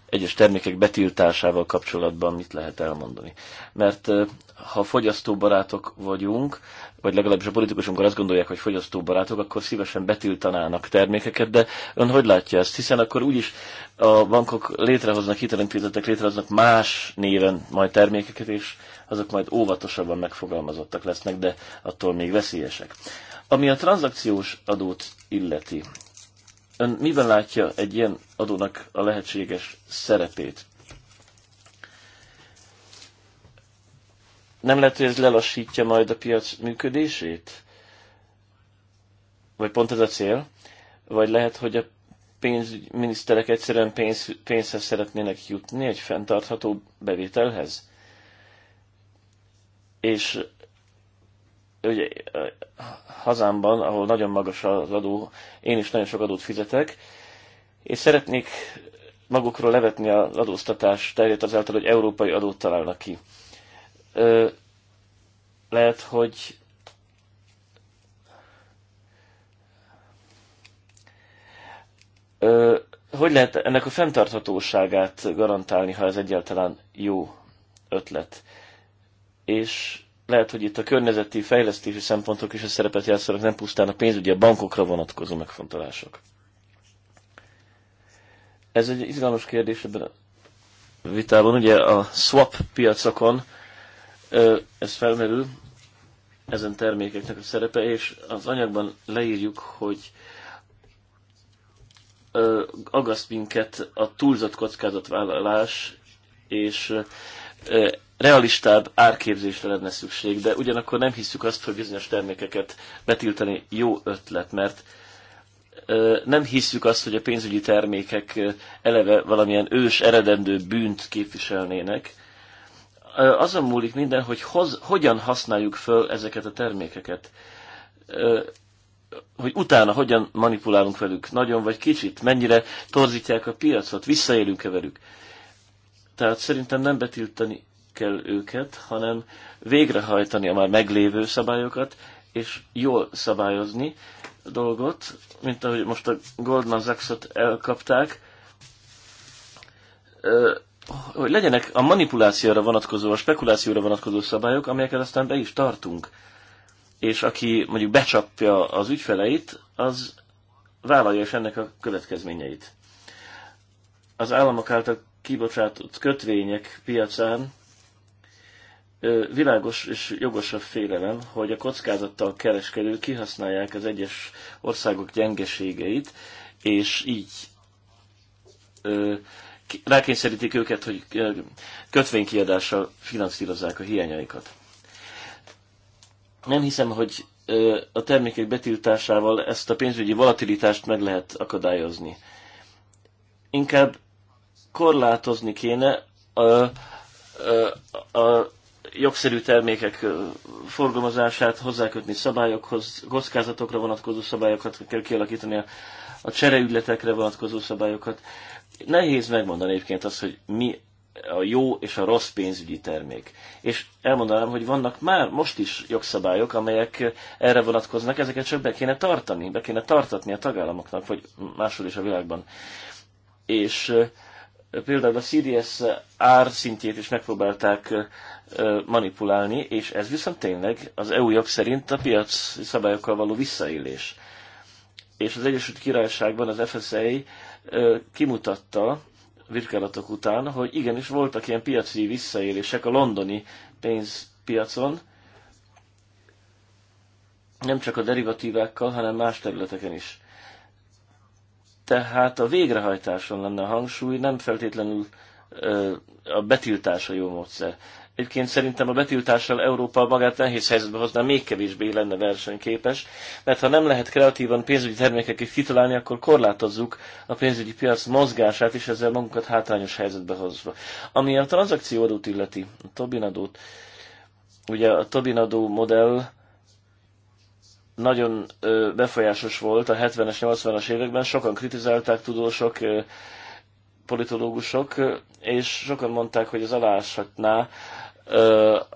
egyes termékek betiltásával kapcsolatban mit lehet elmondani. Mert ha fogyasztóbarátok vagyunk, vagy legalábbis a politikusunk azt gondolják, hogy fogyasztóbarátok, akkor szívesen betiltanának termékeket, de ön hogy látja ezt? Hiszen akkor úgyis a bankok létrehoznak, hitelintézetek létrehoznak más néven majd termékeket, és azok majd óvatosabban megfogalmazottak lesznek, de attól még veszélyesek. Ami a tranzakciós adót illeti, ön miben látja egy ilyen adónak a lehetséges szerepét? Nem lehet, hogy ez lelassítja majd a piac működését? Vagy pont ez a cél? Vagy lehet, hogy a pénzminiszterek egyszerűen pénz, pénzhez szeretnének jutni egy fenntartható bevételhez? és ugye, hazámban, ahol nagyon magas az adó, én is nagyon sok adót fizetek, és szeretnék magukról levetni az adóztatás terjét azáltal, hogy európai adót találnak ki. Ö, lehet, hogy ö, hogy lehet ennek a fenntarthatóságát garantálni, ha ez egyáltalán jó ötlet? és lehet, hogy itt a környezeti fejlesztési szempontok is a szerepet játszanak, nem pusztán a pénzügyi, a bankokra vonatkozó megfontolások. Ez egy izgalmas kérdés ebben a vitában. Ugye a swap piacokon ez felmerül, ezen termékeknek a szerepe, és az anyagban leírjuk, hogy agaszt minket a túlzott kockázatvállalás, és realistább árképzésre lenne szükség, de ugyanakkor nem hiszük azt, hogy bizonyos termékeket betiltani jó ötlet, mert nem hiszük azt, hogy a pénzügyi termékek eleve valamilyen ős eredendő bűnt képviselnének. Azon múlik minden, hogy hoz, hogyan használjuk föl ezeket a termékeket. Hogy utána hogyan manipulálunk velük, nagyon vagy kicsit, mennyire torzítják a piacot, visszaélünk-e velük. Tehát szerintem nem betiltani kell őket, hanem végrehajtani a már meglévő szabályokat, és jól szabályozni a dolgot, mint ahogy most a Goldman Sachs-ot elkapták, hogy legyenek a manipulációra vonatkozó, a spekulációra vonatkozó szabályok, amelyeket aztán be is tartunk. És aki mondjuk becsapja az ügyfeleit, az vállalja is ennek a következményeit. Az államok által kibocsátott kötvények piacán világos és jogos a félelem, hogy a kockázattal kereskedők kihasználják az egyes országok gyengeségeit, és így ö, rákényszerítik őket, hogy kötvénykiadással finanszírozzák a hiányaikat. Nem hiszem, hogy a termékek betiltásával ezt a pénzügyi volatilitást meg lehet akadályozni. Inkább korlátozni kéne a, a, a jogszerű termékek forgalmazását hozzákötni szabályokhoz, kockázatokra vonatkozó szabályokat kell kialakítani, a a csereügyletekre vonatkozó szabályokat. Nehéz megmondani egyébként azt, hogy mi a jó és a rossz pénzügyi termék. És elmondanám, hogy vannak már most is jogszabályok, amelyek erre vonatkoznak, ezeket csak be kéne tartani, be kéne tartatni a tagállamoknak, vagy máshol is a világban. És például a CDS ár szintjét is megpróbálták manipulálni, és ez viszont tényleg az EU jog szerint a piac szabályokkal való visszaélés. És az Egyesült Királyságban az FSA kimutatta vizsgálatok után, hogy igenis voltak ilyen piaci visszaélések a londoni pénzpiacon, nem csak a derivatívákkal, hanem más területeken is. Tehát a végrehajtáson lenne a hangsúly, nem feltétlenül a betiltás a jó módszer. Egyébként szerintem a betiltással Európa magát nehéz helyzetbe hozná, még kevésbé lenne versenyképes, mert ha nem lehet kreatívan pénzügyi termékeket kitalálni, akkor korlátozzuk a pénzügyi piac mozgását, és ezzel magunkat hátrányos helyzetbe hozva. Ami a tranzakcióadót illeti, a Tobin adót, ugye a Tobin adó modell nagyon befolyásos volt a 70-es, 80-as években, sokan kritizálták tudósok, politológusok, és sokan mondták, hogy az aláshatná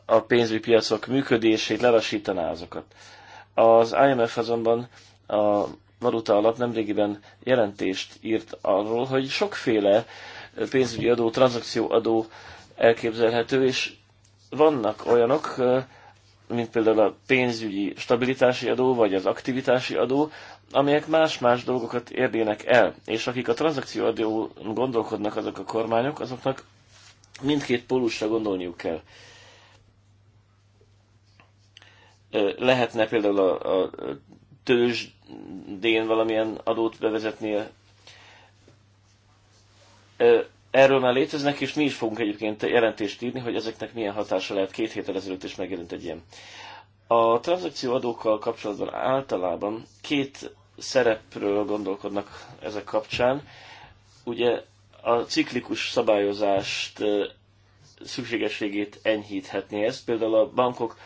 a pénzügyi piacok működését, lelassítaná azokat. Az IMF azonban a valuta alap nemrégiben jelentést írt arról, hogy sokféle pénzügyi adó, tranzakcióadó elképzelhető, és vannak olyanok, mint például a pénzügyi stabilitási adó vagy az aktivitási adó, amelyek más-más dolgokat érdének el, és akik a tranzakcióadón gondolkodnak azok a kormányok, azoknak mindkét pólusra gondolniuk kell. Lehetne például a, a tőzsdén valamilyen adót bevezetni, Erről már léteznek, és mi is fogunk egyébként jelentést írni, hogy ezeknek milyen hatása lehet. Két héttel ezelőtt is megjelent egy ilyen. A tranzakcióadókkal kapcsolatban általában két szerepről gondolkodnak ezek kapcsán. Ugye a ciklikus szabályozást szükségességét enyhíthetné ezt. Például a bankok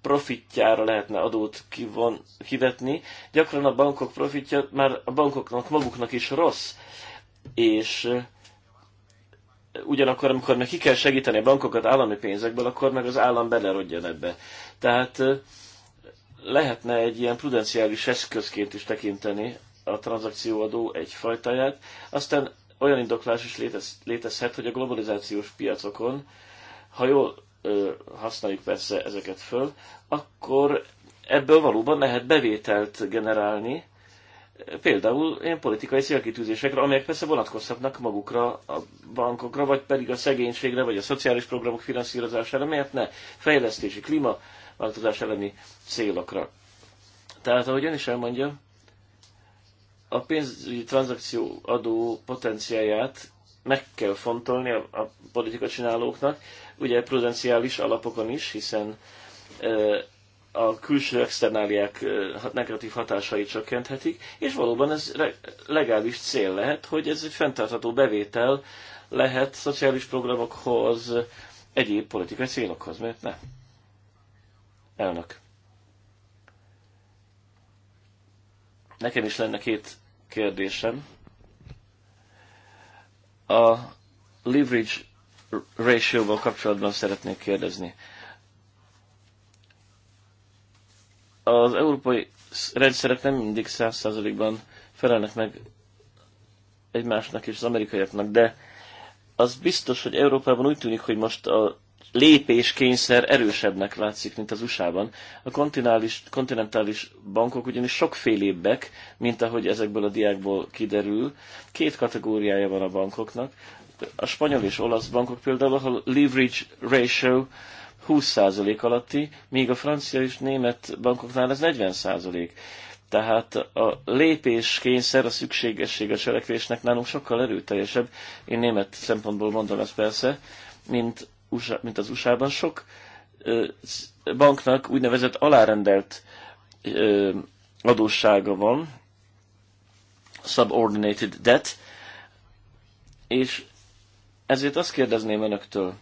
profitjára lehetne adót kivon, kivetni. Gyakran a bankok profitja már a bankoknak maguknak is rossz, és ugyanakkor, amikor meg ki kell segíteni a bankokat állami pénzekből, akkor meg az állam belerodjon ebbe. Tehát lehetne egy ilyen prudenciális eszközként is tekinteni a tranzakcióadó egyfajtáját. Aztán olyan indoklás is létez, létezhet, hogy a globalizációs piacokon, ha jól ö, használjuk persze ezeket föl, akkor ebből valóban lehet bevételt generálni, Például ilyen politikai célkitűzésekre, amelyek persze vonatkozhatnak magukra, a bankokra, vagy pedig a szegénységre, vagy a szociális programok finanszírozására, miért ne fejlesztési, klímaváltozás elleni célokra. Tehát, ahogy ön is elmondja, a pénzügyi tranzakció adó potenciáját meg kell fontolni a, a politika csinálóknak, ugye prudenciális alapokon is, hiszen a külső externáliák negatív hatásait csökkenthetik, és valóban ez legális cél lehet, hogy ez egy fenntartható bevétel lehet szociális programokhoz, egyéb politikai célokhoz, mert ne. Elnök. Nekem is lenne két kérdésem. A leverage ratio-val kapcsolatban szeretnék kérdezni. az európai rendszerek nem mindig száz százalékban felelnek meg egymásnak és az amerikaiaknak, de az biztos, hogy Európában úgy tűnik, hogy most a lépéskényszer erősebbnek látszik, mint az USA-ban. A kontinentális, kontinentális bankok ugyanis sokfélébbek, mint ahogy ezekből a diákból kiderül. Két kategóriája van a bankoknak. A spanyol és olasz bankok például, ahol leverage ratio 20% alatti, míg a francia és német bankoknál ez 40%. Tehát a lépés kényszer, a szükségesség a cselekvésnek nálunk sokkal erőteljesebb, én német szempontból mondom ezt persze, mint, USA, mint az USA-ban sok banknak úgynevezett alárendelt adóssága van, subordinated debt, és ezért azt kérdezném önöktől,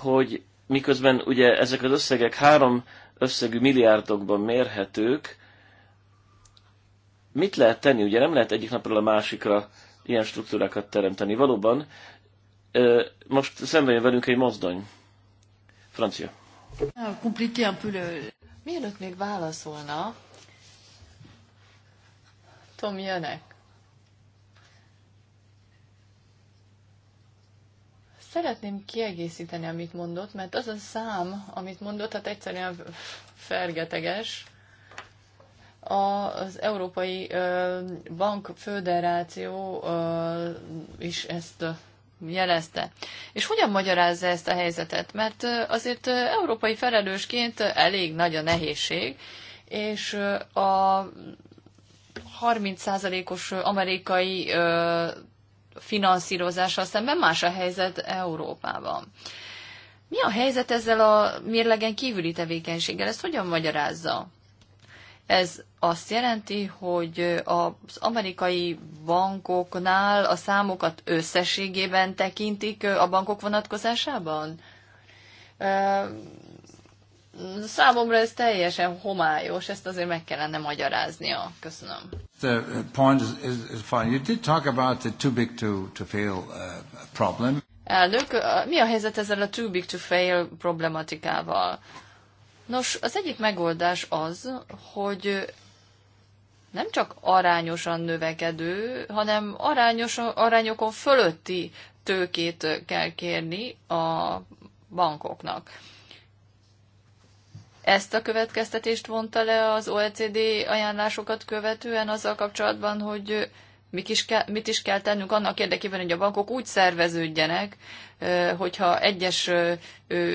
hogy miközben ugye ezek az összegek három összegű milliárdokban mérhetők, mit lehet tenni? Ugye nem lehet egyik napról a másikra ilyen struktúrákat teremteni. Valóban most szemben jön velünk egy mozdony. Francia. Ah, Mielőtt még válaszolna, Tom jönnek. Szeretném kiegészíteni, amit mondott, mert az a szám, amit mondott, hát egyszerűen fergeteges. Az Európai Bank Föderáció is ezt jelezte. És hogyan magyarázza ezt a helyzetet? Mert azért európai felelősként elég nagy a nehézség, és a 30%-os amerikai finanszírozással szemben más a helyzet Európában. Mi a helyzet ezzel a mérlegen kívüli tevékenységgel? Ezt hogyan magyarázza? Ez azt jelenti, hogy az amerikai bankoknál a számokat összességében tekintik a bankok vonatkozásában? Számomra ez teljesen homályos, ezt azért meg kellene magyaráznia. Köszönöm. The point is, is fine. You did talk about the too big to, to fail uh, problem. Elnök, uh, mi a helyzet ezzel a too big to fail problematikával? Nos, az egyik megoldás az, hogy uh, nem csak arányosan növekedő, hanem arányos, arányokon fölötti tőkét kell kérni a bankoknak ezt a következtetést vonta le az OECD ajánlásokat követően azzal kapcsolatban, hogy mit is kell, mit is kell tennünk annak érdekében, hogy a bankok úgy szerveződjenek, hogyha egyes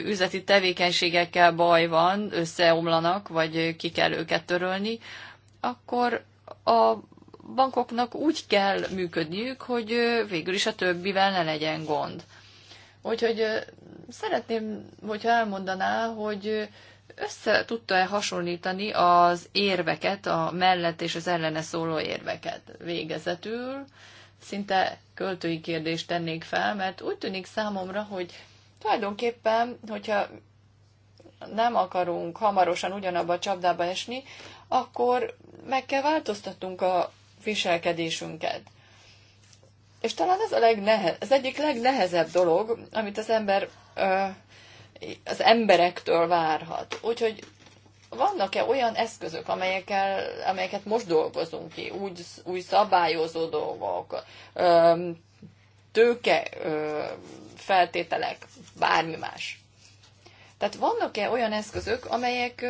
üzleti tevékenységekkel baj van, összeomlanak, vagy ki kell őket törölni, akkor a bankoknak úgy kell működniük, hogy végül is a többivel ne legyen gond. Úgyhogy szeretném, hogyha elmondaná, hogy össze tudta-e hasonlítani az érveket, a mellett és az ellene szóló érveket végezetül? Szinte költői kérdést tennék fel, mert úgy tűnik számomra, hogy tulajdonképpen, hogyha nem akarunk hamarosan ugyanabba a csapdába esni, akkor meg kell változtatnunk a viselkedésünket. És talán ez a legnehe- az egyik legnehezebb dolog, amit az ember ö, az emberektől várhat. Úgyhogy vannak-e olyan eszközök, amelyekkel, amelyeket most dolgozunk ki, úgy, új szabályozó dolgok, tőke feltételek, bármi más? Tehát vannak-e olyan eszközök, amelyek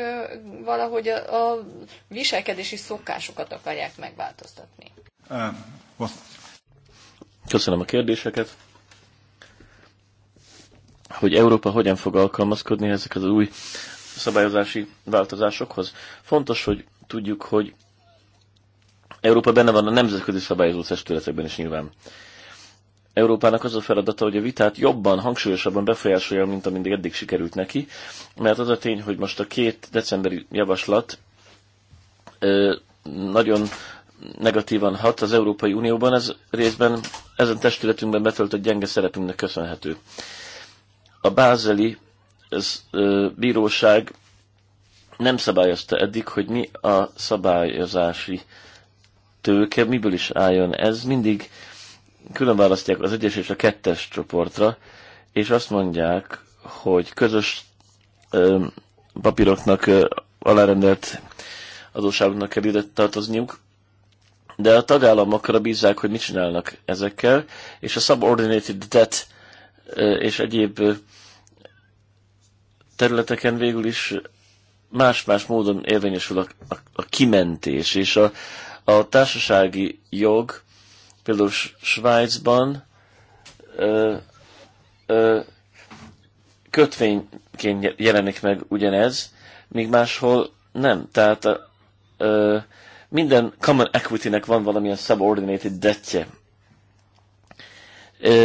valahogy a, a viselkedési szokásokat akarják megváltoztatni? Köszönöm a kérdéseket hogy Európa hogyan fog alkalmazkodni ezek az új szabályozási változásokhoz. Fontos, hogy tudjuk, hogy Európa benne van a nemzetközi szabályozó testületekben is nyilván. Európának az a feladata, hogy a vitát jobban, hangsúlyosabban befolyásolja, mint amíg eddig sikerült neki, mert az a tény, hogy most a két decemberi javaslat ö, nagyon negatívan hat az Európai Unióban, ez részben ezen testületünkben betöltött gyenge szerepünknek köszönhető. A bázeli ez, ö, bíróság nem szabályozta eddig, hogy mi a szabályozási tőke, miből is álljon ez. Mindig választják az egyes és a kettes csoportra, és azt mondják, hogy közös ö, papíroknak ö, alárendelt adóságoknak kell ide tartozniuk, de a tagállamokra bízzák, hogy mit csinálnak ezekkel, és a subordinated debt és egyéb területeken végül is más-más módon érvényesül a, a, a kimentés, és a, a társasági jog például Svájcban ö, ö, kötvényként jelenik meg ugyanez, míg máshol nem. Tehát a, ö, minden common equity-nek van valamilyen subordinated debtje.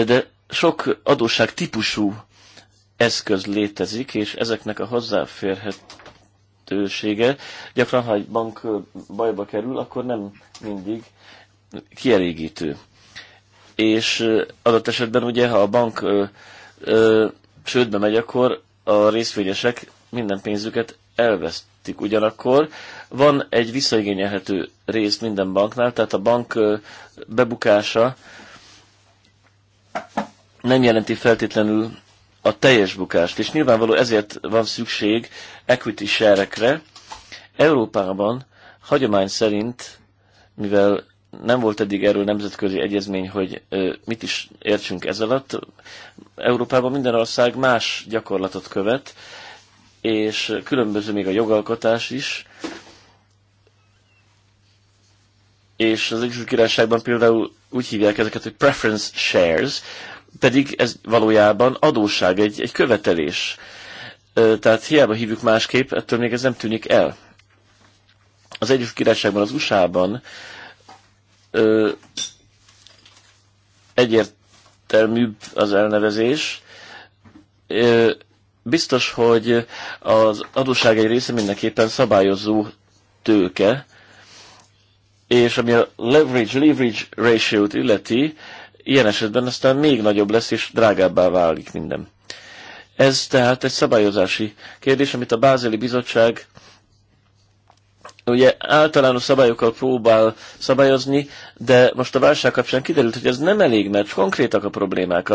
De sok adósság típusú eszköz létezik, és ezeknek a hozzáférhetősége gyakran, ha egy bank bajba kerül, akkor nem mindig kielégítő. És adott esetben ugye, ha a bank ö, ö, csődbe megy, akkor a részvényesek minden pénzüket elvesztik. Ugyanakkor van egy visszaigényelhető rész minden banknál, tehát a bank bebukása nem jelenti feltétlenül a teljes bukást, és nyilvánvaló ezért van szükség equity share Európában hagyomány szerint, mivel nem volt eddig erről nemzetközi egyezmény, hogy mit is értsünk ez alatt. Európában minden ország más gyakorlatot követ, és különböző még a jogalkotás is. És az Egyesült Királyságban például úgy hívják ezeket, hogy preference shares, pedig ez valójában adósság, egy, egy követelés. Tehát hiába hívjuk másképp, ettől még ez nem tűnik el. Az Egyesült Királyságban, az USA-ban egyértelműbb az elnevezés. Ö, biztos, hogy az adósság egy része mindenképpen szabályozó tőke, és ami a leverage, leverage ratio-t illeti, ilyen esetben aztán még nagyobb lesz, és drágábbá válik minden. Ez tehát egy szabályozási kérdés, amit a Bázeli Bizottság ugye általános szabályokkal próbál szabályozni, de most a válság kapcsán kiderült, hogy ez nem elég, mert konkrétak a problémák.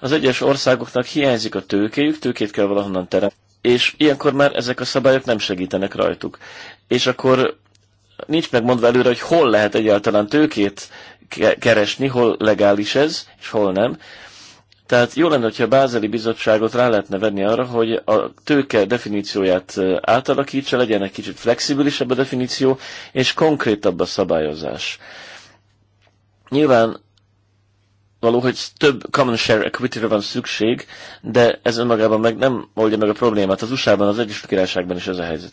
Az egyes országoknak hiányzik a tőkéjük, tőkét kell valahonnan teremteni, és ilyenkor már ezek a szabályok nem segítenek rajtuk. És akkor nincs megmondva előre, hogy hol lehet egyáltalán tőkét keresni, hol legális ez, és hol nem. Tehát jó lenne, hogyha a Bázeli Bizottságot rá lehetne venni arra, hogy a tőke definícióját átalakítsa, legyen egy kicsit flexibilisebb a definíció, és konkrétabb a szabályozás. Nyilván való, hogy több common share equity van szükség, de ez önmagában meg nem oldja meg a problémát. Az USA-ban, az Egyesült Királyságban is ez a helyzet.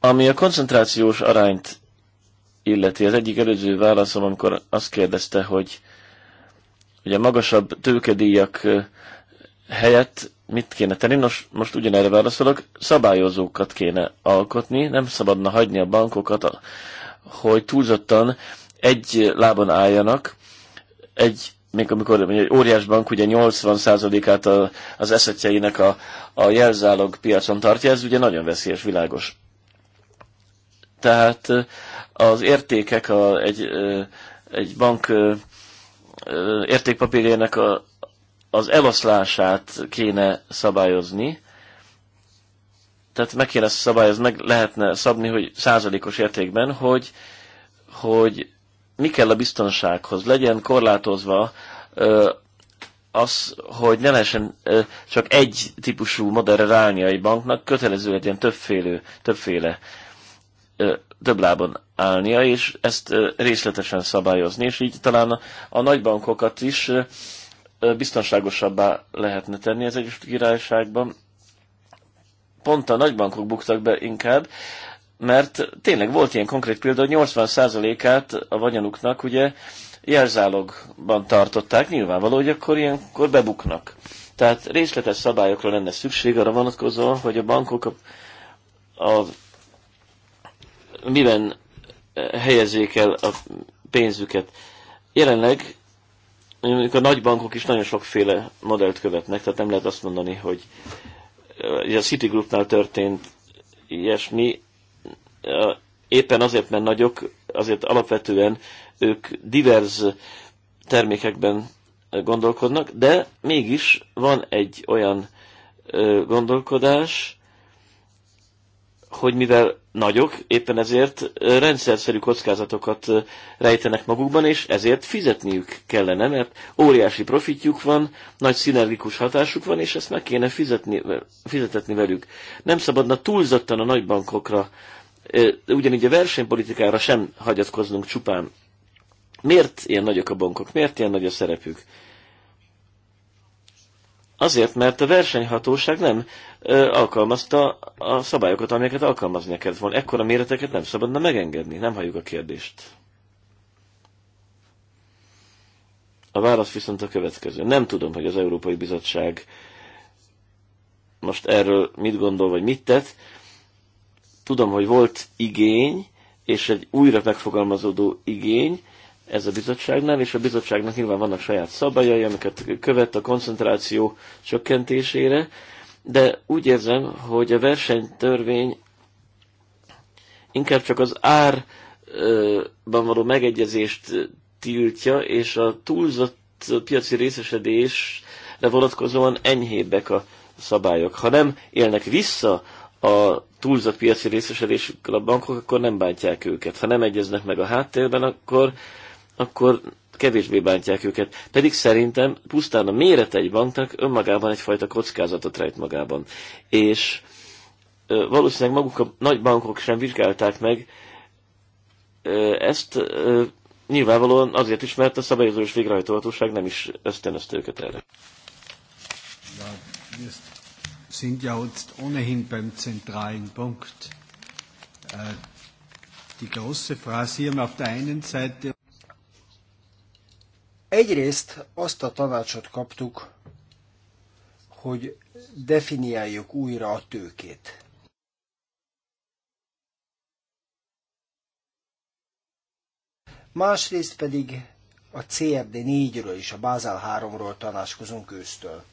Ami a koncentrációs arányt illeti. Az egyik előző válaszom, amikor azt kérdezte, hogy ugye magasabb tőkedíjak helyett mit kéne tenni? Nos, most ugyanerre válaszolok, szabályozókat kéne alkotni, nem szabadna hagyni a bankokat, hogy túlzottan egy lábon álljanak, egy, még amikor egy óriás bank ugye 80%-át az eszetjeinek a, a jelzálog piacon tartja, ez ugye nagyon veszélyes, világos. Tehát az értékek, a, egy, egy bank értékpapírjának a, az eloszlását kéne szabályozni, tehát meg kéne szabályozni, meg lehetne szabni, hogy százalékos értékben, hogy, hogy mi kell a biztonsághoz. Legyen korlátozva az, hogy ne lehessen csak egy típusú modellre ráállni egy banknak, kötelező legyen többfélő, többféle több lábon állnia, és ezt részletesen szabályozni, és így talán a nagybankokat is biztonságosabbá lehetne tenni az Egyesült Királyságban. Pont a nagybankok buktak be inkább, mert tényleg volt ilyen konkrét példa, hogy 80%-át a vagyonuknak ugye jelzálogban tartották, nyilvánvaló, hogy akkor ilyenkor bebuknak. Tehát részletes szabályokra lenne szükség arra vonatkozóan, hogy a bankok a, a miben eh, helyezzék el a pénzüket. Jelenleg mondjuk a nagybankok is nagyon sokféle modellt követnek, tehát nem lehet azt mondani, hogy eh, a Citigroupnál történt ilyesmi, eh, éppen azért, mert nagyok, azért alapvetően ők divers termékekben gondolkodnak, de mégis van egy olyan gondolkodás, hogy mivel nagyok, éppen ezért rendszerszerű kockázatokat rejtenek magukban, és ezért fizetniük kellene, mert óriási profitjuk van, nagy szinergikus hatásuk van, és ezt meg kéne fizetni, fizetetni velük. Nem szabadna túlzottan a nagybankokra, ugyanígy a versenypolitikára sem hagyatkoznunk csupán. Miért ilyen nagyok a bankok? Miért ilyen nagy a szerepük? Azért, mert a versenyhatóság nem ö, alkalmazta a szabályokat, amelyeket alkalmazni kellett volna. Ekkora méreteket nem szabadna megengedni. Nem halljuk a kérdést. A válasz viszont a következő. Nem tudom, hogy az Európai Bizottság most erről mit gondol, vagy mit tett. Tudom, hogy volt igény, és egy újra megfogalmazódó igény, ez a bizottságnál, és a bizottságnak nyilván vannak saját szabályai, amiket követ a koncentráció csökkentésére, de úgy érzem, hogy a versenytörvény inkább csak az árban való megegyezést tiltja, és a túlzott piaci részesedésre vonatkozóan enyhébbek a szabályok. Ha nem élnek vissza a túlzott piaci részesedésükkel a bankok, akkor nem bántják őket. Ha nem egyeznek meg a háttérben, akkor akkor kevésbé bántják őket. Pedig szerintem pusztán a méret egy banknak önmagában egyfajta kockázatot rejt magában. És valószínűleg maguk a nagy bankok sem vizsgálták meg ezt nyilvánvalóan azért is, mert a és végrehajtóhatóság nem is ösztönözte őket erre. sind ja jetzt ohnehin beim zentralen Punkt. Äh, die große Phrase, Sie auf der einen Seite Egyrészt azt a tanácsot kaptuk, hogy definiáljuk újra a tőkét. Másrészt pedig a CRD 4-ről és a Bázál 3-ról tanácskozunk ősztől.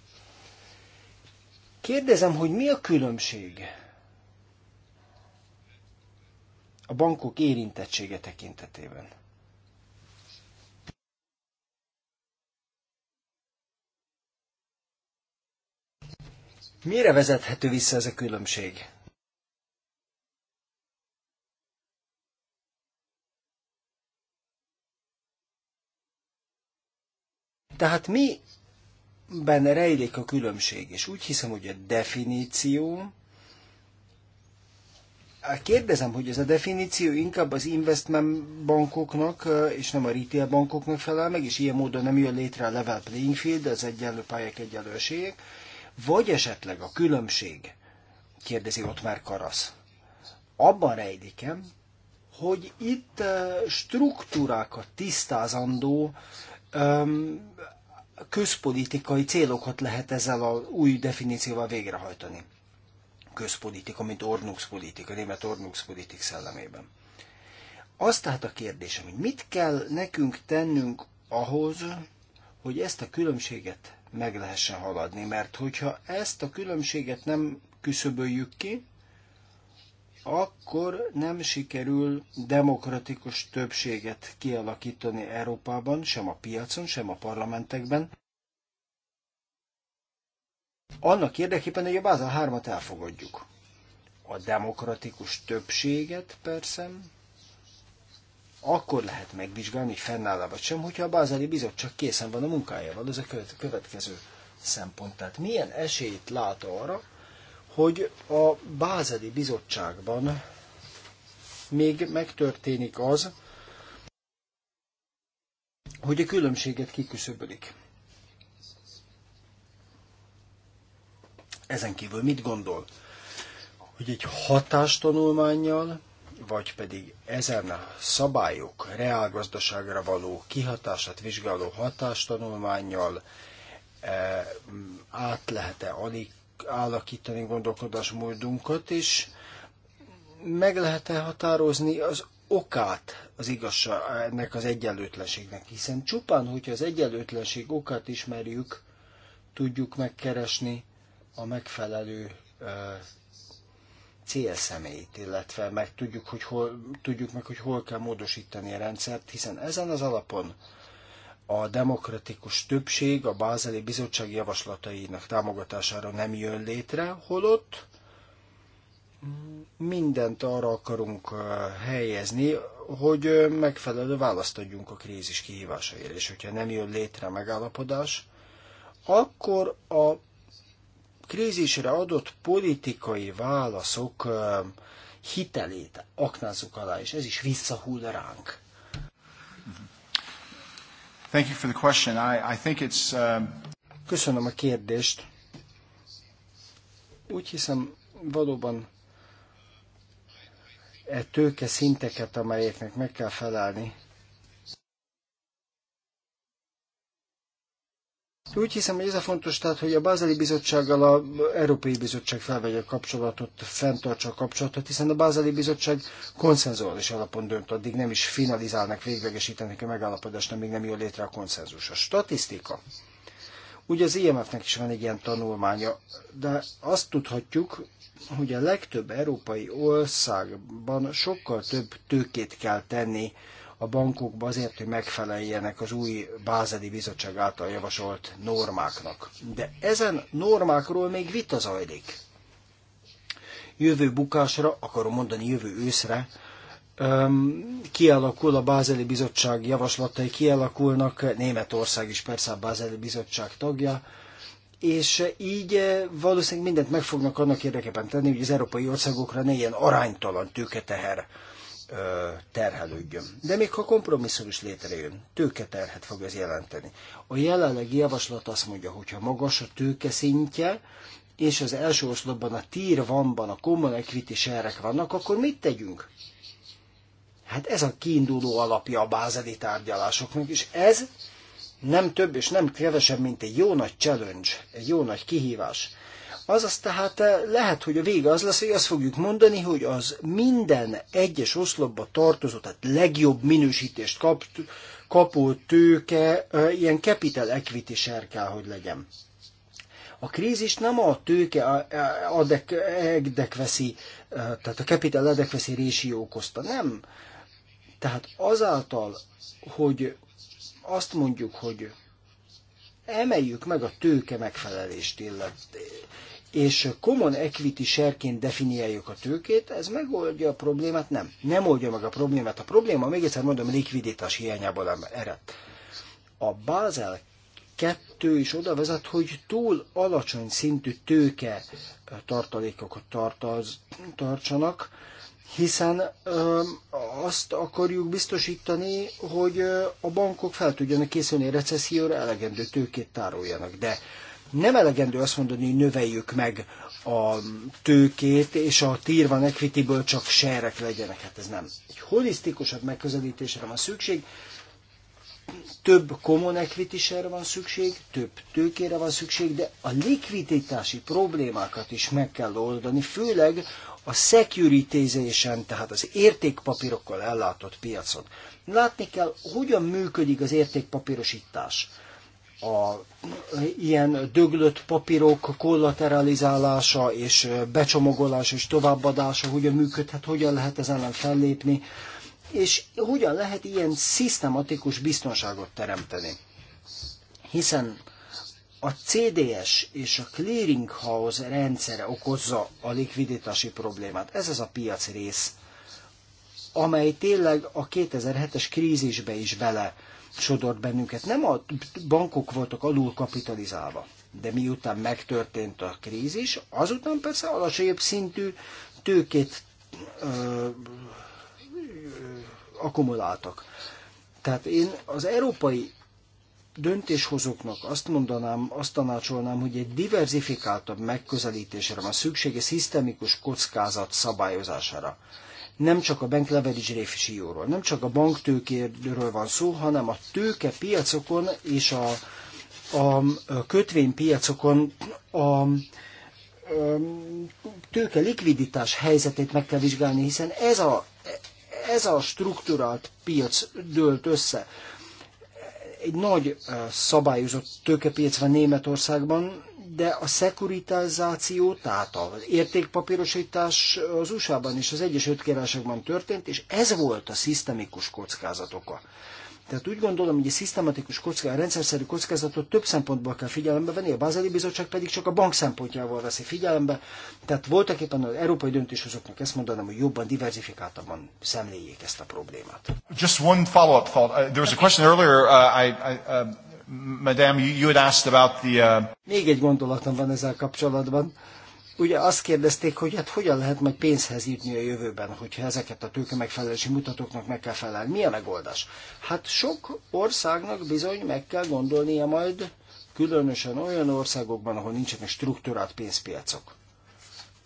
Kérdezem, hogy mi a különbség a bankok érintettsége tekintetében? Mire vezethető vissza ez a különbség? Tehát mi benne rejlik a különbség? És úgy hiszem, hogy a definíció, kérdezem, hogy ez a definíció inkább az investment bankoknak és nem a retail bankoknak felel meg, és ilyen módon nem jön létre a level playing field, az egyenlő pályák, egyenlőségek. Vagy esetleg a különbség, kérdezi ott már Karasz, abban rejdikem, hogy itt struktúrákat tisztázandó közpolitikai célokat lehet ezzel az új definícióval végrehajtani. Közpolitika, mint Ordnungspolitika, német Ordnungspolitik szellemében. Azt tehát a kérdésem, hogy mit kell nekünk tennünk ahhoz, hogy ezt a különbséget meg lehessen haladni. Mert hogyha ezt a különbséget nem küszöböljük ki, akkor nem sikerül demokratikus többséget kialakítani Európában, sem a piacon, sem a parlamentekben. Annak érdekében, hogy a Bázal 3-at elfogadjuk. A demokratikus többséget persze akkor lehet megvizsgálni, hogy fennáll vagy sem, hogyha a Bázeli Bizottság készen van a munkájával. Ez a következő szempont. Tehát milyen esélyt lát arra, hogy a Bázeli Bizottságban még megtörténik az, hogy a különbséget kiküszöbölik. Ezen kívül mit gondol? Hogy egy hatástanulmányjal vagy pedig ezen a szabályok reálgazdaságra való kihatását vizsgáló hatástanulmányjal eh, át lehet-e alakítani gondolkodásmódunkat, is, meg lehet-e határozni az okát az igazság, ennek az egyenlőtlenségnek, hiszen csupán, hogyha az egyenlőtlenség okát ismerjük, tudjuk megkeresni a megfelelő eh, célszemélyt, illetve meg tudjuk, hogy hol, tudjuk meg, hogy hol kell módosítani a rendszert, hiszen ezen az alapon a demokratikus többség a Bázeli Bizottság javaslatainak támogatására nem jön létre, holott mindent arra akarunk helyezni, hogy megfelelő választ adjunk a krízis kihívásaira, és hogyha nem jön létre a megállapodás, akkor a krízisre adott politikai válaszok hitelét aknázzuk alá, és ez is visszahull ránk. Thank you for the question. I, I think it's, uh... Köszönöm a kérdést. Úgy hiszem, valóban e tőke szinteket, amelyeknek meg kell felelni, Úgy hiszem, hogy ez a fontos, tehát, hogy a Bázeli Bizottsággal a Európai Bizottság felvegye a kapcsolatot, fenntartsa a kapcsolatot, hiszen a Bázeli Bizottság konszenzuális alapon dönt, addig nem is finalizálnak, véglegesítenek a megállapodást, amíg nem jön létre a konszenzus. A statisztika. Ugye az IMF-nek is van egy ilyen tanulmánya, de azt tudhatjuk, hogy a legtöbb európai országban sokkal több tőkét kell tenni a bankokba azért, hogy megfeleljenek az új Bázeli Bizottság által javasolt normáknak. De ezen normákról még vita zajlik. Jövő bukásra, akarom mondani jövő őszre, kialakul a Bázeli Bizottság javaslatai, kialakulnak, Németország is persze a Bázeli Bizottság tagja, és így eh, valószínűleg mindent meg fognak annak érdekében tenni, hogy az európai országokra ne ilyen aránytalan tőketeher terhelődjön. De még ha kompromisszum is létrejön, terhet fog ez jelenteni. A jelenlegi javaslat azt mondja, ha magas a tőke szintje, és az első oszlopban a tír vanban a common equity serek vannak, akkor mit tegyünk? Hát ez a kiinduló alapja a bázeli tárgyalásoknak, és ez nem több és nem kevesebb, mint egy jó nagy challenge, egy jó nagy kihívás. Azaz tehát eh, lehet, hogy a vége az lesz, hogy azt fogjuk mondani, hogy az minden egyes oszlopba tartozó, tehát legjobb minősítést kap, kapó tőke eh, ilyen capital equity share kell, hogy legyen. A krízis nem a tőke adek, veszi, eh, tehát a capital adekveszi résió okozta, nem. Tehát azáltal, hogy azt mondjuk, hogy emeljük meg a tőke megfelelést illetve és common equity serként definiáljuk a tőkét, ez megoldja a problémát? Nem. Nem oldja meg a problémát. A probléma, még egyszer mondom, likviditás hiányából ered. A Basel 2 is oda vezet, hogy túl alacsony szintű tőke tartalékokat tartalz, tartsanak, hiszen ö, azt akarjuk biztosítani, hogy ö, a bankok fel tudjanak készülni a recesszióra, elegendő tőkét tároljanak. De nem elegendő azt mondani, hogy növeljük meg a tőkét, és a tier van equityből csak serek legyenek. Hát ez nem. Egy holisztikusabb megközelítésre van szükség, több common equity van szükség, több tőkére van szükség, de a likviditási problémákat is meg kell oldani, főleg a securitization, tehát az értékpapírokkal ellátott piacon. Látni kell, hogyan működik az értékpapírosítás a ilyen döglött papírok kollateralizálása és becsomagolása és továbbadása hogyan működhet, hogyan lehet ezen ellen fellépni, és hogyan lehet ilyen szisztematikus biztonságot teremteni. Hiszen a CDS és a clearinghouse rendszere okozza a likviditási problémát. Ez az a piac rész, amely tényleg a 2007-es krízisbe is bele sodort bennünket. Nem a bankok voltak alul kapitalizálva, de miután megtörtént a krízis, azután persze alacsonyabb szintű tőkét ö, ö, akkumuláltak. Tehát én az európai döntéshozóknak azt mondanám, azt tanácsolnám, hogy egy diversifikáltabb megközelítésre van szükség, és szisztemikus kockázat szabályozására nem csak a bank leverage ratio-ról, nem csak a banktőkéről van szó, hanem a tőke piacokon és a, a kötvénypiacokon a tőke likviditás helyzetét meg kell vizsgálni, hiszen ez a, ez a struktúrált piac dőlt össze. Egy nagy szabályozott tőkepiac van Németországban, de a szekuritizáció, tehát az értékpapírosítás az USA-ban és az Egyesült Királyságban történt, és ez volt a szisztemikus kockázat oka. Tehát úgy gondolom, hogy a szisztematikus kockázat, a rendszerszerű kockázatot több szempontból kell figyelembe venni, a Bázeli Bizottság pedig csak a bank szempontjából veszi figyelembe. Tehát voltak éppen az európai döntéshozóknak ezt mondanám, hogy jobban diversifikáltabban szemléljék ezt a problémát. Just one follow-up thought. Uh, there was a question earlier. Uh, I, I, uh... Madame, you had asked about the... Uh... Még egy gondolatom van ezzel kapcsolatban. Ugye azt kérdezték, hogy hát hogyan lehet majd pénzhez jutni a jövőben, hogyha ezeket a tőke megfelelési mutatóknak meg kell felelni. Mi a megoldás? Hát sok országnak bizony meg kell gondolnia majd, különösen olyan országokban, ahol nincsenek struktúrált pénzpiacok.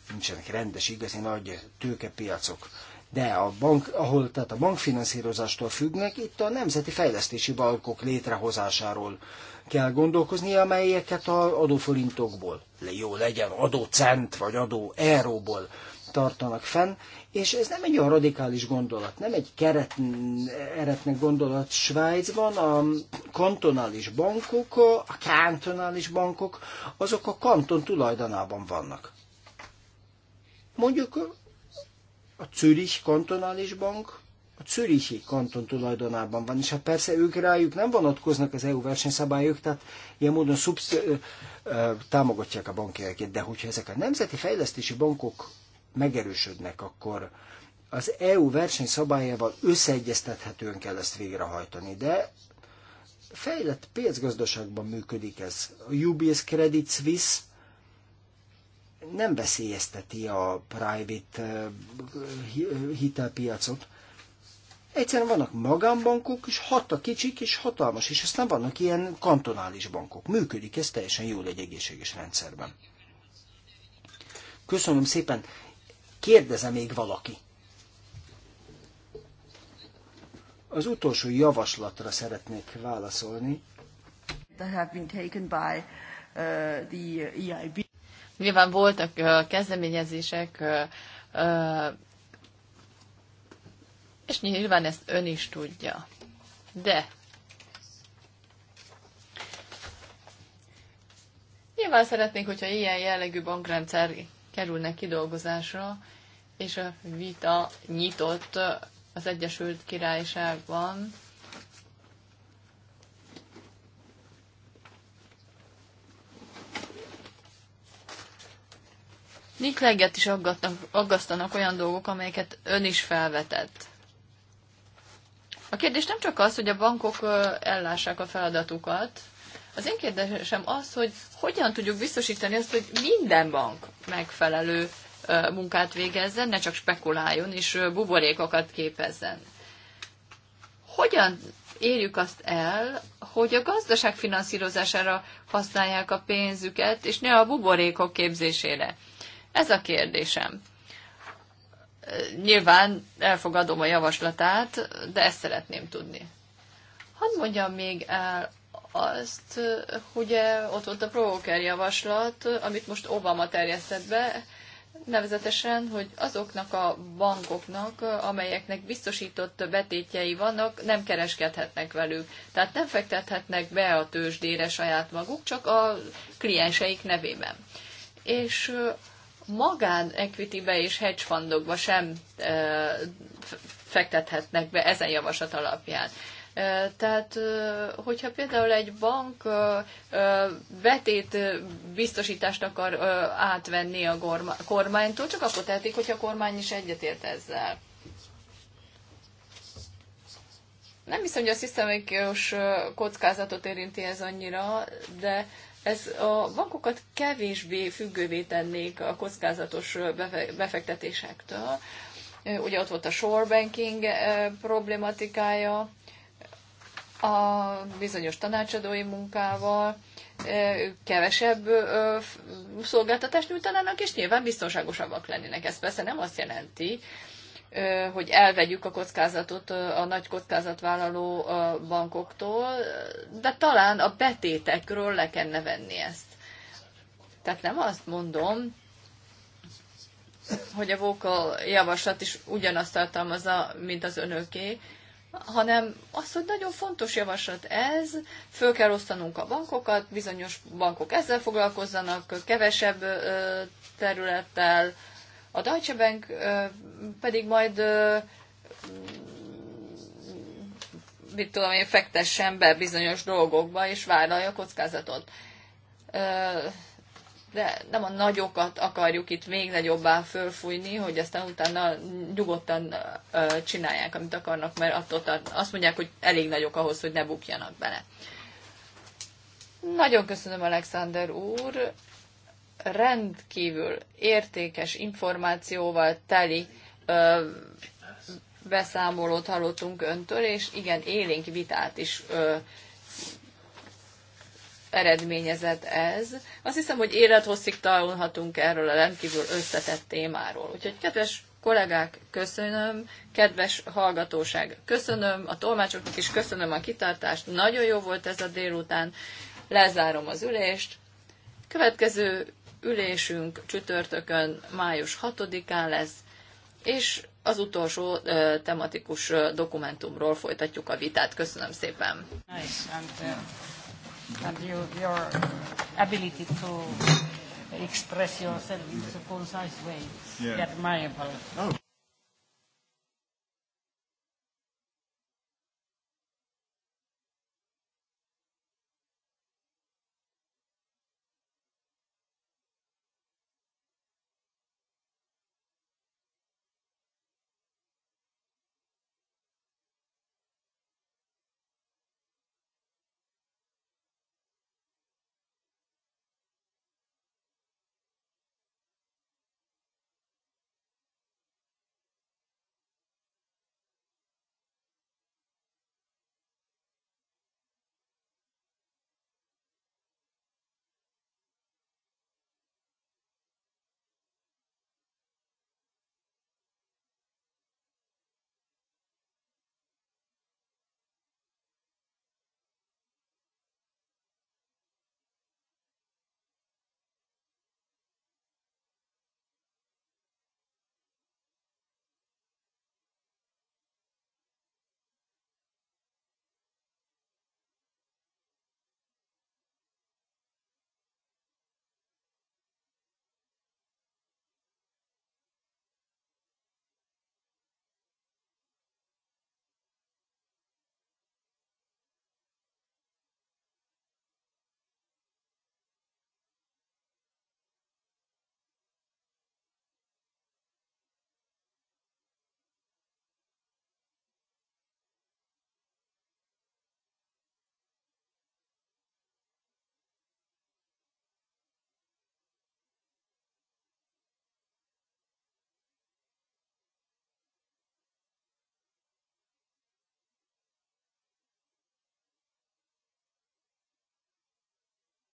Nincsenek rendes, igazi nagy tőkepiacok de a bank, ahol tehát a bankfinanszírozástól függnek, itt a nemzeti fejlesztési bankok létrehozásáról kell gondolkozni, amelyeket a adóforintokból, jó legyen adócent vagy adó euróból tartanak fenn, és ez nem egy olyan radikális gondolat, nem egy keret, eretnek gondolat Svájcban, a kantonális bankok, a kantonális bankok, azok a kanton tulajdonában vannak. Mondjuk a Zürich kantonális bank, a Zürichi kanton tulajdonában van, és hát persze ők rájuk nem vonatkoznak az EU versenyszabályok, tehát ilyen módon szubsz, támogatják a banki de hogyha ezek a nemzeti fejlesztési bankok megerősödnek, akkor az EU versenyszabályával összeegyeztethetően kell ezt végrehajtani, de fejlett pénzgazdaságban működik ez. A UBS Credit Suisse nem veszélyezteti a private eh, hitelpiacot. Egyszerűen vannak magánbankok, és hat a kicsik, és hatalmas, és aztán vannak ilyen kantonális bankok. Működik ez teljesen jól egy egészséges rendszerben. Köszönöm szépen. Kérdeze még valaki. Az utolsó javaslatra szeretnék válaszolni. That have been taken by, uh, the EIB. Nyilván voltak kezdeményezések, és nyilván ezt ön is tudja. De nyilván szeretnénk, hogyha ilyen jellegű bankrendszer kerülne kidolgozásra, és a vita nyitott az Egyesült Királyságban, Nikleget is aggatnak, aggasztanak olyan dolgok, amelyeket ön is felvetett. A kérdés nem csak az, hogy a bankok ellássák a feladatukat. Az én kérdésem az, hogy hogyan tudjuk biztosítani azt, hogy minden bank megfelelő munkát végezzen, ne csak spekuláljon és buborékokat képezzen. Hogyan érjük azt el, hogy a gazdaság finanszírozására használják a pénzüket, és ne a buborékok képzésére. Ez a kérdésem. Nyilván elfogadom a javaslatát, de ezt szeretném tudni. Hadd mondjam még el azt, hogy ott volt a provoker javaslat, amit most Obama terjesztett be, nevezetesen, hogy azoknak a bankoknak, amelyeknek biztosított betétjei vannak, nem kereskedhetnek velük. Tehát nem fektethetnek be a tőzsdére saját maguk, csak a klienseik nevében. És magán equity-be és hedge fundokba sem fektethetnek be ezen javaslat alapján. Tehát, hogyha például egy bank betét biztosítást akar átvenni a kormánytól, csak akkor tehetik, hogyha a kormány is egyetért ezzel. Nem hiszem, hogy a szisztemikus kockázatot érinti ez annyira, de ez a bankokat kevésbé függővé tennék a kockázatos befektetésektől. Ugye ott volt a shore banking problématikája, a bizonyos tanácsadói munkával, kevesebb szolgáltatást nyújtanának, és nyilván biztonságosabbak lennének. Ez persze nem azt jelenti, hogy elvegyük a kockázatot a nagy kockázatvállaló bankoktól, de talán a betétekről le kellene venni ezt. Tehát nem azt mondom, hogy a Vókal javaslat is ugyanazt tartalmazza, mint az önöké, hanem az, hogy nagyon fontos javaslat ez, föl kell osztanunk a bankokat, bizonyos bankok ezzel foglalkozzanak, kevesebb területtel, a Deutsche Bank pedig majd mit tudom én, fektessen be bizonyos dolgokba, és vállalja a kockázatot. De nem a nagyokat akarjuk itt még nagyobbá fölfújni, hogy aztán utána nyugodtan csinálják, amit akarnak, mert attól tart, azt mondják, hogy elég nagyok ahhoz, hogy ne bukjanak bele. Nagyon köszönöm, Alexander úr rendkívül értékes információval teli ö, beszámolót hallottunk öntől, és igen, élénk vitát is ö, eredményezett ez. Azt hiszem, hogy élethosszig tanulhatunk erről a rendkívül összetett témáról. Úgyhogy kedves kollégák, köszönöm, kedves hallgatóság, köszönöm, a tolmácsoknak is köszönöm a kitartást, nagyon jó volt ez a délután, lezárom az ülést. Következő ülésünk csütörtökön, május 6-án lesz, és az utolsó tematikus dokumentumról folytatjuk a vitát. Köszönöm szépen! Nice. And, uh, and you, your ability to express yourself in a concise way. Yeah. Admirable. Oh.